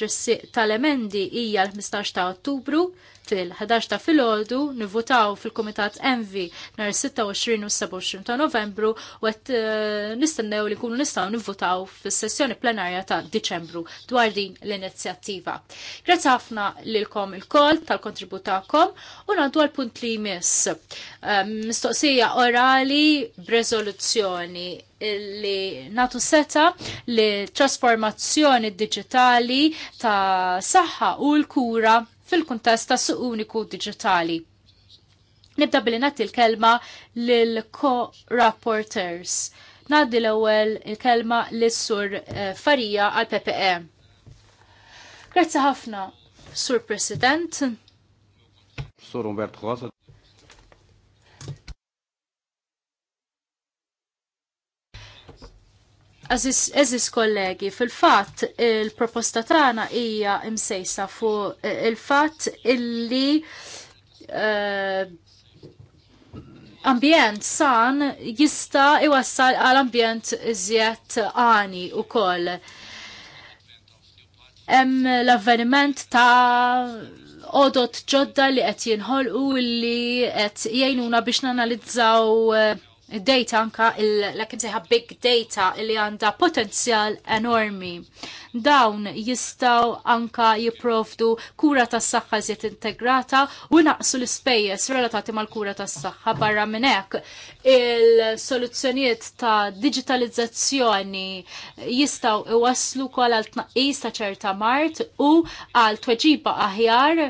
tal-emendi hija l-15 ta' Ottubru, fil-11 ta' filgħodu nivvutaw fil-Kumitat Envi nhar 26 u 27 ta' Novembru u qed eh, nistennew li kunu nistgħu nivvutaw fis-sessjoni plenarja ta' Diċembru dwar din l-inizjattiva. Grazzi ħafna lilkom il-kol tal-kontributakom u nagħdu għal punt li jmiss. Ehm, mistoqsija orali b'rezoluzzjoni li natu seta li trasformazzjoni digitali ta' saħħa u l-kura fil-kuntest ta' suq uniku digitali. Nibda billi nagħti l-kelma lil co-rapporters. Nadi l-ewwel il-kelma lis-sur eh, Farija għal PPE. Grazzi ħafna, Sur President. Sur Umbert Ħosa. Eżis kollegi, fil-fat il-proposta tagħna hija imsejsa fuq eh, il-fat illi uh, ambjent san jista iwassal għal ambjent iżjed għani u koll. Hemm l-avveniment ta' odot ġodda li qed jinħolqu li qed jgħinuna biex nanalizzaw eh, data anka l-ekim seħa big data li għanda potenzjal enormi. Dawn jistaw anka jiprofdu kura tas saħħa zjet integrata u naqsu l-spejjes relatati mal-kura tas saħħa barra minnek. Il-soluzzjoniet ta' digitalizzazzjoni jistaw iwaslu kol għal tnaqqis ta' ċerta mart u għal tweġiba aħjar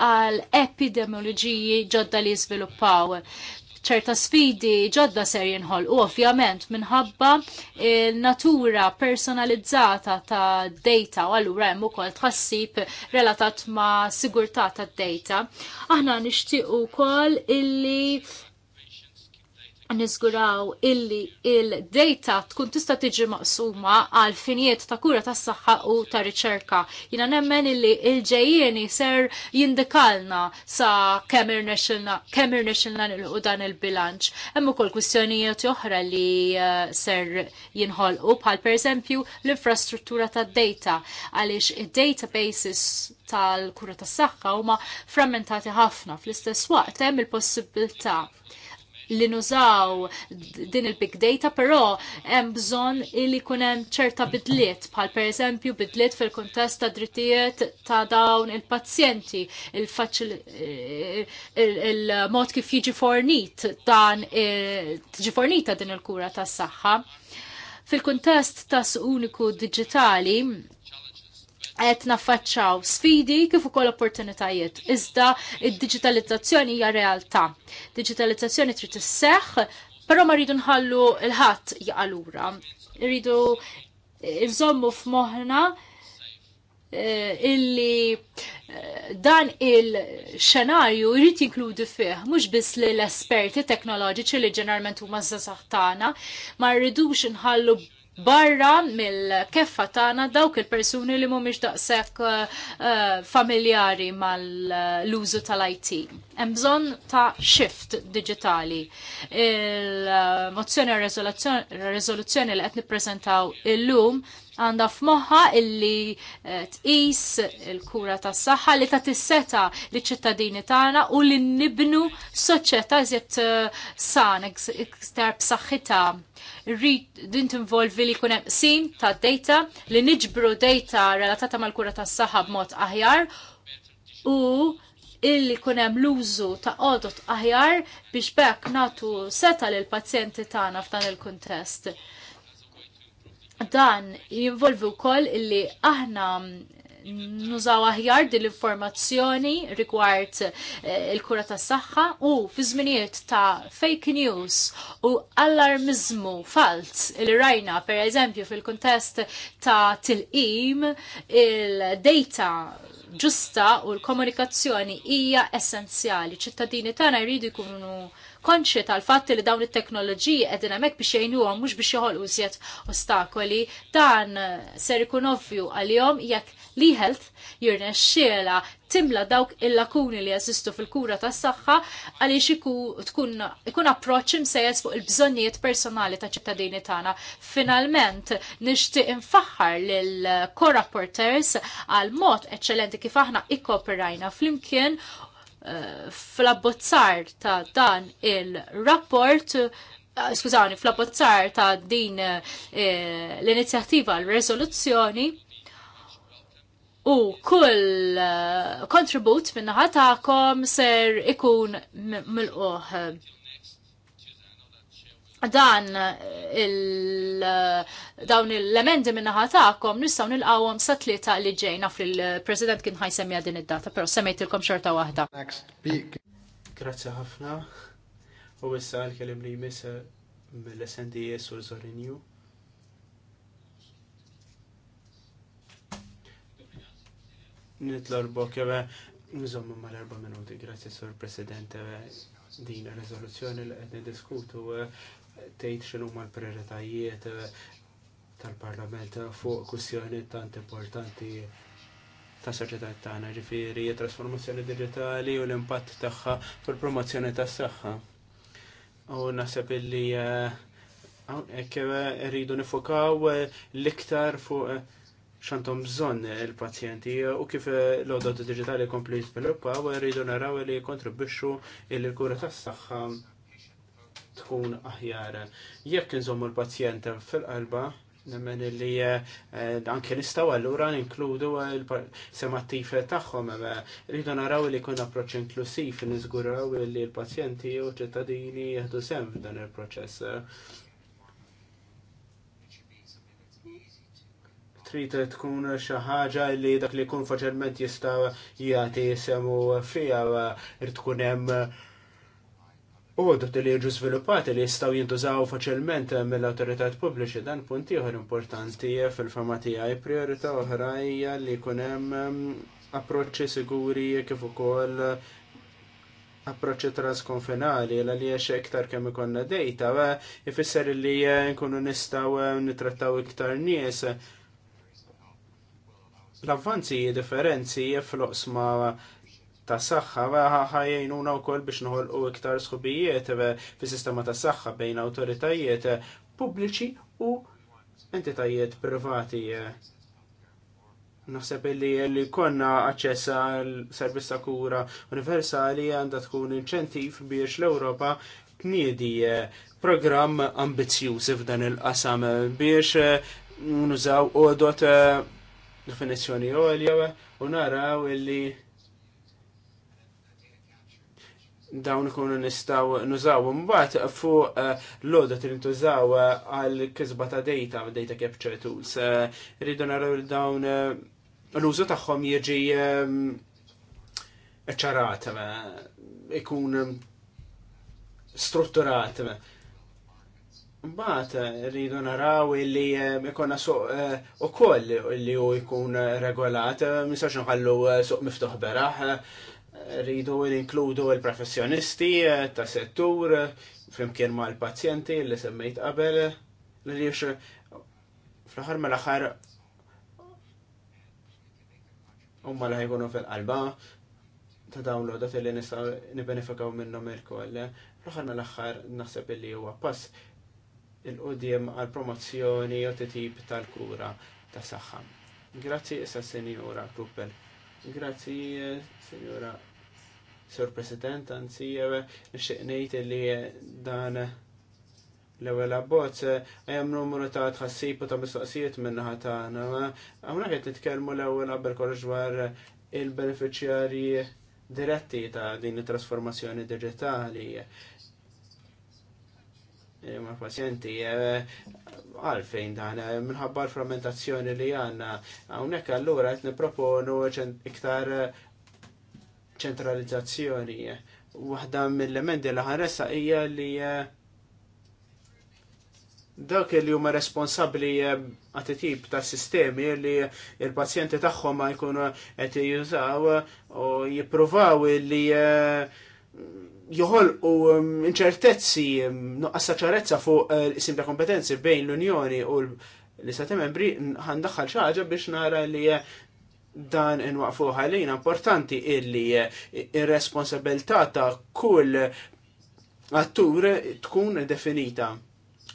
għal epidemioloġiji ġodda li jizviluppaw ċerta sfidi ġodda ser jinħol u ovvjament minħabba natura personalizzata ta' data u allura hemm ukoll tħassib relatat ma' sigurtà ta' data. Aħna nixtieq kol illi nizguraw illi il-data tkun tista' tiġi maqsuma għal finijiet ta' kura tas saħħa u ta' riċerka. Jina nemmen illi il-ġejjeni ser jindikalna sa' kemmir nexilna u dan il-bilanċ. Hemm ukoll kwistjonijiet oħra li eh, ser jinħolqu bħal pereżempju l-infrastruttura tad-data għaliex id-databases tal-kura tas saħħa huma frammentati ħafna fl-istess waqt hemm il-possibilità li nużaw din il-big data, però hemm bżonn li jkun hemm ċerta bidliet, bħal pereżempju bidliet fil-kuntest ta' drittijiet ta' dawn il-pazjenti, il-mod kif jiġi fornit dan tiġi fornita din il-kura tas-saħħa. Fil-kuntest tas uniku digitali, qed naffaċċaw sfidi kif ukoll opportunitajiet. Iżda id-digitalizzazzjoni hija realtà. Digitalizzazzjoni trid isseħħ, però ma rridu nħallu l-ħadd jaqalura. Rridu nżommu f'moħħna eh, illi eh, dan il-xenarju jrid jinkludi fih, mhux biss li l-esperti teknoloġiċi li ġeneralment huma żasaħ tagħna, ma rridux nħallu barra mill-keffa tagħna dawk il-persuni li mhumiex daqshekk eh, eh, familjari mal-użu tal-IT. Hemm bżonn ta' shift digitali. Il-mozzjoni r-rezoluzzjoni li qed nippreżentaw illum għanda f'moħħa illi eh, tqis il-kura tas saħħa li ta' tisseta li ċittadini tagħna u li nibnu soċjetà iżjed sana iktar b'saħħitha rrit din tinvolvi li jkun sin ta' data li niġbru data relatata mal-kura tas-saħħa b'mod aħjar u illi kunem l-użu ta' qodot aħjar biex bekk natu seta l pazjenti tagħna f'dan il-kuntest. Dan jinvolvi wkoll illi aħna nużaw aħjar din l-informazzjoni rigward eh, il-kura tas saħħa u fi żminijiet ta' fake news u allarmizmu fals il rajna per eżempju fil-kontest ta' tilqim il-data ġusta u l-komunikazzjoni hija essenzjali. ċittadini tagħna jridu jkunu konċi tal fat li dawn it-teknoloġiji qegħdin hemmhekk biex jgħinuhom mhux biex joħolqu żjed ostakoli, dan eh, ser ikun ovvju għalihom jekk li health jirnexxiela timla dawk il-lakuni li jazistu fil-kura tas saħħa għaliex tkun ikun approċċ imsejjes fuq il-bżonnijiet personali ta' ċittadini tagħna. Finalment nixtieq infaħħar lil co-rapporters għal mod eċċellenti kif aħna ikkoperajna flimkien Eh, fl-abbozzar ta' dan il-rapport eh, skużani, fl-abbozzar ta' din eh, l-inizjattiva l-resoluzzjoni u kull kontribut minnaħa ta'kom ser ikun mill uħ dan il dawn l-emendi minna ħatakom nistaw nil-qawom sa tlieta li ġejna fil-president kien ħajsemmi din id-data, pero semmejtilkom xorta wahda. Grazie ħafna. U issa għal-kelim li jmiss eh, mill-SNDS u l-Zorinju. Nitlarbok, jeve, nżommu mal-erba minuti, grazie, Sur President, din rezoluzzjoni li għedni diskutu eh, tgħid x'inhuma l-prioritajiet eh, tal-Parlament fuq kwistjoni tant importanti ta' soċjetà tagħna, ġifieri trasformazzjoni digitali u l-impatt tagħha fil-promozzjoni tas-saħħa. U naħseb illi eh, hekk eh, rridu nifukaw l-iktar fuq xantom bżonn il-pazjenti u kif l-odot digitali kompli jiżviluppaw rridu naraw li kontribwixxu il-kura tas-saħħa tkun aħjar. Jekk nżommu l-pazjent fil-qalba, nemmen li eh, anke nistaw allura ninkludu eh, l-semattif tagħhom eh, rridu naraw li jkun approċċ inklusiv niżguraw li l-pazjenti u ċittadini jieħdu sem f'dan il-proċess. trid tkun xi ħaġa li dak li jkun faċilment jista' jagħti semu fiha irid tkun hemm għodot li jġu sviluppati li jistaw jintużaw faċilment mill-autoritajt pubbliċi dan punt ieħor importanti fil-fama tiegħi priorità oħra hija li jkun hemm mm, approċċi siguri kif ukoll approċċi transkonfinali l li għax iktar kemm ikonna dejta eh, ifisser li eh, nkunu nistgħu eh, nitrattaw iktar nies l-avvanzi differenzi fl-oqsma ta' saħħa ħajjejnuna wkoll biex noħolqu iktar sħubijiet fis-sistema ta' saħħa bejn awtoritajiet eh, pubbliċi u entitajiet privati. Eh. Naħseb li li konna aċċess għal servizz ta' kura universali għandha tkun inċentiv biex l-Ewropa tniedi eh, programm ambizzjuż f'dan il-qasam biex nużaw għodot definizjoni għolja u naraw illi dawn ikunu nistaw nużaw mbagħad fuq eh, l-oda ntużaw eh, għal kisba ta' data data capture tools. Eh, rridu naraw dawn l-użu tagħhom jiġi ċarat, ikun strutturat. Mbagħad rridu naraw illi ikonna suq ukoll li hu jkun regolat, mistax nħallu suq miftuħ beraħ rridu inkludu l-professjonisti eh, ta' settur flimkien ma' l-pazjenti li semmejt qabel li jiex fl-ħar mela ħar umma li ħajkunu fil-qalba ta' downloadat li nistaw nibenefikaw minnom il-koll. Fl-ħar mal ħar naħseb li huwa pass il-qudiem għal-promozzjoni u titib tal-kura ta' saħħa. Grazzi issa senjora Kuppel. Grazzi eh, senjora Sur President, anzi, nixtiqnejt li dan l-ewel abbozz, għajem eh, numru ta' tħassib u ta' mistoqsijiet minna ta' għana. Għamna għet nitkelmu l-ewel għabber kollox dwar il-beneficjarji diretti ta' din it-trasformazzjoni digitali. Eh, ma' pazjenti, eh, għalfejn dan, minħabba l-frammentazzjoni li għanna, għawnek għallura għet niproponu iktar ċentralizzazzjoni. Waħda mill-elementi li ħaressa hija li eh, dak li huma responsabbli eh, għat tip ta' sistemi li il-pazjenti tagħhom ma jkunu qed jużaw u jippruvaw li eh, joħol u mm, inċertezzi mm, nuqqas ċarezza fuq l-isim ta' kompetenzi bejn l-Unjoni u l-Istati membri ħandaħħal xi biex nara li dan inwaqfu ħalina importanti illi ir-responsabilità ta' kull attur tkun definita.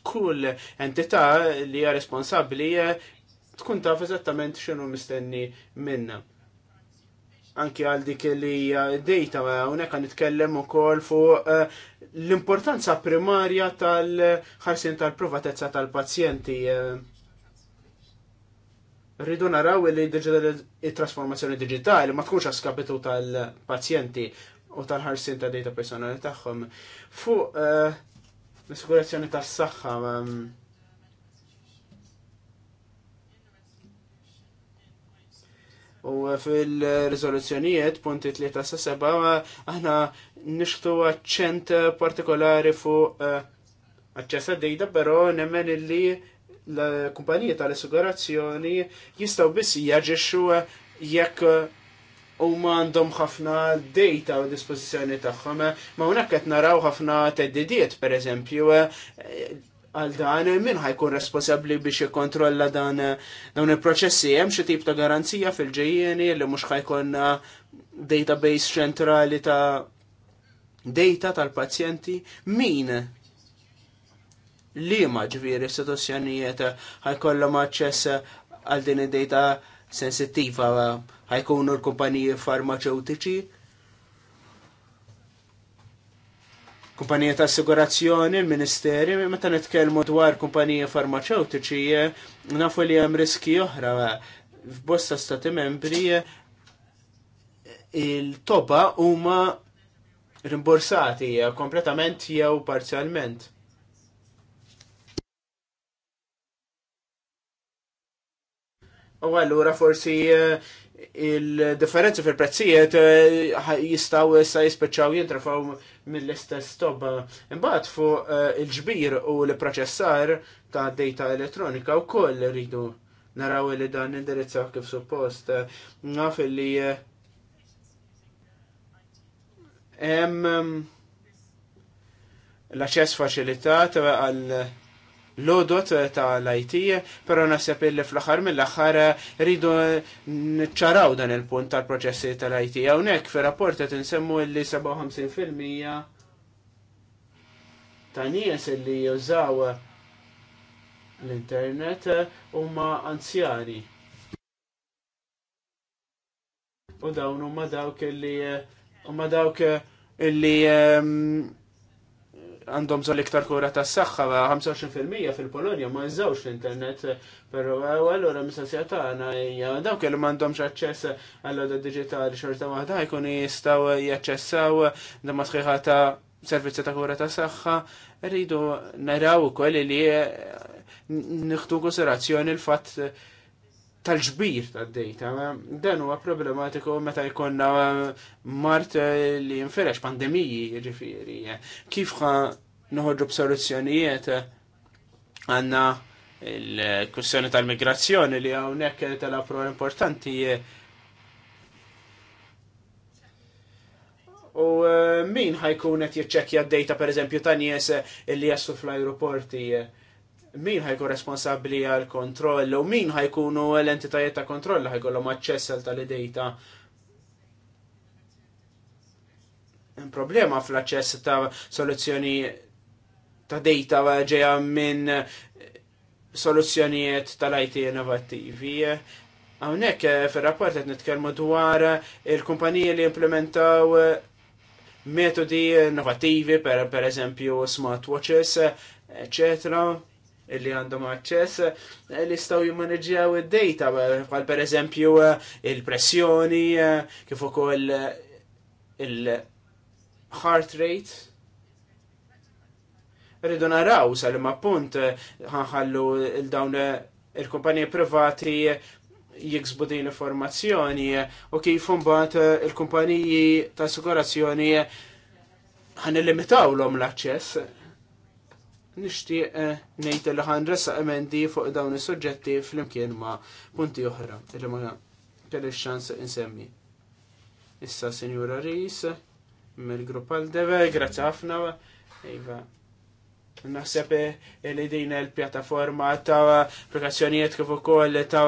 Kull entità li hija responsabbli tkun taf eżattament x'inhu mistenni minna. Anki għal dik li hija dejta hawnhekk nitkellem ukoll fuq eh, l-importanza primarja tal-ħarsien tal-privatezza tal-pazjenti. tal ħarsien tal privatezza tal pazjenti tal pazjenti rridu naraw li il-trasformazzjoni digitali ma tkunx għaskapitu tal-pazjenti u tal-ħarsin ta' data personali tagħhom. Fuq eh, l-assigurazzjoni tas-saħħa ehm, U fil-rizoluzzjonijiet, punti 3 sa 7, aħna nixtu għacċent partikolari fuq eh, aċċessa dejda, pero nemmen illi l-kumpanija tal-assigurazzjoni jistaw biss jaġixxu jekk u għandhom ħafna data u dispożizzjoni tagħhom. Ma hawnhekk qed naraw ħafna teddidiet pereżempju għal dan min ħajkun responsabbli biex jikkontrolla dan dawn il-proċessi hemm xi tip ta' garanzija fil-ġejjieni li mhux ħajkun database ċentrali ta' data tal-pazjenti min li ma ġviri istituzzjonijiet ħajkollhom aċċess għal din id-data sensittiva ħajkunu l-kumpaniji farmaceutiċi kumpanija ta' assigurazzjoni, il-ministeri, meta nitkellmu dwar kumpanija farmaceutiċi, nafu li hemm riski oħra. F'bosta stati membri il-toba huma rimborsati kompletament jew parzjalment. U għallura forsi eh, il differenza fil-prezzijiet eh, jistaw issa jispeċaw jintrafaw mill-istess tobba. Imbagħad fuq eh, il-ġbir u l-proċessar ta' data elettronika u koll rridu naraw li dan indirizzaw kif suppost. Naf li l-aċċess faċilitat għal l-odot ta' l-IT, pero nasib illi fl-axar mill-axar rridu nċaraw dan il-punt tal-proċessi tal-IT. Unek, fi rapportet insemmu illi 57% ta' nies illi jużaw l-internet huma anzjani. U dawn huma dawk illi huma dawk illi ehm, għandhom zoll iktar kura tas saħħa 25% fil-Polonja ma jizzawx l-internet, pero allura mis-sosja tagħna hija dawk li m'għandhomx aċċess għall-għoda digitali xorta waħda jkun jistgħu jaċċessaw damma sħiħa ta' servizzi ta' kura tas saħħa, rridu naraw ukoll li nieħdu konsiderazzjoni l fat tal-ġbir tad-dejta. Dan huwa problematiku meta jkollna eh, mart eh, li jinferex pandemiji ġifiri. Kif ħa noħorġu b'soluzzjonijiet għandna il-kussjoni tal-migrazzjoni li hawnhekk tal-apro importanti U eh, min ħajkun qed jiċċekkja d-dejta pereżempju ta' nies li jassu fl-ajruporti min ħajkun responsabli għal kontroll u min ħajkunu l-entitajiet ta' kontroll ħajkollhom aċċess għal tal Hemm Problema fl-aċċess ta' soluzzjoni ta' data ġeja minn soluzzjonijiet tal-IT innovattivi. Hawnhekk eh, fir-rapport qed nitkellmu dwar il-kumpaniji li implementaw metodi innovativi per, per eżempju smartwatches, eccetera illi għandhom aċċess eh, li jistgħu jimmaneġġjaw id-data eh, bħal pereżempju eh, il-pressjoni kif ukoll il-heart rate. Rridu naraw sal ma ħanħallu il-dawn il-kumpaniji privati jiksbu din informazzjoni u kif mbagħad il-kumpaniji ta' assigurazzjoni ħanillimitaw l-aċċess nixtieq eh, ngħid li ħan ressa emendi fuq dawn is-suġġetti flimkien ma' punti oħra li ma kelli x-xans insemmi. Issa Sinjura Ris, mill-grupp għal deve, grazzi ħafna, Eva, Naħseb eh, li din il-pjattaforma ta' applikazzjonijiet kif ukoll ta'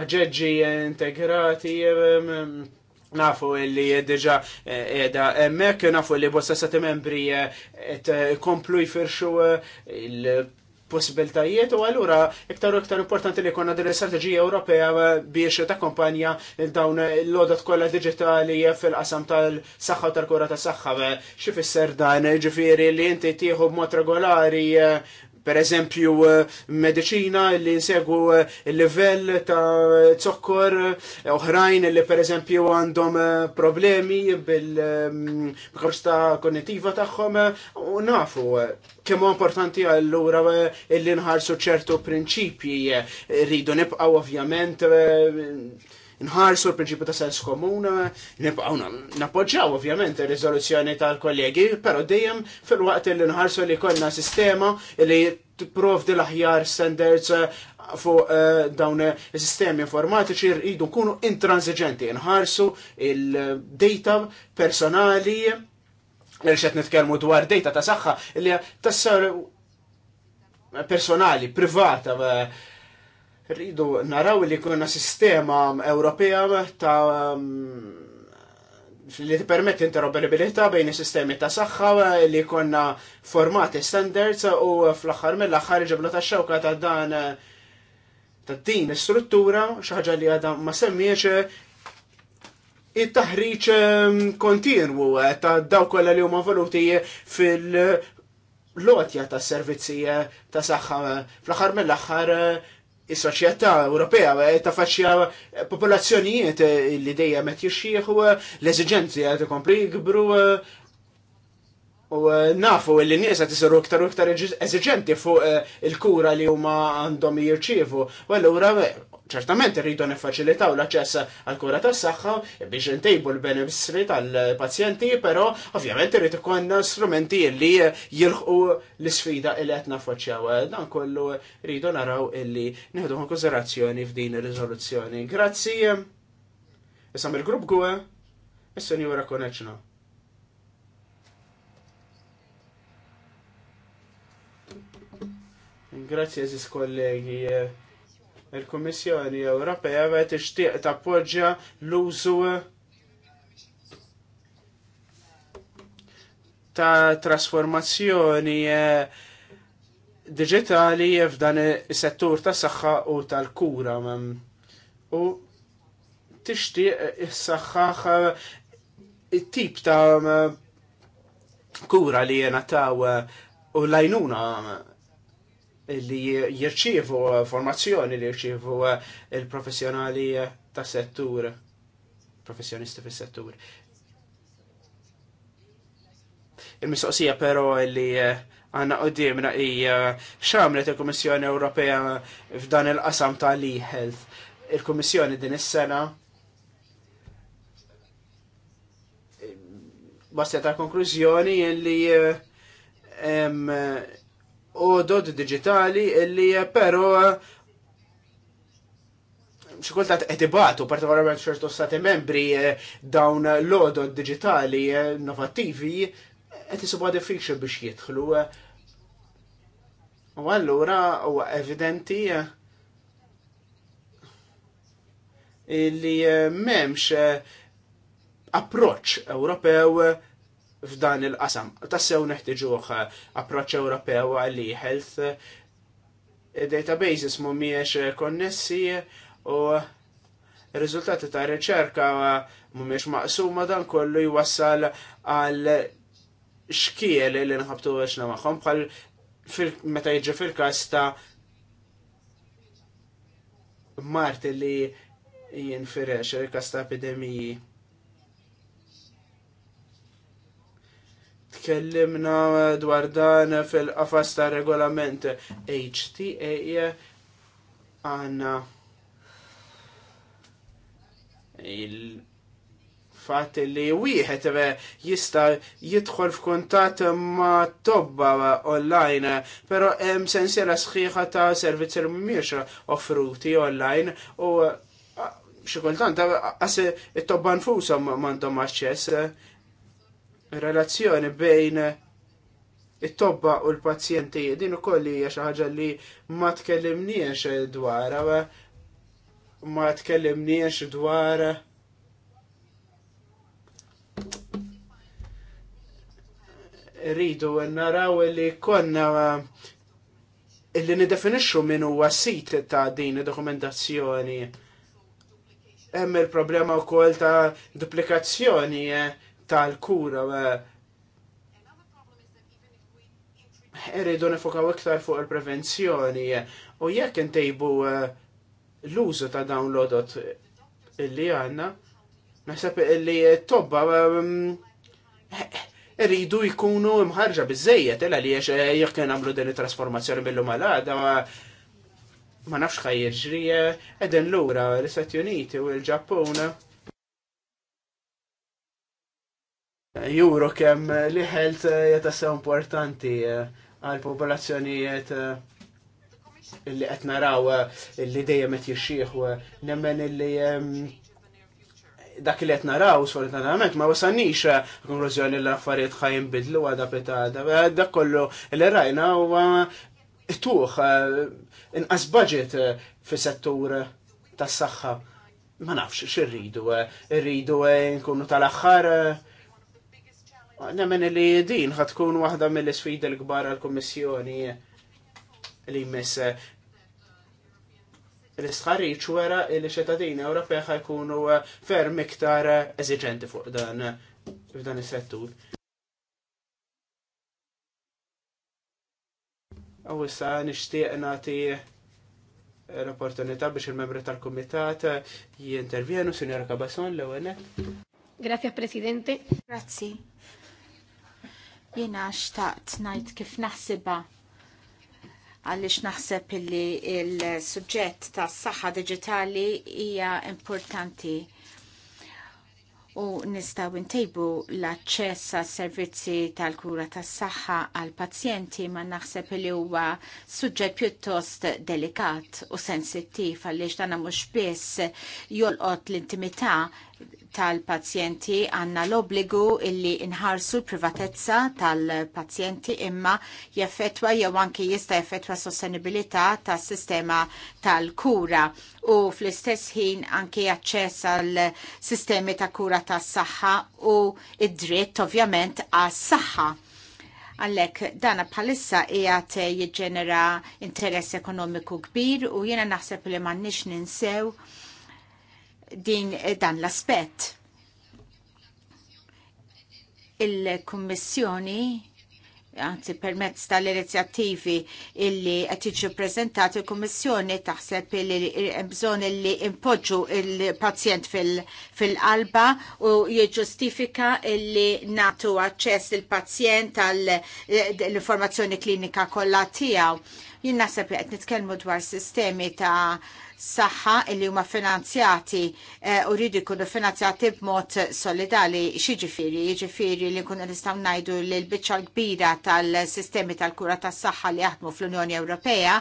aġġeġġi integrati eh, nafu li diġa eh, edha emmek, nafu li bosta sati membri eh, et eh, komplu jfirxu il-possibiltajiet u għallura iktar u iktar importanti li konna din l-istrateġija Ewropea biex ta' kompanja dawn l-lodat kollha digitali fil-qasam tal saxħa u tal-kura tas saxħa x'ifisser dan ġifiri li inti b mod regolari per eżempju eh, medicina li nsegu eh, il-level ta' zokkor eh, oħrajn li per eżempju għandhom problemi bil-kapacità kognitiva tagħhom u nafu kemm importanti allura li nħarsu ċertu prinċipji rridu nibqgħu ovvjament nħarsu l-prinċipju ta' sens komuna, nibqgħu napoġġaw ovvjament ir rizoluzzjoni tal-kollegi, però dejjem fil-waqt li nħarsu li konna sistema li tipprovdi l-aħjar standards eh, fuq eh, dawn sistemi informatiċi rridu kunu intransiġenti, nħarsu il-data personali l-xet nitkelmu dwar data ta' saħħa li tassar personali, privata, eh, rridu naraw li kuna sistema Ewropea ta' um, li permetti interoperabilità bejn is-sistemi ta' saħħa li konna formati standards u fl-aħħar mill-aħħar ġebla ta' xewka ta' dan ta' din is-struttura xi ħaġa li għadha ma semmiex it-taħriġ um, kontinwu ta' dawk kollha li huma voluti fil-lotja ta' servizzi ta' saħħa fl-aħħar mill-aħħar is-soċjetà Ewropea eh, ta' faċċja popolazzjonijiet eh, li dejjem qed jixxieħu eh, l-eżiġenzi qed ikomplu jikbru U eh, nafu li n-nisa tisiru iktar u iktar eżiġenti fuq eh, il-kura li huma għandhom jirċievu. U allura eh, ċertament irridu nifaċilitaw l-aċċess għal-kura tas-saħħa biex ntejbu l benefisri tal-pazjenti, però ovvjament irrid ikollna strumenti li jilħqu l-isfida li qed nafaċċjaw. Dan kollu rridu naraw illi nieħdu konsiderazzjoni f'din ir-riżoluzzjoni. Grazzi. Issa mill-grupp Gwe, is-Senjura Koneċna. Grazie Zis kollegi. Il-Kommissjoni Ewropea għet ixtieq tappoġġja l-użu ta' trasformazzjoni eh, digitali f'dan is-settur tas saħħa u tal-kura. U tixtieq is-saħħa it-tip ta' kura li jena taw u lajnuna li jirċievu formazzjoni li jirċievu eh, il-professjonali eh, tas settur, professjonisti fis settur Il-mistoqsija però li eh, għanna qoddimna hija xamlet il-Kummissjoni Ewropea f'dan il-qasam tal li health Il-Kummissjoni din is-sena basta ta' konklużjoni li odod digitali illi eh, eh, xikulta t etibatu, partikolarment ċertu stati membri eh, dawn l-odod digitali innovativi, et jisubu diffiċli biex jidħlu. U allura huwa evidenti li memx approċ Ewropew f'dan il-qasam. Tassew neħtiġuħ approċċ Ewropew għalli health databases miex konnessi u r-riżultati reċerka riċerka miex maqsuma dan kollu jwassal għal xkiel li nħabtu għaxna maħħom bħal meta jġi fil-kas ta' Mart li jinfirex il-kas ta' epidemiji Tkellimna dwar dan fil-qafas ta' regolament HTA għanna il-fat li wieħed jista' jidħol f'kuntatt ma' tobba online, però hemm sensiela sħiħa ta' servizzi li mhumiex offruti online u ah, xi kultant qas ah, it-tobba nfushom m'għandhom aċċess relazzjoni bejn it-tobba u l-pazjenti din ukoll hija xi ħaġa li ma tkellimniex dwar eh, ma tkellimniex dwar eh, rridu naraw li konna illi eh, nidefinixxu min huwa sit ta' din id-dokumentazzjoni. Hemm il-problema wkoll ta' duplikazzjoni tal-kura eh, irridu nifokaw iktar fuq il-prevenzjoni eh, u jekk intejbu eh, l-użu ta' dawn l-odot illi għanna, naħseb illi tobba rridu jkunu imħarġa bizzejiet, illa li jekk nagħmlu din it-trasformazzjoni billu malada, għal-għada, ma nafx xajirġri, edin l-ura l-Istati Uniti u l-Ġappun. juru kemm eh, li ħelt eh, jatassew importanti eh, għal popolazzjonijiet illi qed naraw illi dejjem qed jixxieħu nemmen illi dak li qed naraw sfortunatament ma wasannix konklużjoni l affarijiet ħajn bidlu għadha pitada. Dak kollu li rajna huwa tuħ inqas budget fis-settur tas-saħħa. Ma nafx xirridu, irridu nkunu tal-aħħar Nemmen li din ħatkun waħda mill-sfida l-kbar għal-Kommissjoni li jmiss l-istħarriċ wara li ċittadini Ewropej ħajkunu ferm iktar eżiġenti fuq dan f'dan is-settur. Aw issa nixtieq nagħti l-opportunità biex il-membri tal-Kumitat jintervjenu, Sinjora Cabasson, l-ewwel. Grazie Presidente. Grazie. Jiena xtaqt ngħid kif naħsiba għaliex naħseb illi il-suġġett tas saħħa diġitali hija importanti u nistaw intejbu l-aċċess għas servizzi tal-kura tas saħħa għal pazjenti ma naħseb li huwa suġġett pjuttost delikat u sensittiv għaliex dana mhux biss jolqot l-intimità tal-pazjenti għanna l-obbligu illi inħarsu l-privatezza tal-pazjenti imma jaffetwa jew anki jista' jaffetwa sostenibilità tas sistema tal-kura u fl-istess ħin anki aċċess għal sistemi ta' kura tas saħħa u id-dritt ovvjament għas saħħa għallek dana bħalissa ijat jiġġenera interess ekonomiku kbir u jena naħseb li mannix ninsew din eh, dan l-aspett. Il-Kummissjoni għanzi permezz tal-inizjattivi illi għatiġu prezentat il-Kommissjoni taħseb li bżon illi impoġġu il-pazjent fil-qalba u jiġustifika illi natu għacċess il-pazjent għall-informazzjoni eh, klinika kollha tiegħu. Jien naħseb li qed nitkellmu dwar sistemi ta' saħħa illi huma finanzjati eh, u rridu jkunu finanzjati b'mod solidali xiġifieri, jiġifieri li nkunu nistgħu ngħidu li l-biċċa l-kbira tal-sistemi tal-kura tas-saħħa li jaħdmu fl-Unjoni Ewropea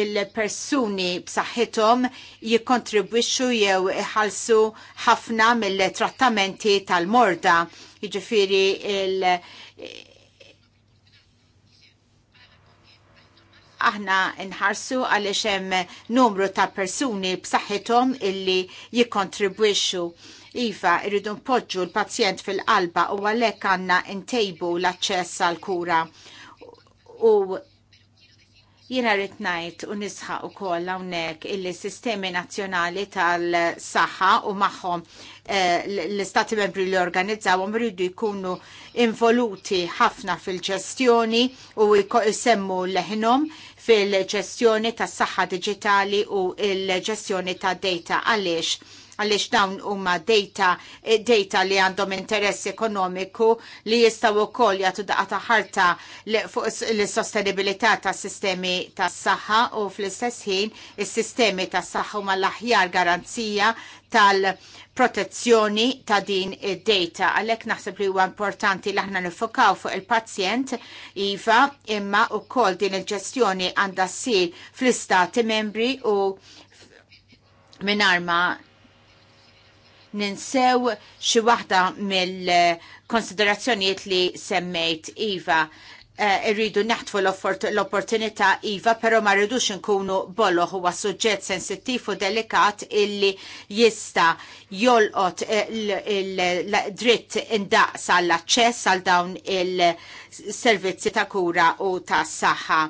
il-persuni b'saħħithom jikkontribwixxu jew iħallsu ħafna mill-trattamenti tal-morda. Jiġifieri il- aħna nħarsu għaliex hemm numru ta' persuni b'saħħithom illi jikkontribwixxu. Iva, irridu npoġġu l-pazjent fil-qalba u għalhekk għandna ntejbu l-aċċess għall kura U jiena rrid ngħid u nisħaq ukoll hawnhekk illi sistemi nazzjonali tal-saħħa u magħhom eh, l-istati membri li organizzawhom rridu jkunu involuti ħafna fil-ġestjoni u jsemmu leħnhom fil-ġestjoni tas saħħa digitali u l ġestjoni tad data għaliex għaliex dawn huma data, eh, data li għandhom interess ekonomiku li jistgħu wkoll jagħtu daqa ta' ħarta fuq l-sostenibilità tas sistemi tas saħħa u fl-istess ħin il sistemi tas saħħa huma l-aħjar garanzija tal-protezzjoni ta' din id-data. Għalhekk naħseb li huwa importanti li aħna nifokaw fuq il-pazjent iva imma wkoll din il-ġestjoni għandha ssir fl-istati membri u minn arma ninsew xi waħda mill-konsiderazzjonijiet li semmejt Iva. Eh, irridu naħtfu l-opportunità Iva, pero ma rridux nkunu bollu huwa suġġett sensittiv u delikat illi jista jolqot eh, il-dritt indaqs għall aċċess għal dawn il-servizzi ta' kura u ta' saħħa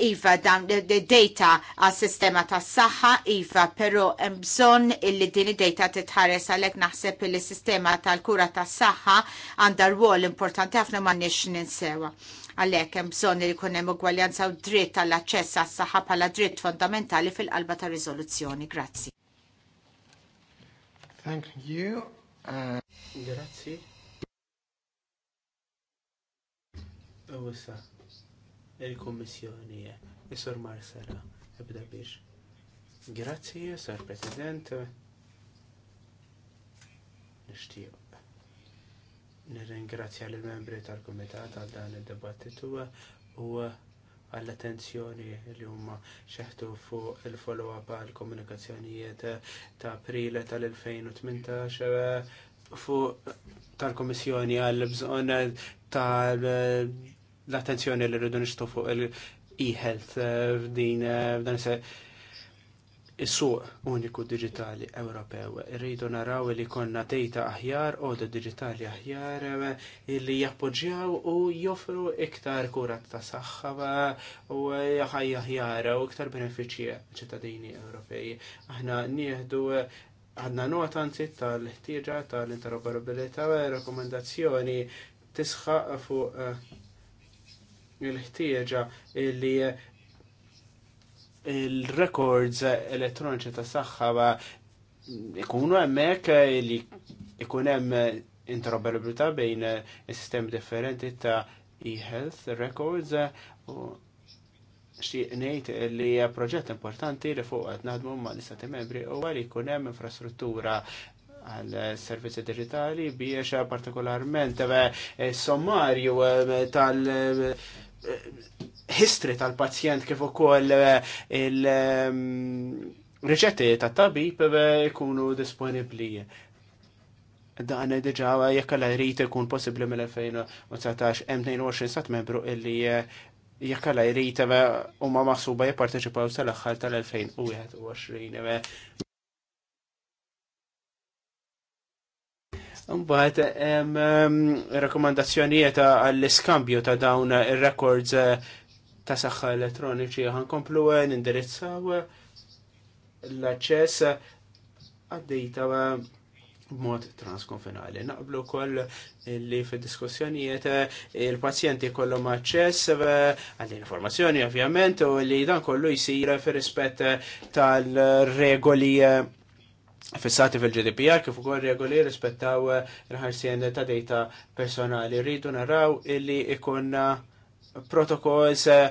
iva dan data għas sistema tas saħħa iva però hemm bżonn illi din id-data titħares għalhekk naħseb li sistema tal-kura tas saħħa għandha rwol importanti ħafna m'għandniex ninsewa. Għalhekk hemm bżonn li jkun hemm ugwaljanza u dritt għall-aċċess għas-saħħa bħala dritt fondamentali fil-qalba ta' riżoluzzjoni. Grazzi. Thank you. Uh, Grazie. Oh, what's that? il-Kommissjoni, Isur Marsala, ebda biex. Grazzi, Sir President. Nishtiq. Nirringrazzja lill membri tal-Kumitat għal dan id-dibattitu u għall-attenzjoni li huma xeħtu fuq il-follow-up għall komunikazzjonijiet ta' april tal-2018 fuq tal-Komissjoni għall bżonn tal l-attenzjoni li rridu nixtu fuq il-e-health eh, f'din eh, f'dan se is-suq uniku digitali Ewropew. Irridu naraw li konna data aħjar u digitali aħjar eh, li jappoġġjaw u joffru iktar kura ta' saħħa u jaħaj aħjar u iktar benefiċċji ċittadini Ewropej. Aħna nieħdu għadna nota anzi tal-ħtieġa tal-interoperabilità u rekomendazzjoni tisħaq fuq il-ħtieġa li il-records elettroniċi ta' saħħa ikunu hemmhekk li ikun hemm interoperabilità bejn is-sistemi differenti ta' e-health records u xtieq ngħid li proġett importanti li fuq qed naħdmu ma' l-istati membri huwa li jkun hemm infrastruttura għal servizzi digitali biex partikolarment sommarju eh, tal- history tal-pazjent kif ukoll eh, il-riċetti ehm, tat-tabib eh, ikunu disponibbli. Dan diġà jekk alla jrid ikun possibbli mill-2019 hemm 22 sat membru illi eh, jekk alla jrid huma maħsuba jipparteċipaw sal-aħħar tal-2021. Mbaħt, hemm rakkomandazzjonijiet għall-iskambju ta' dawn ir-records eh, ta' saħħa elettroniċi ħankomplu eh, nindirizzaw eh, l-aċċess għaddejta b'mod transkonfinali. Naqblu koll li fil-diskussjonijiet il-pazjenti kollu aċċess għall-informazzjoni ovvjament u li dan kollu jsir fir rispett tal-regoli fissati fil-GDPR kif ukoll regoli rispettaw eh, il-ħarsien ta' data personali. Rridu naraw illi ikun protokolls eh,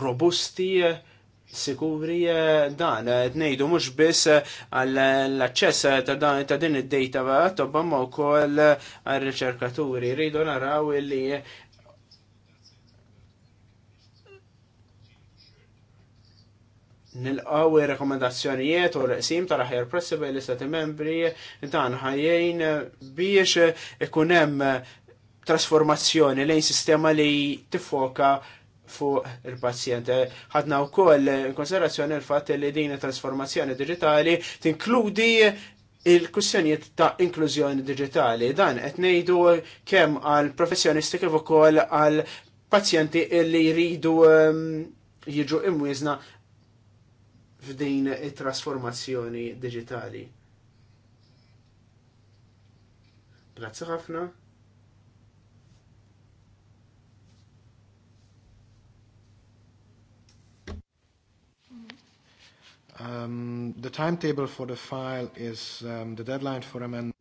robusti eh, sikuri dan, nejdu mux biss għall-access ta' ta' din id-data għattobba ma' u koll għal-reċerkaturi. Rridu naraw illi nilqaw rekomendazzjonijiet u l-qsim ta' raħjar pressiba li istati membri dan ħajjejn biex ikun hemm trasformazzjoni lejn sistema li tifoka fuq il-pazjent. Ħadna wkoll konserazzjoni l fat li din trasformazzjoni digitali tinkludi il-kussjonijiet ta' inklużjoni digitali. Dan qed ngħidu kemm għal professjonisti kif ukoll għal pazjenti li jridu um, jiġu imwizna f'din it-trasformazzjoni digitali. Grazzi ħafna. Um, the timetable for the file is um, the deadline for amendment.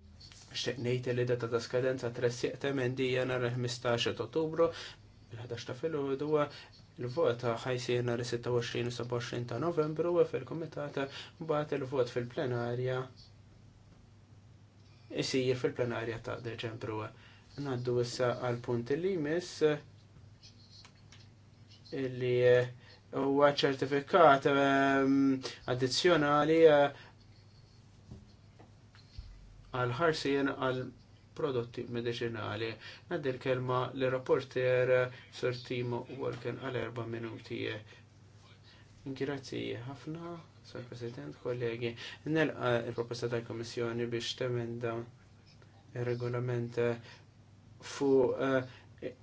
Xteqnejt li data ta' skadenza tressieq temendija di jena 15 ottobru, il ħadax ta' fil-ħodu, Il-vot ħajsir nhar 26 27 ta' Novembru u fil-Kumitat mbagħad il-vot fil-plenarja isir fil-plenarja ta' Deċembru. Naddu issa għal punt li jmiss illi huwa ċertifikat ehm, addizzjonali eh, għal ħarsien għal prodotti medicinali. Nadir kelma li rapporter sortimo Timo Walken għal erba minuti. Grazie, ħafna, Sir President, kollegi. Nelqa eh, il-proposta tal-Komissjoni biex temenda il-regolament eh, fu eh,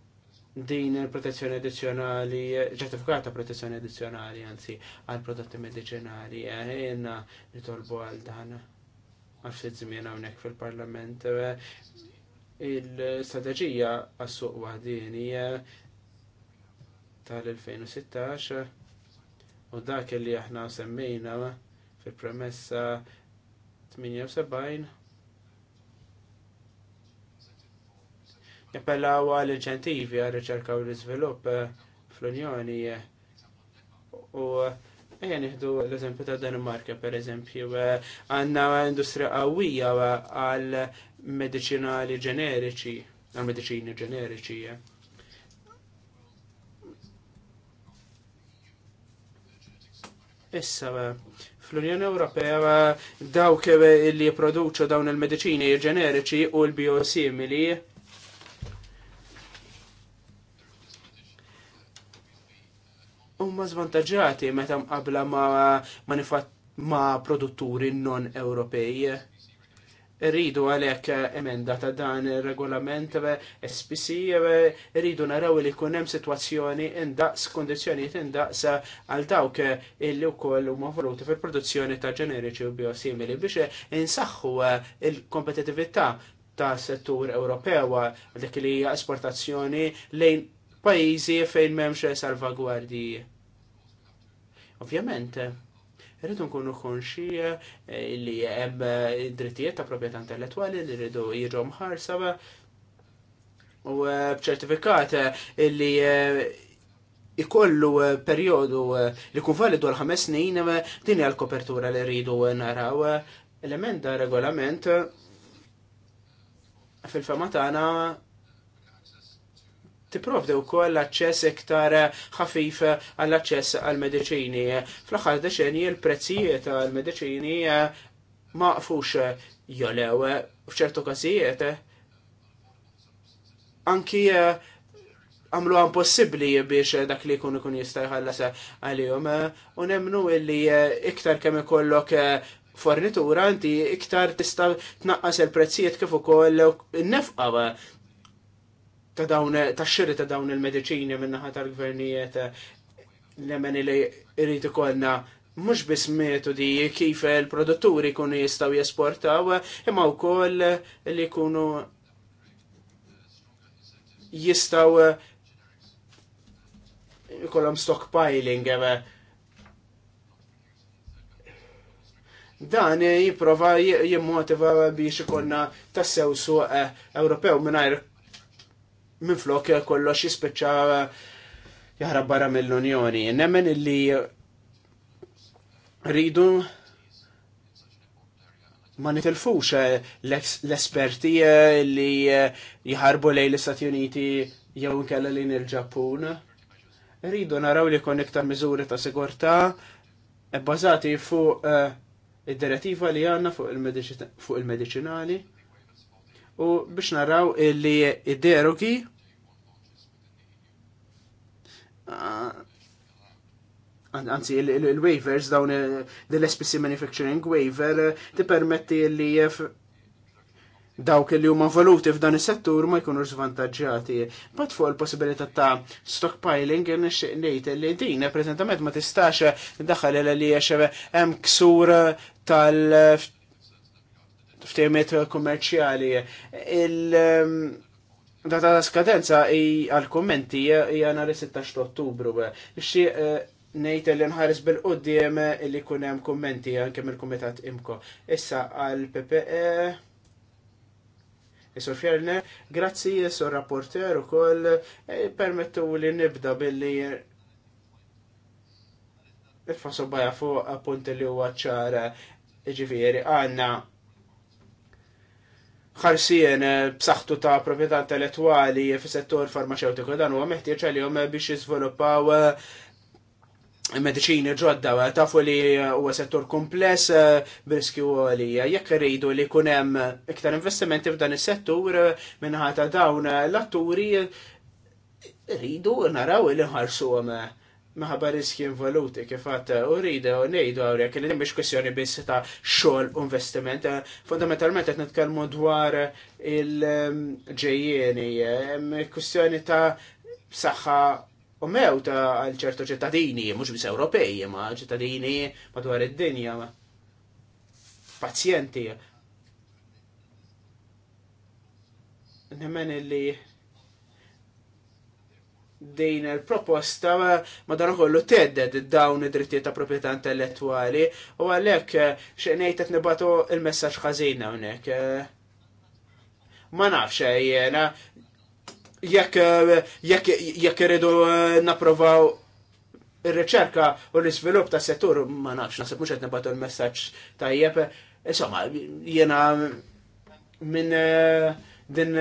din il-protezzjoni addizjonali, ġertifikata protezzjoni addizjonali, anzi, għal prodotti medicinali, jenna tolbu għal dan għal ftit żmien hawnhekk fil-Parlament. E, il-strateġija għas-suq waħdini e, tal-2016 u dak li aħna semmejna fil-premessa 78 jappellaw għal inċentivi għal riċerka u l-izvilupp e, fl-Unjoni u Ejja nieħdu l-eżempju ta' Danimarka pereżempju, eh, għandna industrija qawwija eh, għal medicinali ġeneriċi, għal mediċini ġeneriċi. Eh. Issa fl-Unjoni Ewropea dawk li jipproduċu dawn il-mediċini ġeneriċi u l-biosimili huma żvantaġġati meta mqabla ma' ma' produtturi non Ewropej. Rridu għalek emenda ta' dan il-regolament SPC, rridu naraw li kunem situazzjoni indaqs, kondizjoniet indaqs għal dawk illi u huma u fil-produzzjoni ta' ġeneriċi u biosimili biex insaxħu il kompetitività ta' settur Ewropew dik li esportazzjoni lejn pajizi fejn memx salvagwardi. Ovvjament, rridu nkunu konxi eh, li hemm id-drittijiet eh, ta' proprjetà intellettwali li rridu jiġu mħarsa u eh, b'ċertifikat li ikollu periodu li kun validu għal ħames snin din hija l-kopertura li rridu naraw element da regolament fil-fema tagħna tipprovdi wkoll aċċess iktar ħafif għall-aċċess għall-mediċini. Fl-aħħar deċenji l-prezzijiet għall-mediċini eh, maqfux jolew f'ċertu każijiet anki eh, għamlu għan possibli biex dak li kun ikun jista' jħallas għalihom u nemnu illi eh, iktar kemm ikollok fornitura inti iktar tista' tnaqqas il-prezzijiet kif ukoll nefqa ta' dawn ta' xiri ta' dawn il-mediċini ħata tal-gvernijiet eh, l-emeni li rritu ikollna mhux biss metodi kif il-produtturi jkunu jistgħu jesportaw imma wkoll li jkunu jistgħu jkollhom eh, stockpiling eh, dan jipprova jimmotiva biex ikonna tassew suq Ewropew mingħajr minflok kollox jispiċċa eh, jaħrab barra mill-Unjoni. Nemmen illi rridu ma nitilfux eh, l-esperti eh, li jħarbu lej l-Istati Uniti jew nkella lejn il-Ġappun. Rridu naraw li kon iktar miżuri ta' sigurtà bbażati fuq id-direttiva li għandna fuq il-medicinali u biex naraw illi id deruki ah, anzi il-waivers dawn il eh, spc Manufacturing Waiver eh, tippermetti li eh, dawk li huma valuti f'dan is-settur ma jkunux żvantaġġati. Bad fuq il-possibilità ta' stockpiling nixtieq ngħid li din preżentament ma tistax daħal li għax hemm ksur tal f'temet kummerċjali. Il- ehm, Data ta' skadenza għal-kommenti hija nhar 16 Ottubru. Xi eh, ngħid li nħares bil-qudiem li jkun hemm kummenti anke mill-Kumitat Imko. Issa għal-PPE eh, Isur Fjerne, grazzi Isur Rapporter ukoll eh, permettu li nibda billi il fasobaja fuq appunti li huwa ċara ġifieri għandna ħarsien eh, b'saħħtu ta' proprjetà intellettwali fis-settur farmaceutiku dan huwa meħtieġ għalihom eh, biex jiżviluppaw eh, medicini ġodda tafu li huwa settur kompless b'riskju li jekk irridu li jkun hemm iktar investimenti f'dan is-settur minħata dawn l-atturi rridu naraw li nħarsuhom Maħabar riski involuti kif għatta u rida u nejdu għawrek li nimbiex kwestjoni biss ta' xol u investiment. Fundamentalment għet netkalmu dwar il-ġejjeni, kwestjoni ta' saħħa u mew ta' għal ċertu ċittadini, mux bis Ewropej, ma' ċittadini madwar id-dinja, pazjenti. Nemmen li din il-proposta madankollu tedded dawn id-drittijiet ta' proprjetà intellettwali u għalhekk eh, xejnejn qed nibatu l messaġġ ħażin hawnhekk. Eh. Ma nafx eh, jiena jekk jekk jekk irridu napprovaw ir-riċerka u l-iżvilupp ta' settur ma nafx naħseb mhux qed nibatu l-messaġġ tajjeb. Insomma, jiena minn din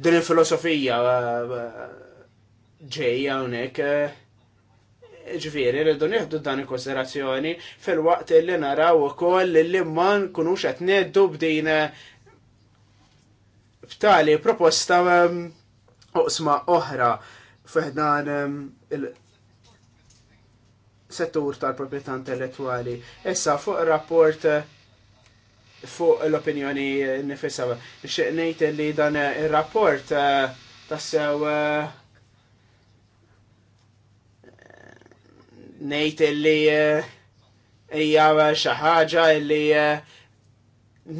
din il-filosofija eh, eh, ġejja unek eh, ġviri rridu nieħdu dan il-konsiderazzjoni fil-waqt li naraw ukoll li ma nkunux qed neddu bdin b'tali proposta oqsma oħra f'dan il-settur tal-proprjetà intellettwali. Issa fuq rapport fuq l-opinjoni nifissa. Xeqnejt li dan il-rapport eh, tassew eh, nejt li eh, ija xaħġa li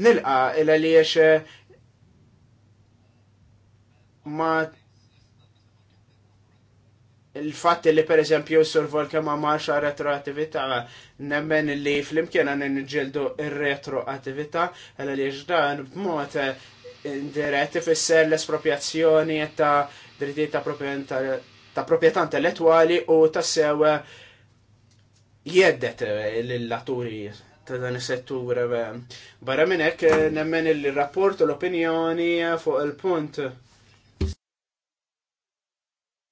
nilqa il għaliex ma il-fatt li per eżempju s-survol kemma marxa retroattività nemmen li fl-imkien għan nġildu retroattività għal li ġdan b'mod indirett ifisser l-espropjazzjoni ta' dritti ta' proprietà intellettuali u ta' sew jeddet l-laturi ta' dan is-settur. Barra minn hekk nemmen il-rapport u l-opinjoni fuq il-punt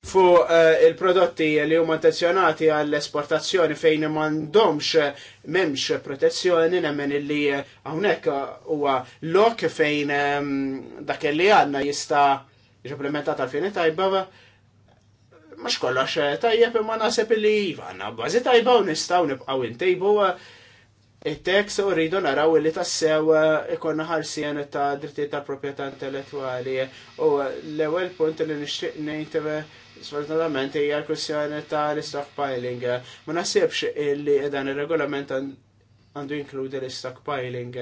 fu eh, il-prodotti li huma intenzjonati għall-esportazzjoni fejn m'għandhomx m'hemmx protezzjoni nemmen illi eh, hawnhekk huwa lok fejn ehm, dak li għandna jista' jiġimplementat tal fini tajba mux kollox eh, tajjeb imma naħseb illi iva, għanna bażi tajba u nistgħu nibqgħu intejbu it-tekst u rridu naraw li tassew uh, ikonna ħarsien ta' drittijiet ta' proprjetà intellettwali. U l-ewwel punt li nixtieq ngħid uh, sfortunatament hija l-kwestjoni ta' l-stockpiling. Ma naħsibx li dan ir-regolament għandu jinkludi l-stockpiling.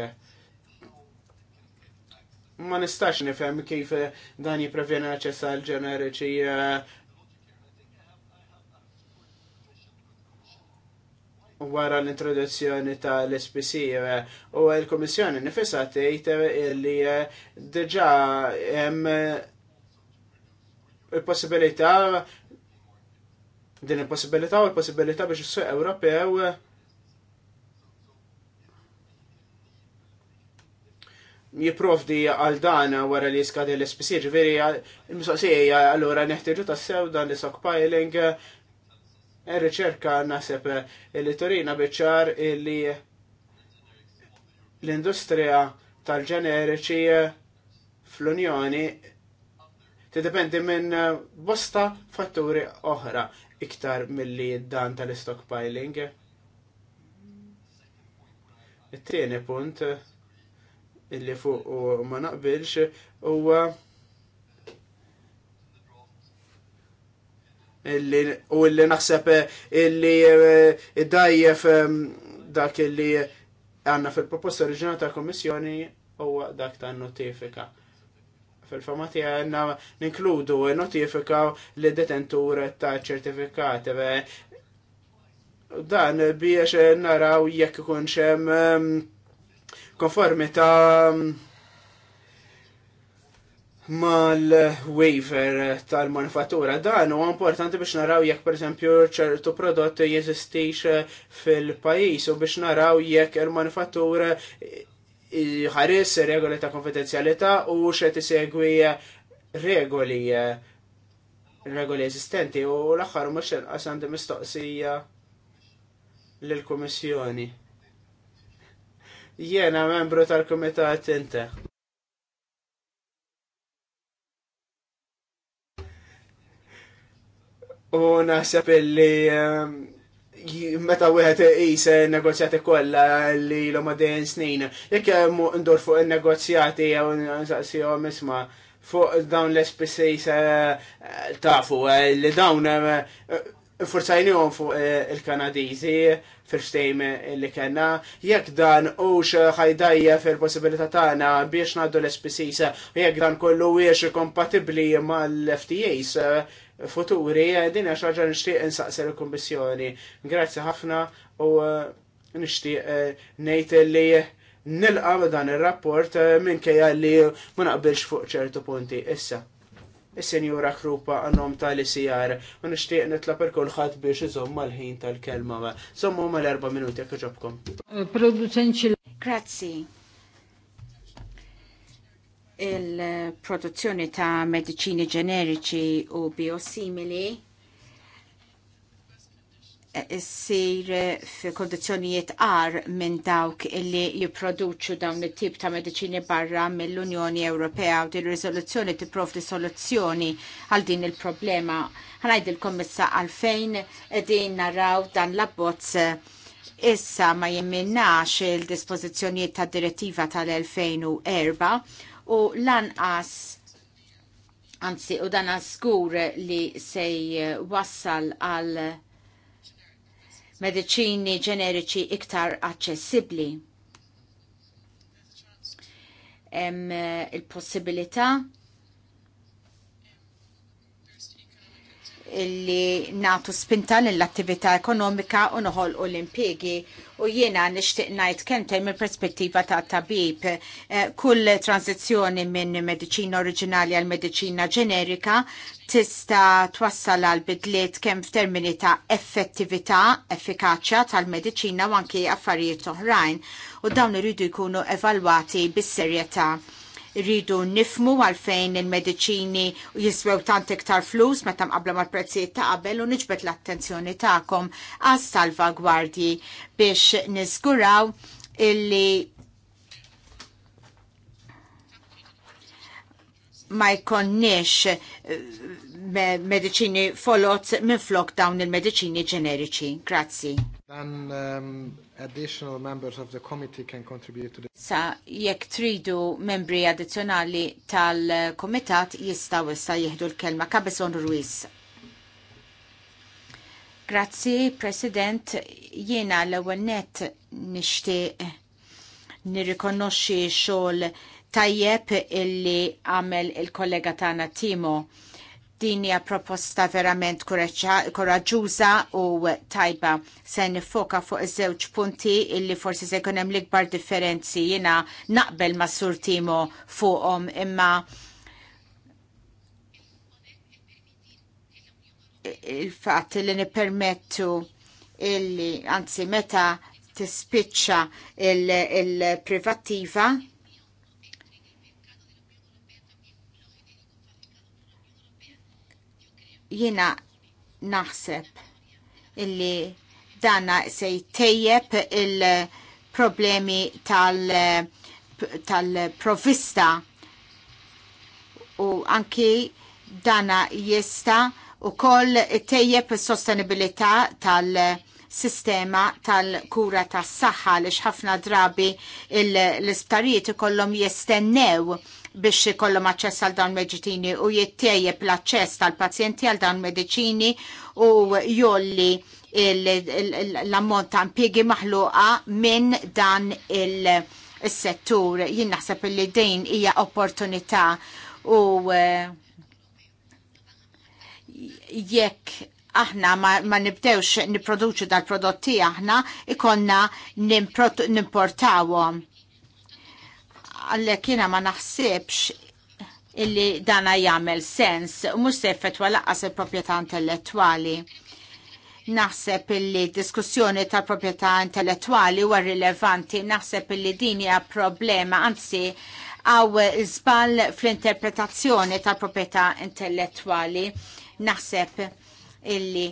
Ma nistax nifhem kif dan jipprevjena l-aċċess ġeneriċi uh, wara l-introduzzjoni tal-SPC eh, u l-Komissjoni nifissa tgħid eh, li eh, diġà hemm il-possibilità din il-possibilità u l-possibilità biex is-suq Ewropew jiprofdi għal dan wara li jiskadi l-SPC, ġveri, il-mistoqsija, allura neħtieġu tassew dan l sockpiling. Ir-riċerka naħseb li Torina biċċar li l-industrija tal-ġeneriċi fl-Unjoni tiddependi minn bosta fatturi oħra iktar milli dan tal-stockpiling. It-tieni punt illi fuq ma naqbilx huwa u li naħseb li eh, id-dajjef eh, dak li għanna fil-proposta oriġinali ta' kommissjoni huwa dak ta' notifika. Fil-famati għanna ninkludu notifika li detentur ta' ċertifikat. Dan biex naraw jekk ikun xem eh, konformi ta' mal-waiver tal manifatura Dan huwa importanti biex naraw jekk pereżempju ċertu prodotti jeżistix eh, fil-pajjiż u biex naraw jekk il-manifattura ħares regoli ta' konfidenzjalità u xed isegwi eh, regoli eh, regoli eżistenti u l-aħħar mhux inqas għandi mistoqsija lill-Kummissjoni. Jiena membru tal-Kumitat Inte. U naħseb illi ehm, meta wieħed qis negozjati kollha li l dejjem snin, jekk hemm ndur fuq in-negozjati jew nsaqsihom isma' fuq dawn l-SPCs eh, tafu eh, li dawn eh, forzajnijom fuq il-Kanadizi fil-ftejm li kena, jekk dan ux ħajdajja fil-possibilità tagħna biex ngħaddu l-SPCs u jekk dan kollu wiex kompatibbli mal-FTAs futuri, din għax ħaġa nixtieq insaqser il-Kummissjoni. Grazzi ħafna u eh, nixtieq eh, nejt li nilqa dan ir-rapport eh, minkejja li ma naqbilx fuq ċertu punti. Issa, is-senjura Krupa għannom tal-ICR, u nixtieq nitla per kulħadd biex iżomm mal-ħin tal-kelma. Sommu mal-erba' minuti jekk ġobkom. Grazzi il-produzzjoni ta' medicini ġeneriċi u biosimili e, sir kondizjonijiet għar minn dawk illi jipproduċu dawn it-tip ta' medicini barra mill-Unjoni Ewropea u din riżoluzzjoni tipprovdi soluzzjoni għal din il-problema. il issa għalfejn din naraw dan l-abbozz issa ma jimminnax il-dispożizzjonijiet ta' direttiva tal-2004 u lanqas anzi u dan skur li sej wassal għal medicini ġeneriċi iktar aċċessibbli. Hemm il-possibilità illi natu spinta l-attività ekonomika u noħol u l-impiegi u jiena nishtiq najt kemtej il perspettiva ta' tabib. Eh, kull tranzizjoni minn medicina oriġinali għal medicina ġenerika tista twassal għal bidliet kemm f'termini ta' effettività, effikaċja tal-medicina u anki affarijiet oħrajn u dawn iridu jkunu evalwati bis-serjetà rridu nifmu għalfejn il-mediċini jiswew tant iktar flus meta qabla mal-prezzijiet ta' qabel u niġbet l-attenzjoni tagħkom għas salvagwardji biex niżguraw illi ma jkonniex eh, mediċini folot minn flok dawn il-mediċini ġeneriċi. Grazzi. Then um, additional members of the committee can contribute to the... Sa jekk tridu membri addizzjonali tal-komitat jistaw issa jihdu l-kelma. Kabeson Ruiz. Grazzi, President. Jiena l-ewwel net nixtieq nirrikonoxxi xogħol tajjeb illi għamel il-kollega tagħna Timo Din hija proposta verament koraġġuża u tajba se nifoka fuq iż-żewġ punti illi forsi se jkun hemm l-ikbar differenzi jiena naqbel ma' Sur Timo fuqhom imma il-fatt li nippermettu illi anzi meta tispiċċa il-privattiva il privattiva Jiena naħseb illi dana se jtejjeb il-problemi tal-provista tal u anki dana jista u koll tejjeb il-sostenibilità tal sistema tal-kura tas saħħa li ħafna drabi l-isptarijiet ikollhom jistennew biex ikollhom aċċess għal dawn mediċini u jittejjeb l-aċċess tal-pazjenti għal dawn mediċini u jolli l-ammont ta' impjiegi maħluqa minn dan il-settur. Jien naħseb li din hija opportunità u eh, jekk aħna ma, ma nibdewx niproduċu dal-prodotti aħna ikonna nimportawhom għallek jina ma naħsibx illi dana jagħmel sens u mhux se effettwa laqqas il-proprjetà intellettwali. Naħseb illi diskussjoni tal-proprjetà intellettwali huwa rilevanti, naħseb illi din hija problema, anzi għaw żball fl-interpretazzjoni tal-proprjetà intellettwali. Naħseb illi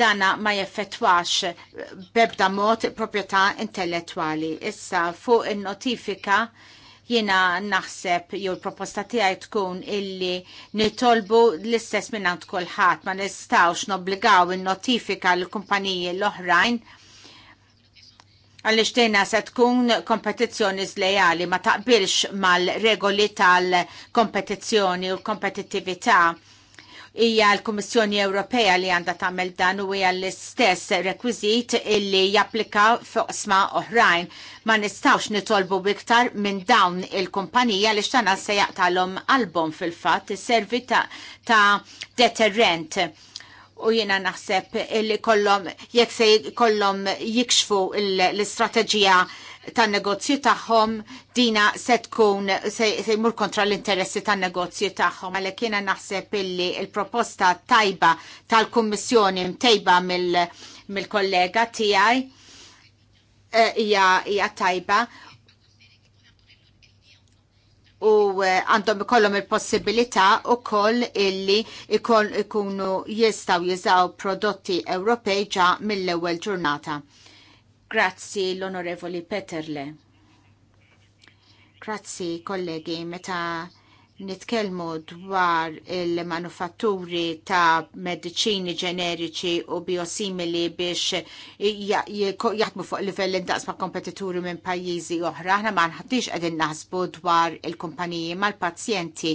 dana ma jeffettwax bebda mod proprjetà intellettwali. Issa fuq in notifika Jiena naħseb jew l-proposta tiegħi tkun illi nitolbu l-istess minnant kulħadd ma nistgħux nobbligaw in-notifika l-kumpaniji l-oħrajn għalli xtejna se tkun kompetizzjoni zlejali ma taqbilx mal-regoli tal-kompetizzjoni u l kompetittività hija l-Kummissjoni Ewropea li għandha tagħmel dan u hija l-istess rekwiżit illi japplika foqsma oħrajn. Ma nistawx nitolbu iktar minn dawn il-kumpanija li xtana se jaqtalhom album fil-fatt servi ta', ta deterrent u jiena naħseb illi kollom jekk se kollom jikxfu l-istrateġija il tan-negozju tagħhom dina se tkun se jmur kontra l-interessi tan-negozju tagħhom għalhekk kiena naħseb illi l-proposta tajba tal-Kummissjoni mtejba mill-kollega tiegħi eh, hija hija tajba u eh, għandhom ikollhom il-possibilità ukoll illi ikunu jistgħu jiżaw prodotti Ewropej ġa mill-ewwel ġurnata. Grazzi l-Onorevoli Peterle. Grazzi kollegi, meta nitkelmu dwar il-manufatturi ta' medicini ġeneriċi u biosimili biex jaħdmu fuq livell indaqs ma' kompetituri minn pajjiżi oħra. ħna ma' nħaddix qegħdin naħsbu dwar il-kumpaniji mal-pazjenti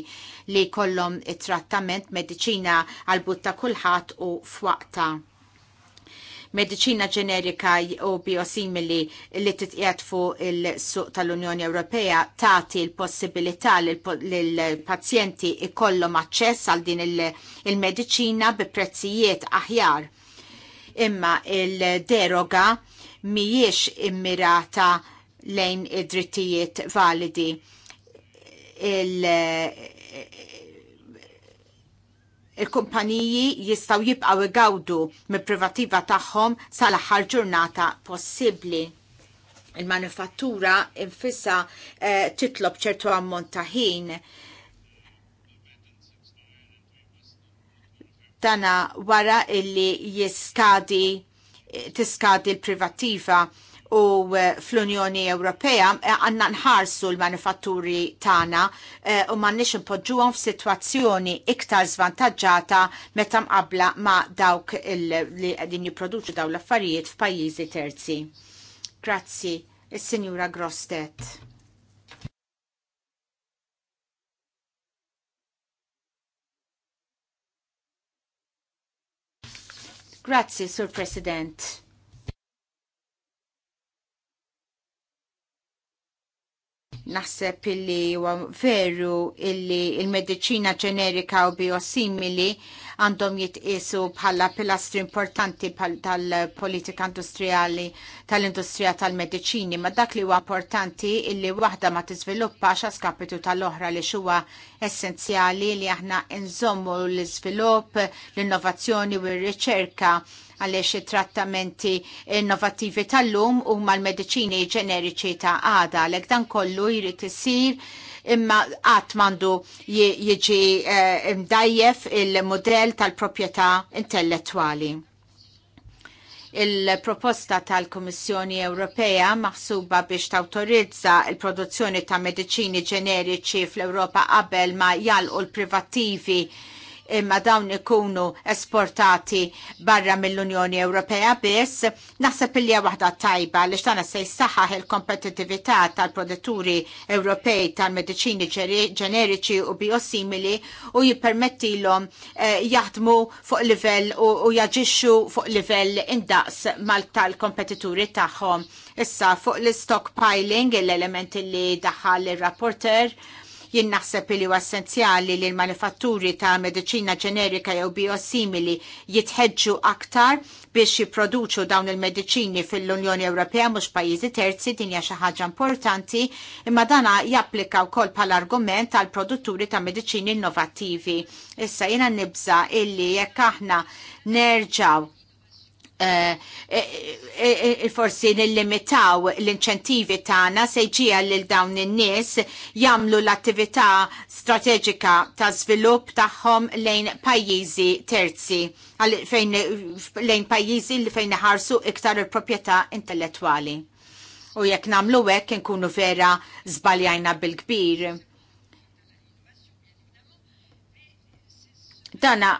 li kollom it-trattament medicina għal butta ta' kulħadd u fwaqta mediċina ġenerika u biosimili li titqiet fuq il-suq tal-Unjoni Ewropea tagħti l-possibilità l pazjenti ikollhom aċċess għal din il-mediċina bi prezzijiet aħjar. Imma il-deroga mhijiex immirata lejn id-drittijiet validi il-kumpaniji jistaw jibqaw igawdu mill-privativa tagħhom sal-aħħar ġurnata possibbli. Il-manufattura infissa eh, titlob ċertu ammont ta' ħin. Dana wara illi jiskadi eh, tiskadi l-privativa u eh, fl-Unjoni Ewropea eh, għanna nħarsu l-manifatturi tagħna eh, u m'għandniex impoġġuhom f'sitwazzjoni iktar zvantaġġata meta mqabbla ma' dawk li qegħdin jipproduċu dawn l-affarijiet f'pajjiżi terzi. Grazzi, is-Sinjura Grostet. Grazzi, Sur President. Naħseb illi huwa veru illi il-medicina ġenerika u biosimili għandhom jitqisu bħala pilastri importanti tal-politika industrijali tal-industrija tal-mediċini, ma dak li huwa importanti illi waħda ma tiżviluppax kapitu tal-oħra li xuwa essenzjali li aħna nżommu l-iżvilupp, l-innovazzjoni u r-riċerka għaliex it-trattamenti innovattivi tal-lum u mal-mediċini ġeneriċi ta' għada. Lek dan kollu jrid isir imma għat mandu jieġi eh, mdajjef il-modell tal-propieta intellettuali il-proposta tal-Komissjoni Ewropea maħsuba biex tawtorizza il-produzzjoni ta' mediċini ġeneriċi fl-Ewropa qabel ma jgħalqu l-privattivi imma dawn ikunu esportati barra mill-Unjoni Ewropea biss, naħseb li waħda tajba li xtana se jissaħħaħ il-kompetitività tal-produtturi Ewropej tal-mediċini ġeneriċi u biosimili u jippermettilhom l-om eh, jaħdmu fuq livell u jaġixxu fuq livell indaqs mal-tal-kompetituri tagħhom. Issa fuq l-stockpiling, l-element li daħħal il rapporter Jien naħseb li huwa essenzjali li l-manifatturi ta' mediċina ġenerika jew biosimili jitħeġġu aktar biex jipproduċu dawn il-mediċini fil-Unjoni Ewropea mhux pajjiżi terzi din hija xi ħaġa importanti, imma dana japplika wkoll bħala argument għal produtturi ta' mediċini innovattivi. Issa jiena nibża illi jekk aħna nerġaw Eh, eh, eh, forsi nillimitaw l-inċentivi tagħna se jġiha lil dawn in-nies jagħmlu l-attività strateġika ta' żvilupp tagħhom lejn pajjiżi terzi fejn lejn pajjiżi li fejn iħarsu iktar il-proprjetà intellettwali. U jekk nagħmlu hekk inkunu vera żbaljajna bil-kbir. Dana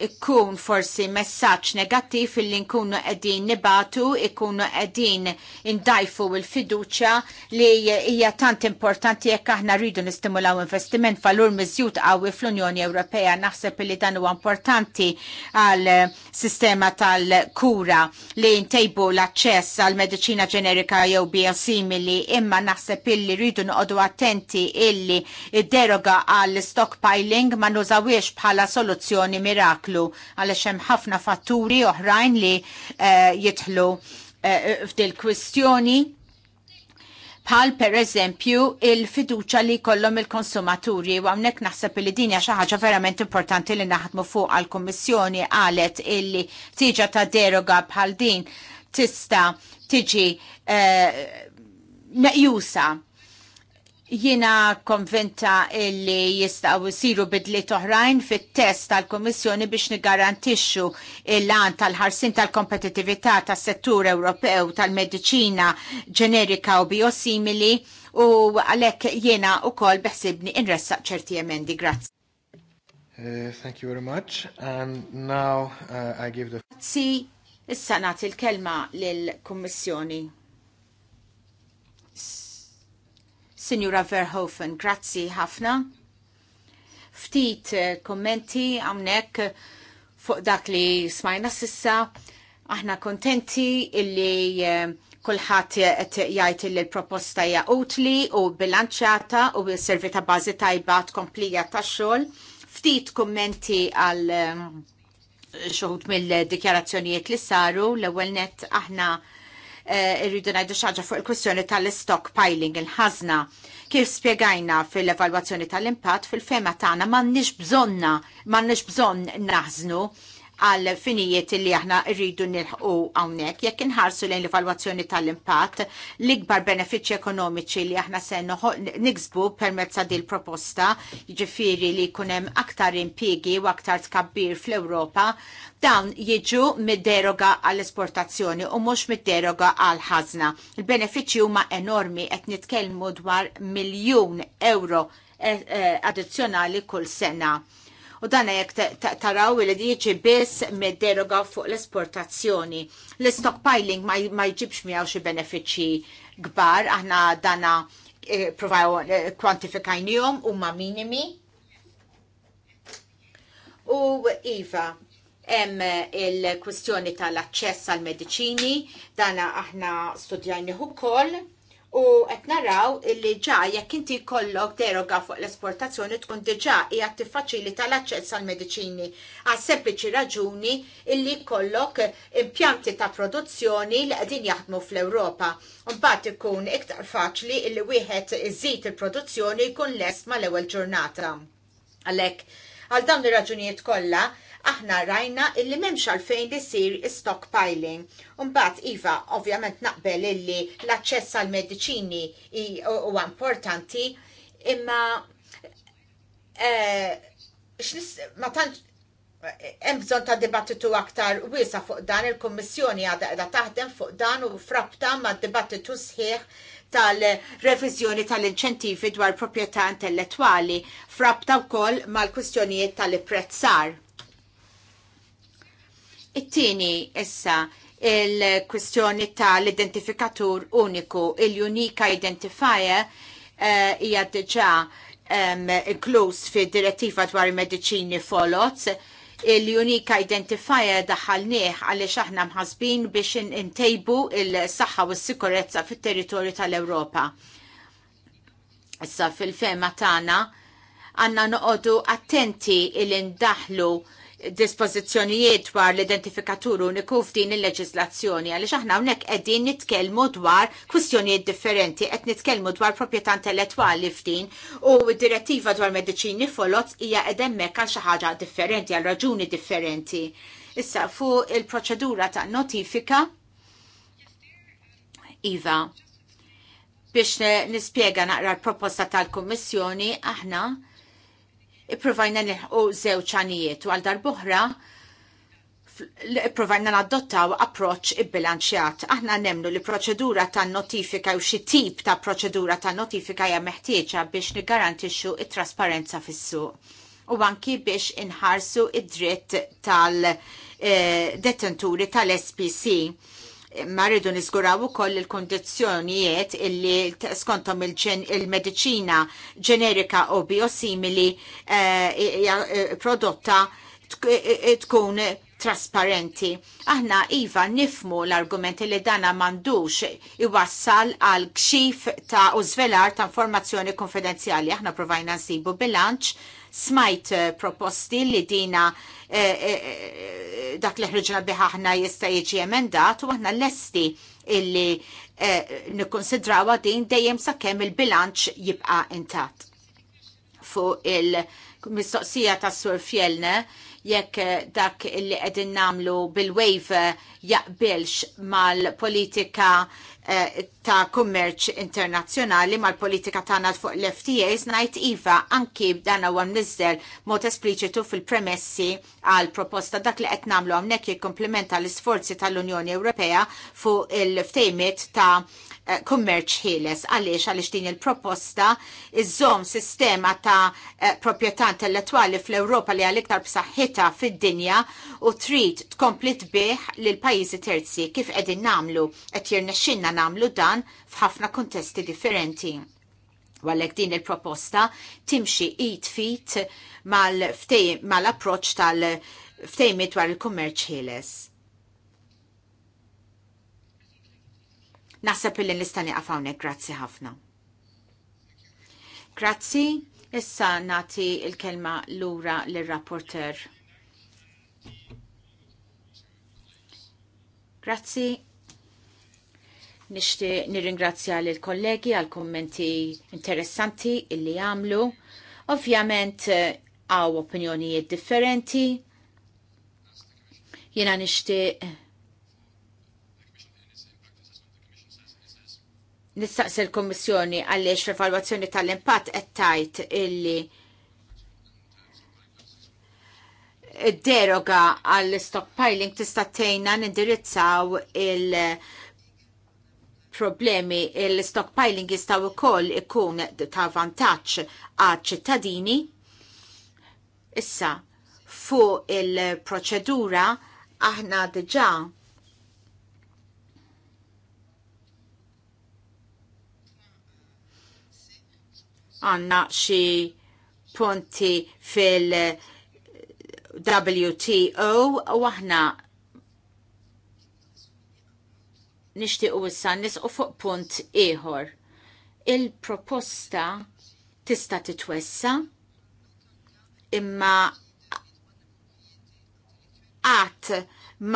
ikkun forsi messaġġ negattiv illi nkunu qegħdin nibatu, ikunu qegħdin indajfu l-fiduċja li hija tant importanti jekk aħna rridu nistimulaw investiment valur mizjut qawwi fl-Unjoni Ewropea. Naħseb li dan huwa importanti għal sistema tal-kura li ntejbu l-aċċess għal mediċina ġenerika jew biosimili, imma naħseb illi rridu noqogħdu attenti illi id-deroga għall stockpiling ma nużawiex bħala soluzzjoni mirak jaklu għaliex hemm ħafna fatturi oħrajn li eh, jidħlu eh, f'dil kwistjoni bħal per eżempju il-fiduċa li kollom il-konsumaturi u għamnek naħseb li dinja xaħġa verament importanti li naħdmu fuq għal-Kommissjoni għalet illi tiġa ta' deroga bħal din tista tiġi neqjusa. Eh, Jiena konventa illi jistaw siru bidli toħrajn fit-test tal-Komissjoni biex nigarantixxu il-lan tal-ħarsin tal-kompetitività tas-settur Ewropew tal-mediċina ġenerika u biosimili u għalhekk jiena wkoll beħsibni inressaq ċerti emendi. Grazzi. Uh, thank you very much. And now uh, I give the... Grazzi, issa nagħti l-kelma lill-Kummissjoni. Signora Verhoeven, grazzi ħafna. Ftit eh, kommenti għamnek fuq dak li smajna sissa. Aħna kontenti illi kullħat jajt li l-proposta hija utli u bilanċata u s servita bażi tajba tkomplija ta' xogħol. Ftit kommenti għal eh, xoħut mill-dikjarazzjonijiet li saru l-ewwel net aħna Eh, irridu ngħidu xaġa fuq il-kwistjoni tal-stockpiling il-ħażna. Kif spjegajna fil-evalwazzjoni tal-impatt fil-fema tagħna m'għandniex bżonna m'għandniex bżonn naħżnu għal finijiet li aħna rridu nilħu hawnhekk. Jekk inħarsu lejn l-evalwazzjoni tal-impatt, l-ikbar benefiċċji ekonomiċi li aħna se niksbu permezz din proposta, jiġifieri li jkun hemm aktar impiegi u aktar tkabbir fl-Ewropa, dawn jiġu mid-deroga għall-esportazzjoni u mhux mid-deroga għall ħazna Il-benefiċċji huma enormi qed nitkellmu dwar miljun euro eh, eh, addizzjonali kull sena u dan jekk taraw li jiġi biss mid-deroga fuq l-esportazzjoni. L-stockpiling ma jġibx miegħu xi benefiċċji kbar, aħna dana eh, provaw eh, kwantifikajnijom huma minimi. U Iva, hemm eh, il-kwistjoni tal-aċċess għal mediċini dana aħna studjajni ukoll U qed naraw illi ġa jekk inti jkollok deroga fuq l-esportazzjoni tkun diġa' hija tiffaċilita l-aċċess għal mediċini għal sempliċi raġuni illi jkollok impjanti ta' produzzjoni li qegħdin jaħdmu fl-Ewropa. Mbagħad ikun iktar faċli illi wieħed iżid il-produzzjoni jkun less mal-ewwel ġurnata. Għalhekk għal dawn ir-raġunijiet kollha aħna rajna illi memx għalfejn li sir stockpiling. Umbat, Iva, ovvjament naqbel illi l-access għal mediċini huwa importanti, imma eh, ma tant hemm bżonn ta' dibattitu aktar wiesa fuq dan il-Kummissjoni għadha qiegħda taħdem fuq dan u frabta ma' dibattitu sħiħ tal-reviżjoni tal-inċentivi dwar proprjetà intellettwali frabta wkoll mal-kwistjonijiet tal-ipprezzar It-tieni issa il-kwistjoni tal-identifikatur uniku, il-Unika Identifier, eh, hija uh, diġà um, inkluż fi direttiva dwar il-mediċini folot, il-Unika Identifier daħalnieh għaliex aħna mħasbin biex intejbu il-saħħa u s-sikurezza fit-territorju tal-Ewropa. Issa fil-fema tagħna għandna noqogħdu attenti il-indaħlu dispożizzjonijiet dwar l-identifikatur uniku f'din il-leġislazzjoni għaliex aħna hawnhekk qegħdin nitkellmu dwar kwistjonijiet differenti qed nitkellmu dwar proprjetà intellettwali f'din u direttiva dwar mediċini folot hija qed mekka għal xi ħaġa differenti għal raġuni differenti. Issa fuq il-proċedura ta' notifika Iva, biex nispjega naqra l-proposta tal-Kommissjoni, aħna Iprovajna neħu zewċ għanijiet u għal darboħra provajna nadottaw approċ ibbilanċjat. Aħna nemnu li proċedura ta' notifika u xi tip ta' proċedura ta' notifika hija meħtieġa biex nigarantixxu it-trasparenza fis-suq u anki biex inħarsu id-dritt tal-detenturi eh, tal-SPC ma rridu niżguraw ukoll il kondizjonijiet illi skontom il-mediċina ġenerika u biosimili eh, eh, prodotta tkun trasparenti. Aħna Iva nifmu l-argument li dana mandux iwassal għal kxif ta' u zvelar ta' informazzjoni konfidenzjali. Aħna provajna nsibu bilanċ smajt eh, proposti li dina eh, eh, dak li ħriġna ħna jista jiġi emendat u aħna lesti illi nikkonsidrawa din dejjem sakemm il-bilanċ jibqa' intat. Fuq il-mistoqsija ta' Sur Fjellne, jekk dak li qegħdin namlu bil-wave jaqbilx mal-politika Eh, ta' kummerċ internazzjonali mal-politika tagħna fuq l-FTAs ngħid iva anki dan huwa mniżżel mod espliċitu fil-premessi għal proposta dak li qed nagħmlu hawnhekk jikkomplimenta l-isforzi tal-Unjoni Ewropea fuq il-ftejmiet ta' Eh, kummerċ ħieles. Għaliex għaliex din il-proposta iżżomm sistema ta' eh, proprjetà intellettwali fl-Ewropa li għal-iktar b'saħħitha fid-dinja u trid tkompli tbieħ lil pajjiżi terzi kif qegħdin nagħmlu qed jirnexxinna nagħmlu dan f'ħafna kuntesti differenti għallek din il-proposta timxi it fit mal-approċ mal approċ tal ftejmiet dwar il-kummerċ ħieles. Naħseb illi nistani għafawnek, grazzi ħafna. Grazzi, issa nati il-kelma lura l-rapporter. Grazzi. Nishti nirringrazzja l kollegi għal kommenti interessanti illi għamlu. Ovvjament għaw opinjonijiet differenti. Jena nishti nistaqsi l-Kommissjoni għaliex l-evalwazzjoni tal-impatt qed tajt illi deroga għall stockpiling tista' tgħinna nindirizzaw il- problemi il-stockpiling jistaw ukoll ikun ta' vantaġġ għaċ ċittadini. Issa, fuq il-proċedura aħna diġa' għanna xi punti fil-WTO u aħna nixtiequ issa u fuq punt ieħor. Il-proposta tista' titwessa imma għat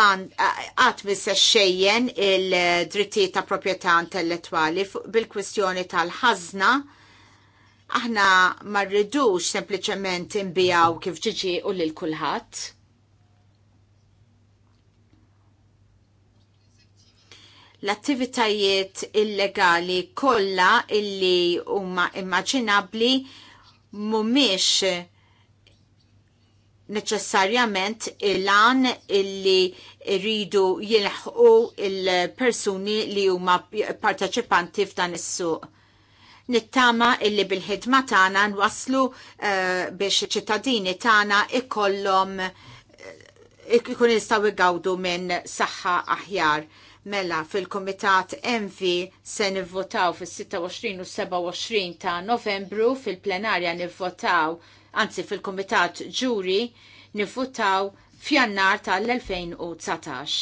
man għat missa xejjen il-dritti ta' proprjetà intellettuali bil-kwistjoni tal-ħazna Aħna ma rridux sempliċement imbijaw kif ġiġi u lil kulħadd. L-attivitajiet illegali kollha illi huma immaġinabli mhumiex neċessarjament il-lan illi rridu jilħqu il-persuni li huma parteċipanti f'dan is-suq. Nittama illi bil-ħidma tagħna nwasslu uh, biex ċittadini tagħna ikollhom eh, ikun jistgħu igawdu minn saħħa aħjar. Mela fil-Komitat Envi se nivvotaw fil-26 u 27 ta' Novembru fil-plenarja nivvotaw, anzi fil-Komitat Ġuri nivvotaw f'jannar tal-2019.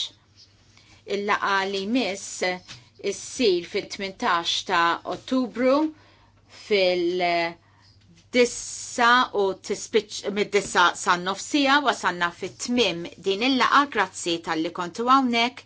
Illa għali li miss issir fil 18 ta' Ottubru fil- dissa u tispiċ mid-dissa san nofsija wasanna fit-tmim din il-laqa grazzi tal-li kontu għawnek